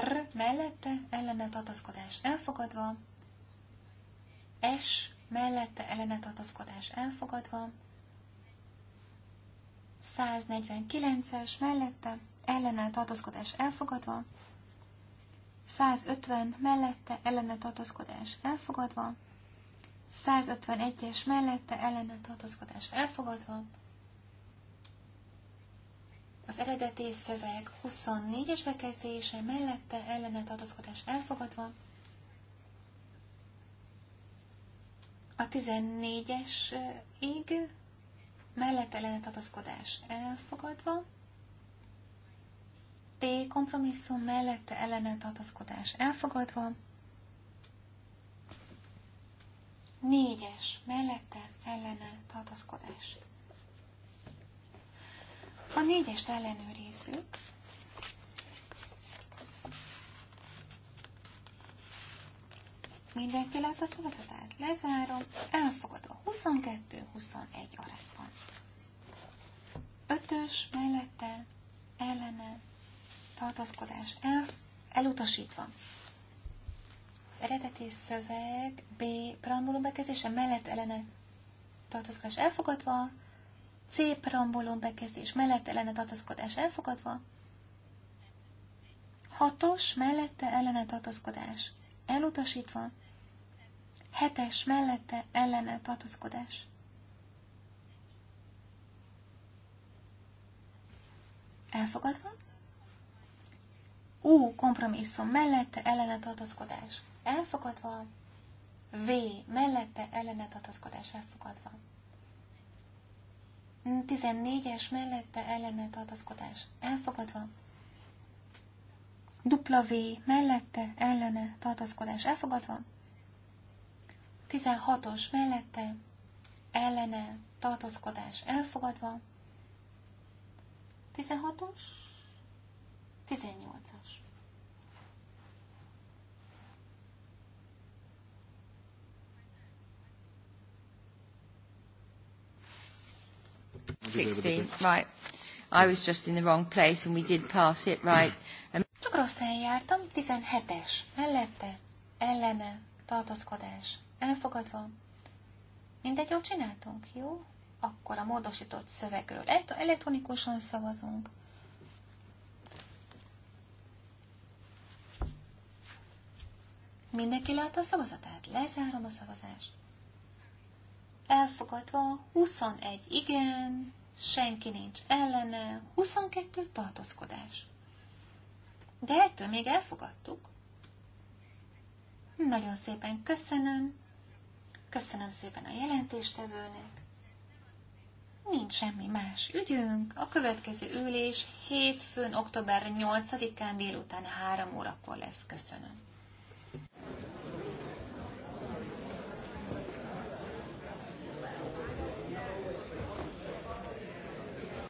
R mellette ellene tartozkodás elfogadva. S mellette ellene tartozkodás elfogadva. 149-es mellette ellene tartozkodás elfogadva. 150 mellette ellene tartozkodás elfogadva. 151-es mellette ellene tartozkodás elfogadva. Az eredeti szöveg 24-es bekezdése mellette ellene tartozkodás elfogadva. A 14-esig mellette ellene tartozkodás elfogadva. T kompromisszum mellette ellene tartozkodás elfogadva. 4-es mellette ellene tartozkodás a négyest ellenőrizzük. Mindenki lát a szavazatát? Lezárom. Elfogadva 22-21 arányban. Ötös mellette ellene tartozkodás el, elutasítva. Az eredeti szöveg B preambulum bekezdése mellett ellene tartozkodás elfogadva, C preambulum bekezdés mellette ellene tartozkodás elfogadva, hatos mellette ellene tartozkodás elutasítva, hetes mellette ellene tartozkodás. Elfogadva? U kompromisszum mellette ellene tartozkodás Elfogadva. V mellette ellene tartozkodás elfogadva. 14-es mellette ellene tartózkodás elfogadva. Dupla V mellette ellene tartózkodás elfogadva. 16-os mellette ellene tartózkodás elfogadva. 16-os, 18-as. 16, right. I was just in the wrong place and we did pass it, right. Um, Csak rossz helyen jártam, 17-es, mellette, ellene, tartozkodás, elfogadva. Mindegy, jól csináltunk, jó? Akkor a módosított szövegről elektronikusan szavazunk. Mindenki látta a szavazatát? Lezárom a szavazást elfogadva, 21 igen, senki nincs ellene, 22 tartózkodás. De ettől még elfogadtuk. Nagyon szépen köszönöm. Köszönöm szépen a jelentéstevőnek. Nincs semmi más ügyünk. A következő ülés hétfőn, október 8-án délután 3 órakor lesz. Köszönöm.